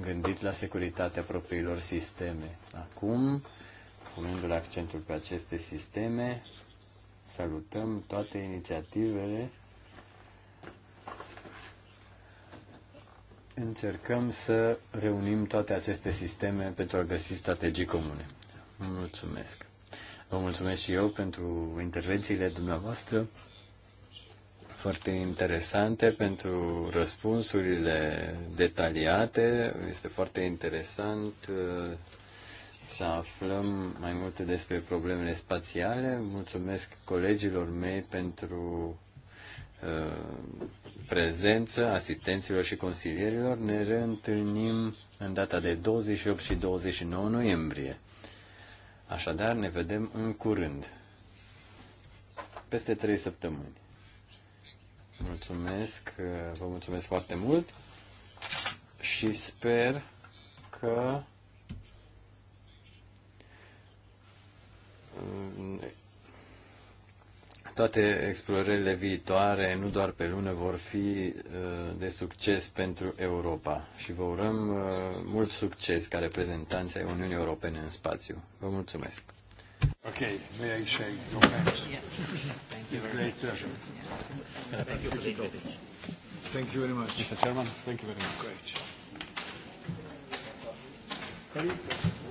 gândit la securitatea propriilor sisteme. Acum, punându-l accentul pe aceste sisteme, salutăm toate inițiativele. Încercăm să reunim toate aceste sisteme pentru a găsi strategii comune. Mulțumesc! Vă mulțumesc și eu pentru intervențiile dumneavoastră foarte interesante pentru răspunsurile detaliate. Este foarte interesant uh, să aflăm mai multe despre problemele spațiale. Mulțumesc colegilor mei pentru uh, prezență, asistenților și consilierilor. Ne reîntâlnim în data de 28 și 29 noiembrie. Așadar, ne vedem în curând. Peste trei săptămâni. Mulțumesc, vă mulțumesc foarte mult și sper că toate explorările viitoare, nu doar pe lună, vor fi uh, de succes pentru Europa și vă urăm uh, mult succes ca reprezentanți ai Uniunii Europene în spațiu. Vă mulțumesc! Ok, may I say your thanks? Yeah. Thank you. It's a great pleasure. Yeah. Thank, you. thank you very much. Mr. Chairman, thank you very much. Great.